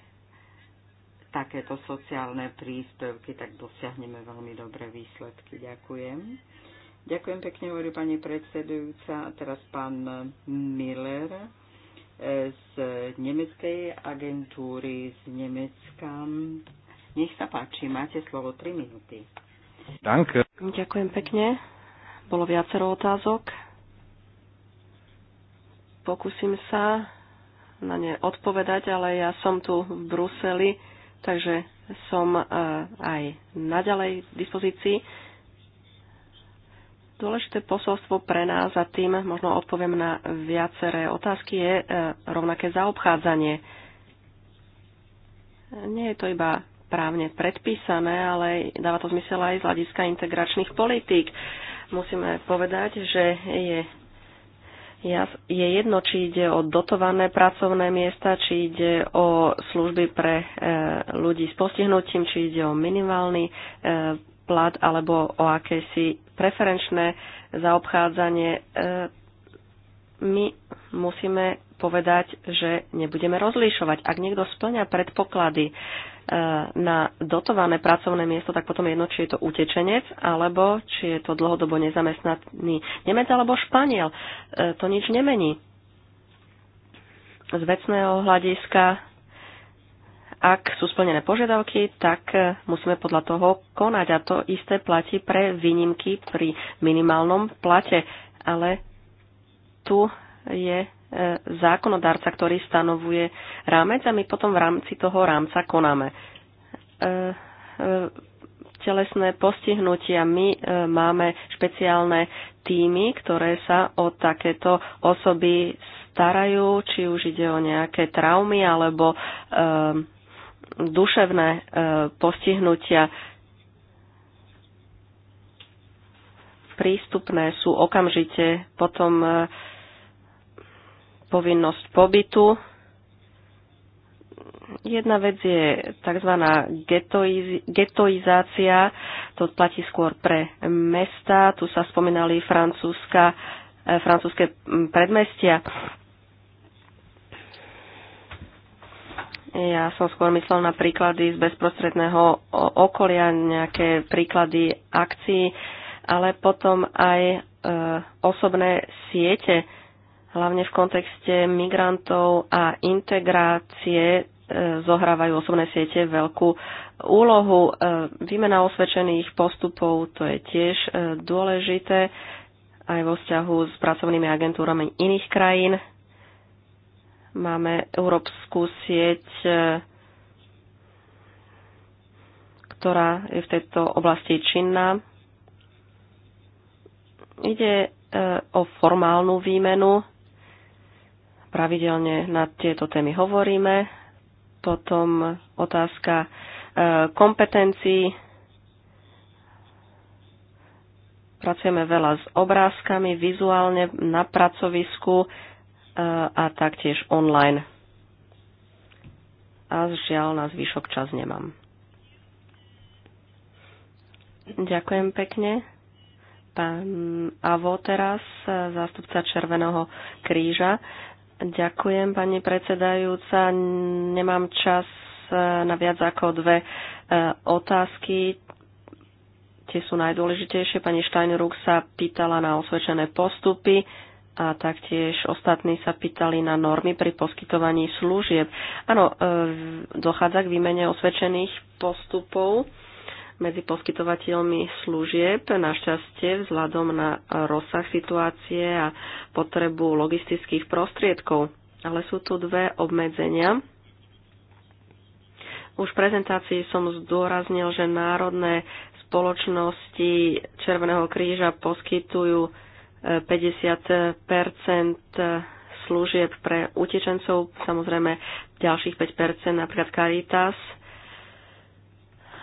takéto sociálne príspevky, tak dosiahneme veľmi dobré výsledky. Ďakujem. Ďakujem pekne, hovorí pani predsedujúca. A teraz pán Miller eh, z nemeckej agentúry z Nemecka. Nech sa páči, máte slovo 3 minúty. Danke. Ďakujem pekne. Bolo viacero otázok. Pokúsim sa na ne odpovedať, ale ja som tu v Bruseli, takže som eh, aj naďalej v dispozícii. Dôležité posolstvo pre nás a tým možno odpoviem na viaceré otázky je e, rovnaké zaobchádzanie. Nie je to iba právne predpísané, ale dáva to zmysel aj z hľadiska integračných politík. Musíme povedať, že je, je jedno, či ide o dotované pracovné miesta, či ide o služby pre e, ľudí s postihnutím, či ide o minimálny e, plat alebo o akési preferenčné zaobchádzanie. E, my musíme povedať, že nebudeme rozlišovať. Ak niekto splňa predpoklady e, na dotované pracovné miesto, tak potom jedno, či je to utečenec, alebo či je to dlhodobo nezamestnaný Nemec alebo Španiel. E, to nič nemení. Z vecného hľadiska ak sú splnené požiadavky, tak e, musíme podľa toho konať a to isté platí pre výnimky pri minimálnom plate. Ale tu je e, zákonodárca, ktorý stanovuje rámec a my potom v rámci toho rámca konáme. E, telesné postihnutia. My máme špeciálne týmy, ktoré sa o takéto osoby starajú, či už ide o nejaké traumy alebo duševné e, postihnutia prístupné sú okamžite, potom e, povinnosť pobytu. Jedna vec je tzv. getoizácia, to platí skôr pre mesta, tu sa spomínali francúzska, e, francúzske predmestia. Ja som skôr myslel na príklady z bezprostredného okolia, nejaké príklady akcií, ale potom aj e, osobné siete, hlavne v kontexte migrantov a integrácie e, zohrávajú osobné siete veľkú úlohu. E, výmena osvedčených postupov, to je tiež e, dôležité aj vo vzťahu s pracovnými agentúrami iných krajín, Máme európsku sieť, e, ktorá je v tejto oblasti činná. Ide e, o formálnu výmenu. Pravidelne na tieto témy hovoríme. Potom otázka e, kompetencií. Pracujeme veľa s obrázkami, vizuálne na pracovisku a taktiež online. A žiaľ na zvyšok čas nemám. Ďakujem pekne. Pán Avo teraz, zástupca Červeného kríža. Ďakujem, pani predsedajúca. Nemám čas e, na viac ako dve e, otázky. Tie sú najdôležitejšie. Pani Steinruck sa pýtala na osvedčené postupy a taktiež ostatní sa pýtali na normy pri poskytovaní služieb. Áno, e, dochádza k výmene osvedčených postupov medzi poskytovateľmi služieb. Našťastie vzhľadom na rozsah situácie a potrebu logistických prostriedkov. Ale sú tu dve obmedzenia. Už v prezentácii som zdôraznil, že národné spoločnosti Červeného kríža poskytujú 50 služieb pre utečencov, samozrejme ďalších 5 napríklad Caritas.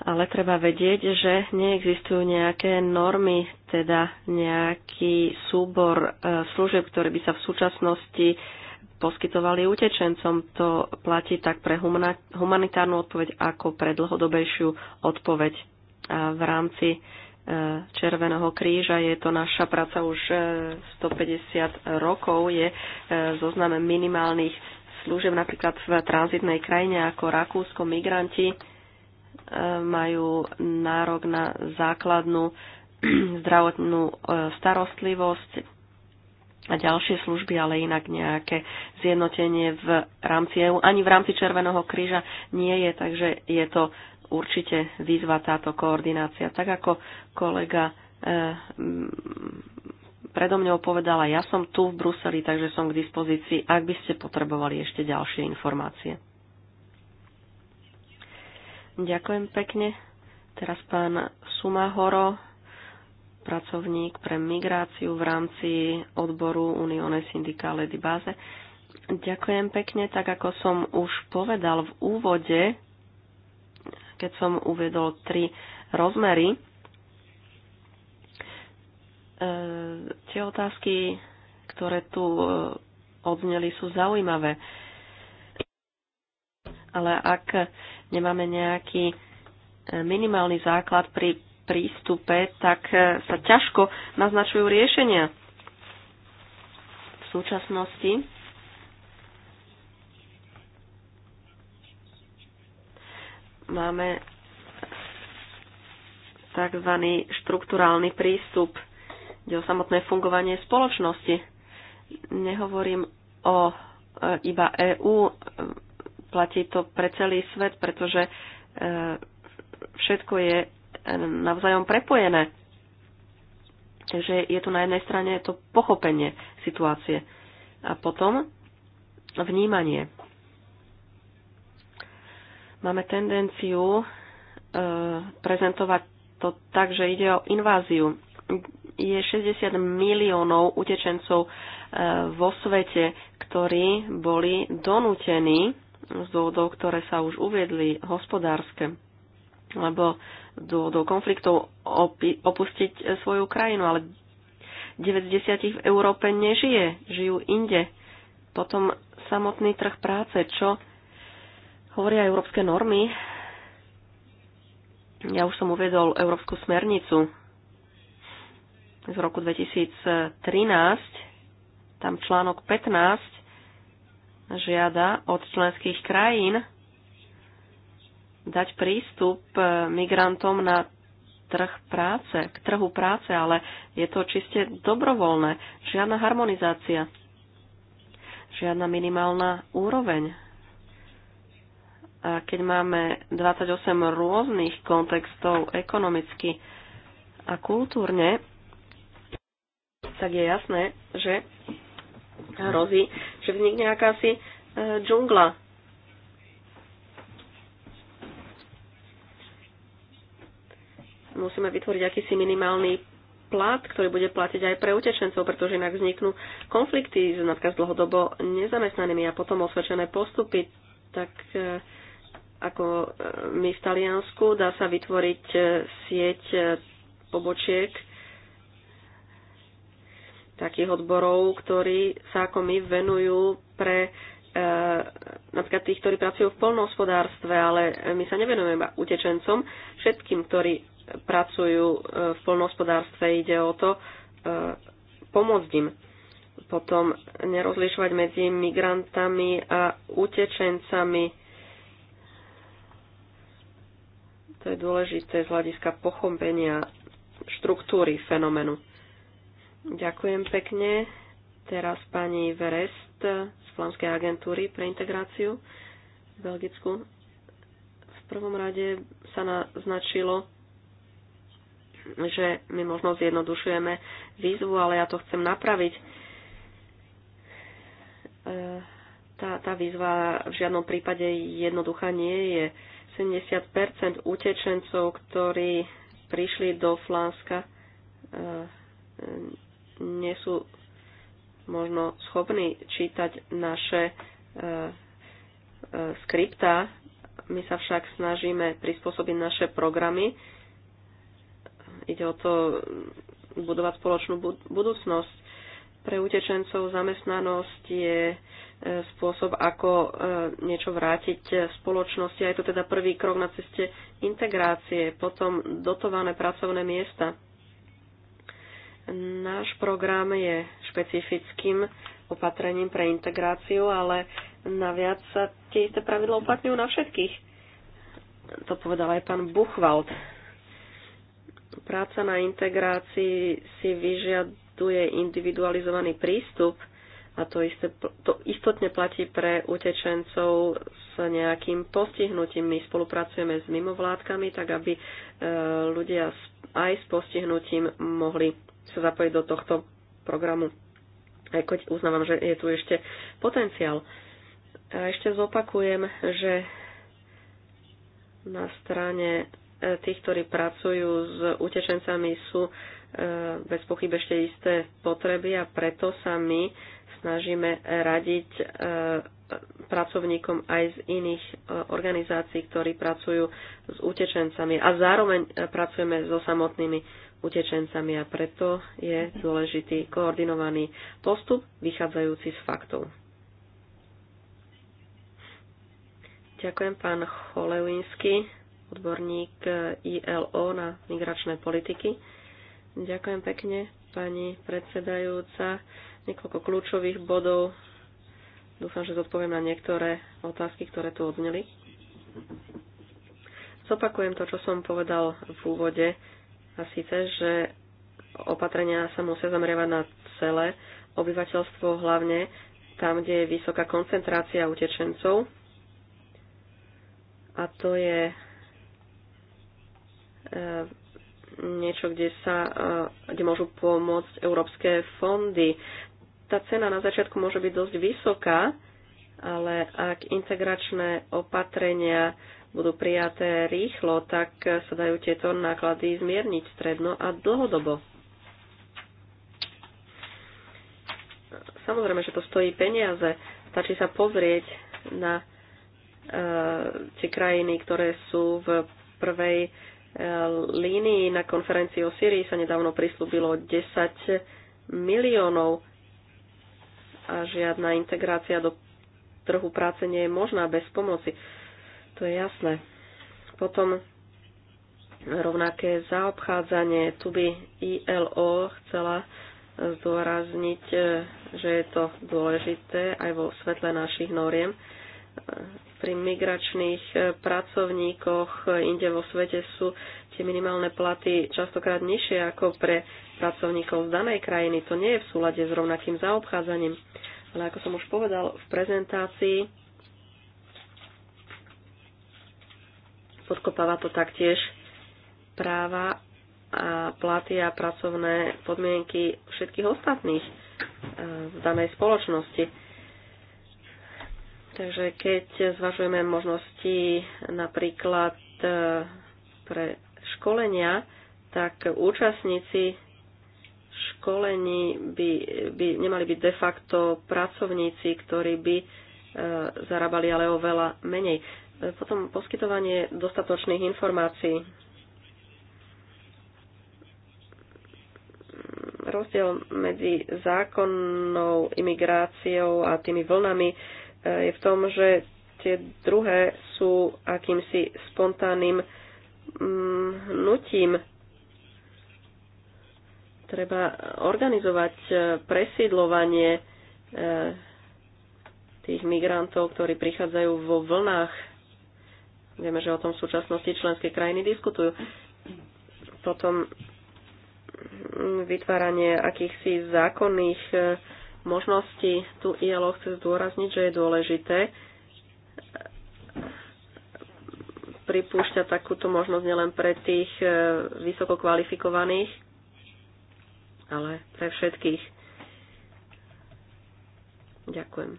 Ale treba vedieť, že neexistujú nejaké normy, teda nejaký súbor e, služieb, ktoré by sa v súčasnosti poskytovali utečencom. To platí tak pre humanitárnu odpoveď, ako pre dlhodobejšiu odpoveď. v rámci Červeného kríža. Je to naša práca už 150 e, rokov. Je e, zoznam minimálnych služieb napríklad v tranzitnej krajine ako Rakúsko. Migranti e, majú nárok na základnú zdravotnú starostlivosť, a ďalšie služby, ale inak nejaké zjednotenie v rámci EU ani v rámci Červeného kríža nie je, takže je to určite výzva táto koordinácia. Tak ako kolega eh, mm, predo mňou povedala, ja som tu v Bruseli, takže som k dispozícii, ak by ste potrebovali ešte ďalšie informácie. Ďakujem pekne. Teraz pán Sumahoro, pracovník pre migráciu v rámci odboru Unione Syndicale di Base. Ďakujem pekne, tak ako som už povedal v úvode, keď som uvedol tri rozmery. E, tie otázky, ktoré tu e, odzneli, sú zaujímavé. Ale ak nemáme nejaký e, minimálny základ pri prístupe, tak sa ťažko naznačujú riešenia. V súčasnosti máme tzv. štruktúrálny prístup, o samotné fungovanie spoločnosti. Nehovorím o e, iba EÚ, e, platí to pre celý svet, pretože e, všetko je navzájom prepojené. Takže je tu na jednej strane to pochopenie situácie a potom vnímanie. Máme tendenciu e, prezentovať to tak, že ide o inváziu. Je 60 miliónov utečencov e, vo svete, ktorí boli donútení z dôvodov, ktoré sa už uviedli, hospodárske alebo z dôvodov konfliktov opustiť svoju krajinu, ale 9 z 10 v Európe nežije, žijú inde. Potom samotný trh práce, čo hovoria európske normy. Ja už som uvedol európsku smernicu z roku 2013. Tam článok 15 žiada od členských krajín dať prístup eh, migrantom na trh práce, k trhu práce, ale je to čiste dobrovoľné. Žiadna harmonizácia, žiadna minimálna úroveň a keď máme 28 rôznych kontextov ekonomicky a kultúrne, tak je jasné, že hrozí, že vznikne akási e, džungla. Musíme vytvoriť akýsi minimálny plat, ktorý bude platiť aj pre utečencov, pretože inak vzniknú konflikty napríklad s dlhodobo nezamestnanými a potom osvedčené postupy, tak e, ako e, my v Taliansku. Dá sa vytvoriť e, sieť e, pobočiek takých odborov, ktorí sa ako my venujú pre napríklad tých, ktorí pracujú v polnohospodárstve, ale my sa nevenujeme iba utečencom, všetkým, ktorí pracujú v polnohospodárstve, ide o to pomôcť im. Potom nerozlišovať medzi migrantami a utečencami To je dôležité z hľadiska pochopenia štruktúry fenomenu. Ďakujem pekne. Teraz pani Verest z Flamskej agentúry pre integráciu v Belgicku. V prvom rade sa naznačilo, že my možno zjednodušujeme výzvu, ale ja to chcem napraviť. E, tá, tá výzva v žiadnom prípade jednoduchá nie je. 80 utečencov, ktorí prišli do Flánska, eh, nie sú možno schopní čítať naše eh, skripta. My sa však snažíme prispôsobiť naše programy. Ide o to budovať spoločnú budúcnosť. Pre utečencov zamestnanosť je e, spôsob, ako e, niečo vrátiť v spoločnosti. A je to teda prvý krok na ceste integrácie, potom dotované pracovné miesta. Náš program je špecifickým opatrením pre integráciu, ale naviac sa tie isté pravidla uplatňujú na všetkých. To povedal aj pán Buchwald. Práca na integrácii si vyžiada existuje individualizovaný prístup a to, isté, to istotne platí pre utečencov s nejakým postihnutím. My spolupracujeme s mimovládkami, tak aby e, ľudia aj s postihnutím mohli sa zapojiť do tohto programu. Aj keď uznávam, že je tu ešte potenciál. A ešte zopakujem, že na strane e, tých, ktorí pracujú s utečencami, sú E, bez pochyb ešte isté potreby a preto sa my snažíme radiť e, pracovníkom aj z iných e, organizácií, ktorí pracujú s utečencami a zároveň pracujeme so samotnými utečencami a preto je dôležitý koordinovaný postup vychádzajúci z faktov. Ďakujem pán Cholewinsky, odborník ILO na migračné politiky. Ďakujem pekne, pani predsedajúca. Niekoľko kľúčových bodov. Dúfam, že zodpoviem na niektoré otázky, ktoré tu odzneli. Zopakujem to, čo som povedal v úvode, a síce, že opatrenia sa musia zameriavať na celé obyvateľstvo, hlavne tam, kde je vysoká koncentrácia utečencov. A to je e, niečo, kde, sa, eh, kde môžu pomôcť európske fondy. Tá cena na začiatku môže byť dosť vysoká, ale ak integračné opatrenia budú prijaté rýchlo, tak sa dajú tieto náklady zmierniť stredno a dlhodobo. Samozrejme, že to stojí peniaze. Stačí sa pozrieť na uh, tie krajiny, ktoré sú v prvej línii na konferencii o Syrii sa nedávno prislúbilo 10 miliónov a žiadna integrácia do trhu práce nie je možná bez pomoci. To je jasné. Potom rovnaké zaobchádzanie. Tu by ILO chcela zdôrazniť, že je to dôležité aj vo svetle našich noriem pri migračných e, pracovníkoch e, inde vo svete sú tie minimálne platy častokrát nižšie ako pre pracovníkov z danej krajiny. To nie je v súlade s rovnakým zaobchádzaním. Ale ako som už povedal v prezentácii, podkopáva to taktiež práva a platy a pracovné podmienky všetkých ostatných e, v danej spoločnosti Takže keď zvažujeme možnosti napríklad e, pre školenia, tak účastníci školení by, by nemali byť de facto pracovníci, ktorí by e, zarábali ale oveľa menej. E, potom poskytovanie dostatočných informácií. Rozdiel medzi zákonnou imigráciou a tými vlnami je v tom, že tie druhé sú akýmsi spontánnym mm, nutím. Treba organizovať e, presídlovanie e, tých migrantov, ktorí prichádzajú vo vlnách. Vieme, že o tom v súčasnosti členské krajiny diskutujú. Potom vytváranie akýchsi zákonných e, možnosti. Tu ILO chce zdôrazniť, že je dôležité pripúšťať takúto možnosť nielen pre tých e, vysoko kvalifikovaných, ale pre všetkých. Ďakujem.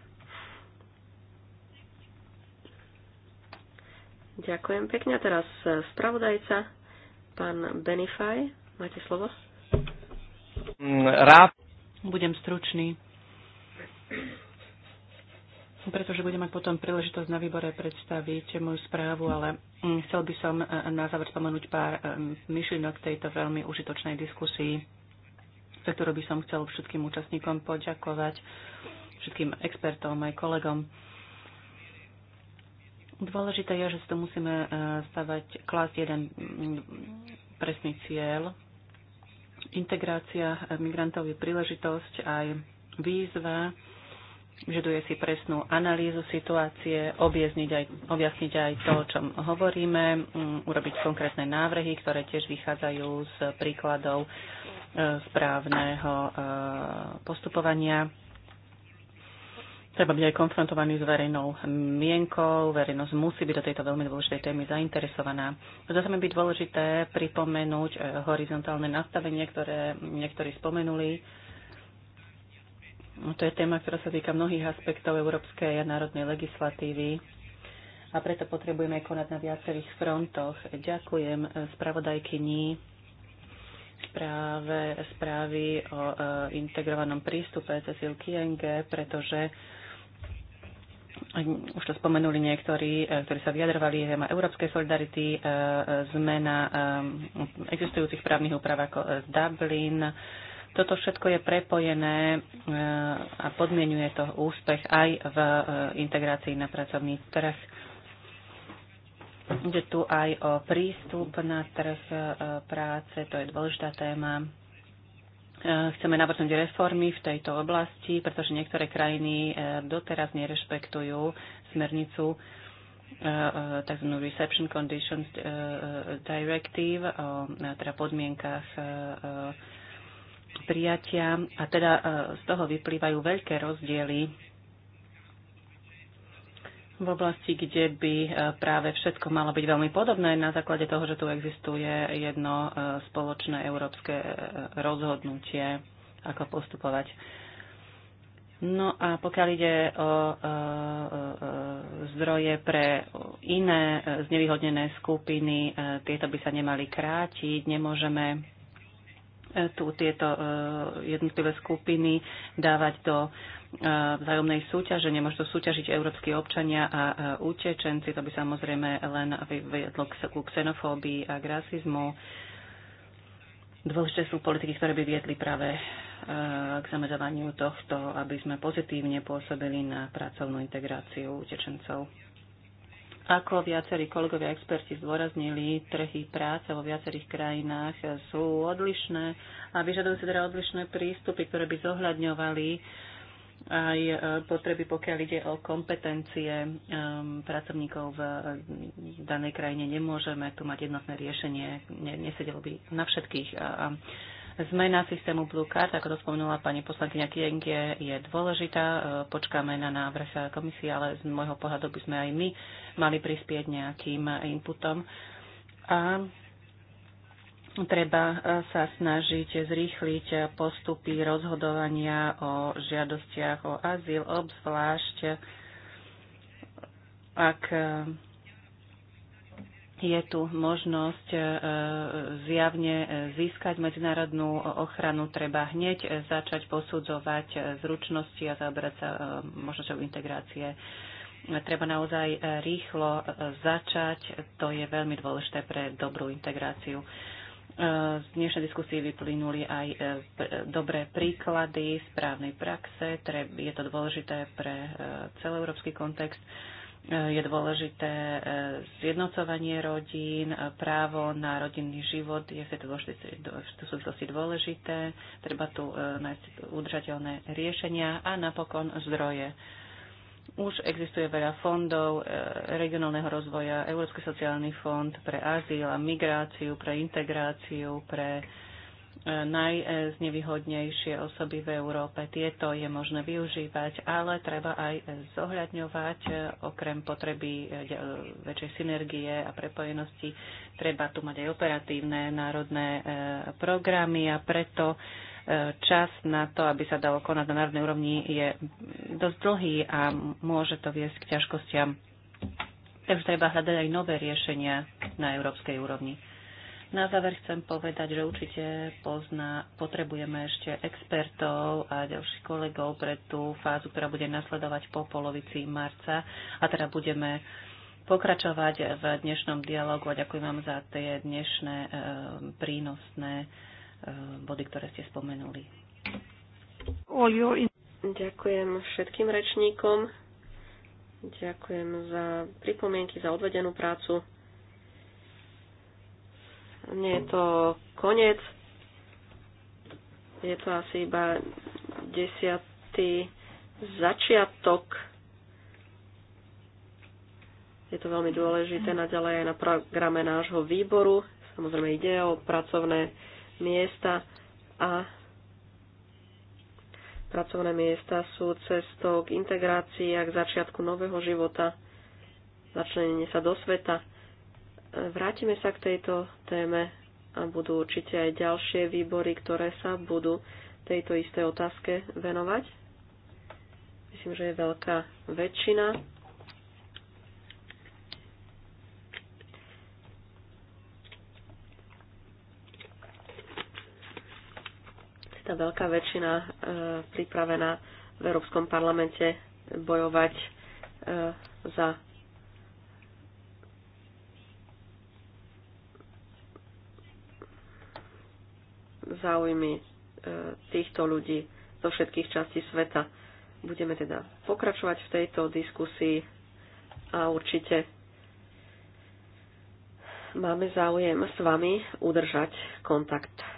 Ďakujem pekne. A teraz e, spravodajca, pán Benifaj, máte slovo. Mm, rád. Budem stručný pretože budem mať potom príležitosť na výbore predstaviť moju správu, ale mm, chcel by som e, na záver spomenúť pár e, myšlienok tejto veľmi užitočnej diskusii, za ktorú by som chcel všetkým účastníkom poďakovať, všetkým expertom aj kolegom. Dôležité je, že si tu musíme e, stavať klas jeden mm, presný cieľ. Integrácia migrantov je príležitosť aj výzva, vyžaduje si presnú analýzu situácie, objasniť aj, objasniť aj to, o čom hovoríme, mm, urobiť konkrétne návrhy, ktoré tiež vychádzajú z príkladov e, správneho e, postupovania. Treba byť aj konfrontovaný s verejnou mienkou. Verejnosť musí byť do tejto veľmi dôležitej témy zainteresovaná. Zdá sa mi byť dôležité pripomenúť e, horizontálne nastavenie, ktoré niektorí spomenuli No, to je téma, ktorá sa týka mnohých aspektov európskej a národnej legislatívy a preto potrebujeme konať na viacerých frontoch. Ďakujem spravodajkyni správe, správy o e, integrovanom prístupe Cecil Kienge, pretože už to spomenuli niektorí, e, ktorí sa vyjadrovali, téma európskej solidarity, e, zmena existujúcich právnych úprav ako Dublin, toto všetko je prepojené e, a podmienuje to úspech aj v e, integrácii na pracovný trh. Ide tu aj o prístup na trh e, práce, to je dôležitá téma. Chceme navrhnúť reformy v tejto oblasti, pretože niektoré krajiny doteraz nerešpektujú smernicu tzv. Reception Conditions Directive, teda podmienkach prijatia a teda e, z toho vyplývajú veľké rozdiely v oblasti, kde by e, práve všetko malo byť veľmi podobné na základe toho, že tu existuje jedno e, spoločné európske rozhodnutie, ako postupovať. No a pokiaľ ide o zdroje pre iné znevýhodnené skupiny, tieto by sa nemali krátiť, nemôžeme tu tieto e, jednotlivé skupiny dávať do e, vzájomnej súťaže. Nemôžu súťažiť európsky občania a utečenci. To by samozrejme len vedlo k xenofóbii a k rasizmu. Dôležité sú politiky, ktoré by viedli práve e, k zamedzovaniu tohto, aby sme pozitívne pôsobili na pracovnú integráciu utečencov. Ako viacerí kolegovia experti zdôraznili, trhy práce vo viacerých krajinách sú odlišné a vyžadujú si teda odlišné prístupy, ktoré by zohľadňovali aj e, potreby, pokiaľ ide o kompetencie e, pracovníkov v e, danej krajine. Nemôžeme tu mať jednotné riešenie, nesedelo by na všetkých. A Zmena systému Blue Card, ako to spomenula pani poslankyňa Kienge, je dôležitá. E, počkáme na návrh komisie, ale z môjho pohľadu by sme aj my mali prispieť nejakým inputom. A treba e, sa snažiť zrýchliť postupy rozhodovania o žiadostiach o azyl, obzvlášť ak je tu možnosť e, e, zjavne e, získať medzinárodnú ochranu. Treba hneď začať posudzovať zručnosti a zaoberať sa možnosťou integrácie. Treba naozaj rýchlo začať. To je veľmi dôležité pre dobrú integráciu. Z dnešnej diskusie vyplynuli aj dobré príklady správnej praxe. Je to dôležité pre európsky kontext je dôležité e, zjednocovanie rodín, e, právo na rodinný život je v tejto súvislosti dôležité, treba tu e, nájsť udržateľné riešenia a napokon zdroje. Už existuje veľa fondov regionálneho rozvoja, Európsky sociálny fond pre azyl a migráciu, pre integráciu, pre najznevýhodnejšie osoby v Európe. Tieto je možné využívať, ale treba aj zohľadňovať e, okrem potreby e, e, väčšej synergie a prepojenosti. Treba tu mať aj operatívne národné programy a preto čas na to, aby sa dalo konať na národnej úrovni, je dosť dlhý a môže to viesť k ťažkostiam. Takže treba hľadať aj nové riešenia na európskej úrovni. Na záver chcem povedať, že určite pozná, potrebujeme ešte expertov a ďalších kolegov pre tú fázu, ktorá bude nasledovať po polovici marca a teda budeme pokračovať v dnešnom dialogu a ďakujem vám za tie dnešné e, prínosné e, body, ktoré ste spomenuli. Ďakujem všetkým rečníkom. Ďakujem za pripomienky, za odvedenú prácu. Nie je to koniec. Je to asi iba desiatý začiatok. Je to veľmi dôležité naďalej aj na programe nášho výboru. Samozrejme ide o pracovné miesta a pracovné miesta sú cestou k integrácii a k začiatku nového života, začlenenie sa do sveta. Vrátime sa k tejto téme a budú určite aj ďalšie výbory, ktoré sa budú tejto istej otázke venovať. Myslím, že je veľká väčšina. Tá veľká väčšina e, pripravená v Európskom parlamente bojovať e, za záujmy e, týchto ľudí zo všetkých častí sveta. Budeme teda pokračovať v tejto diskusii a určite máme záujem s vami udržať kontakt.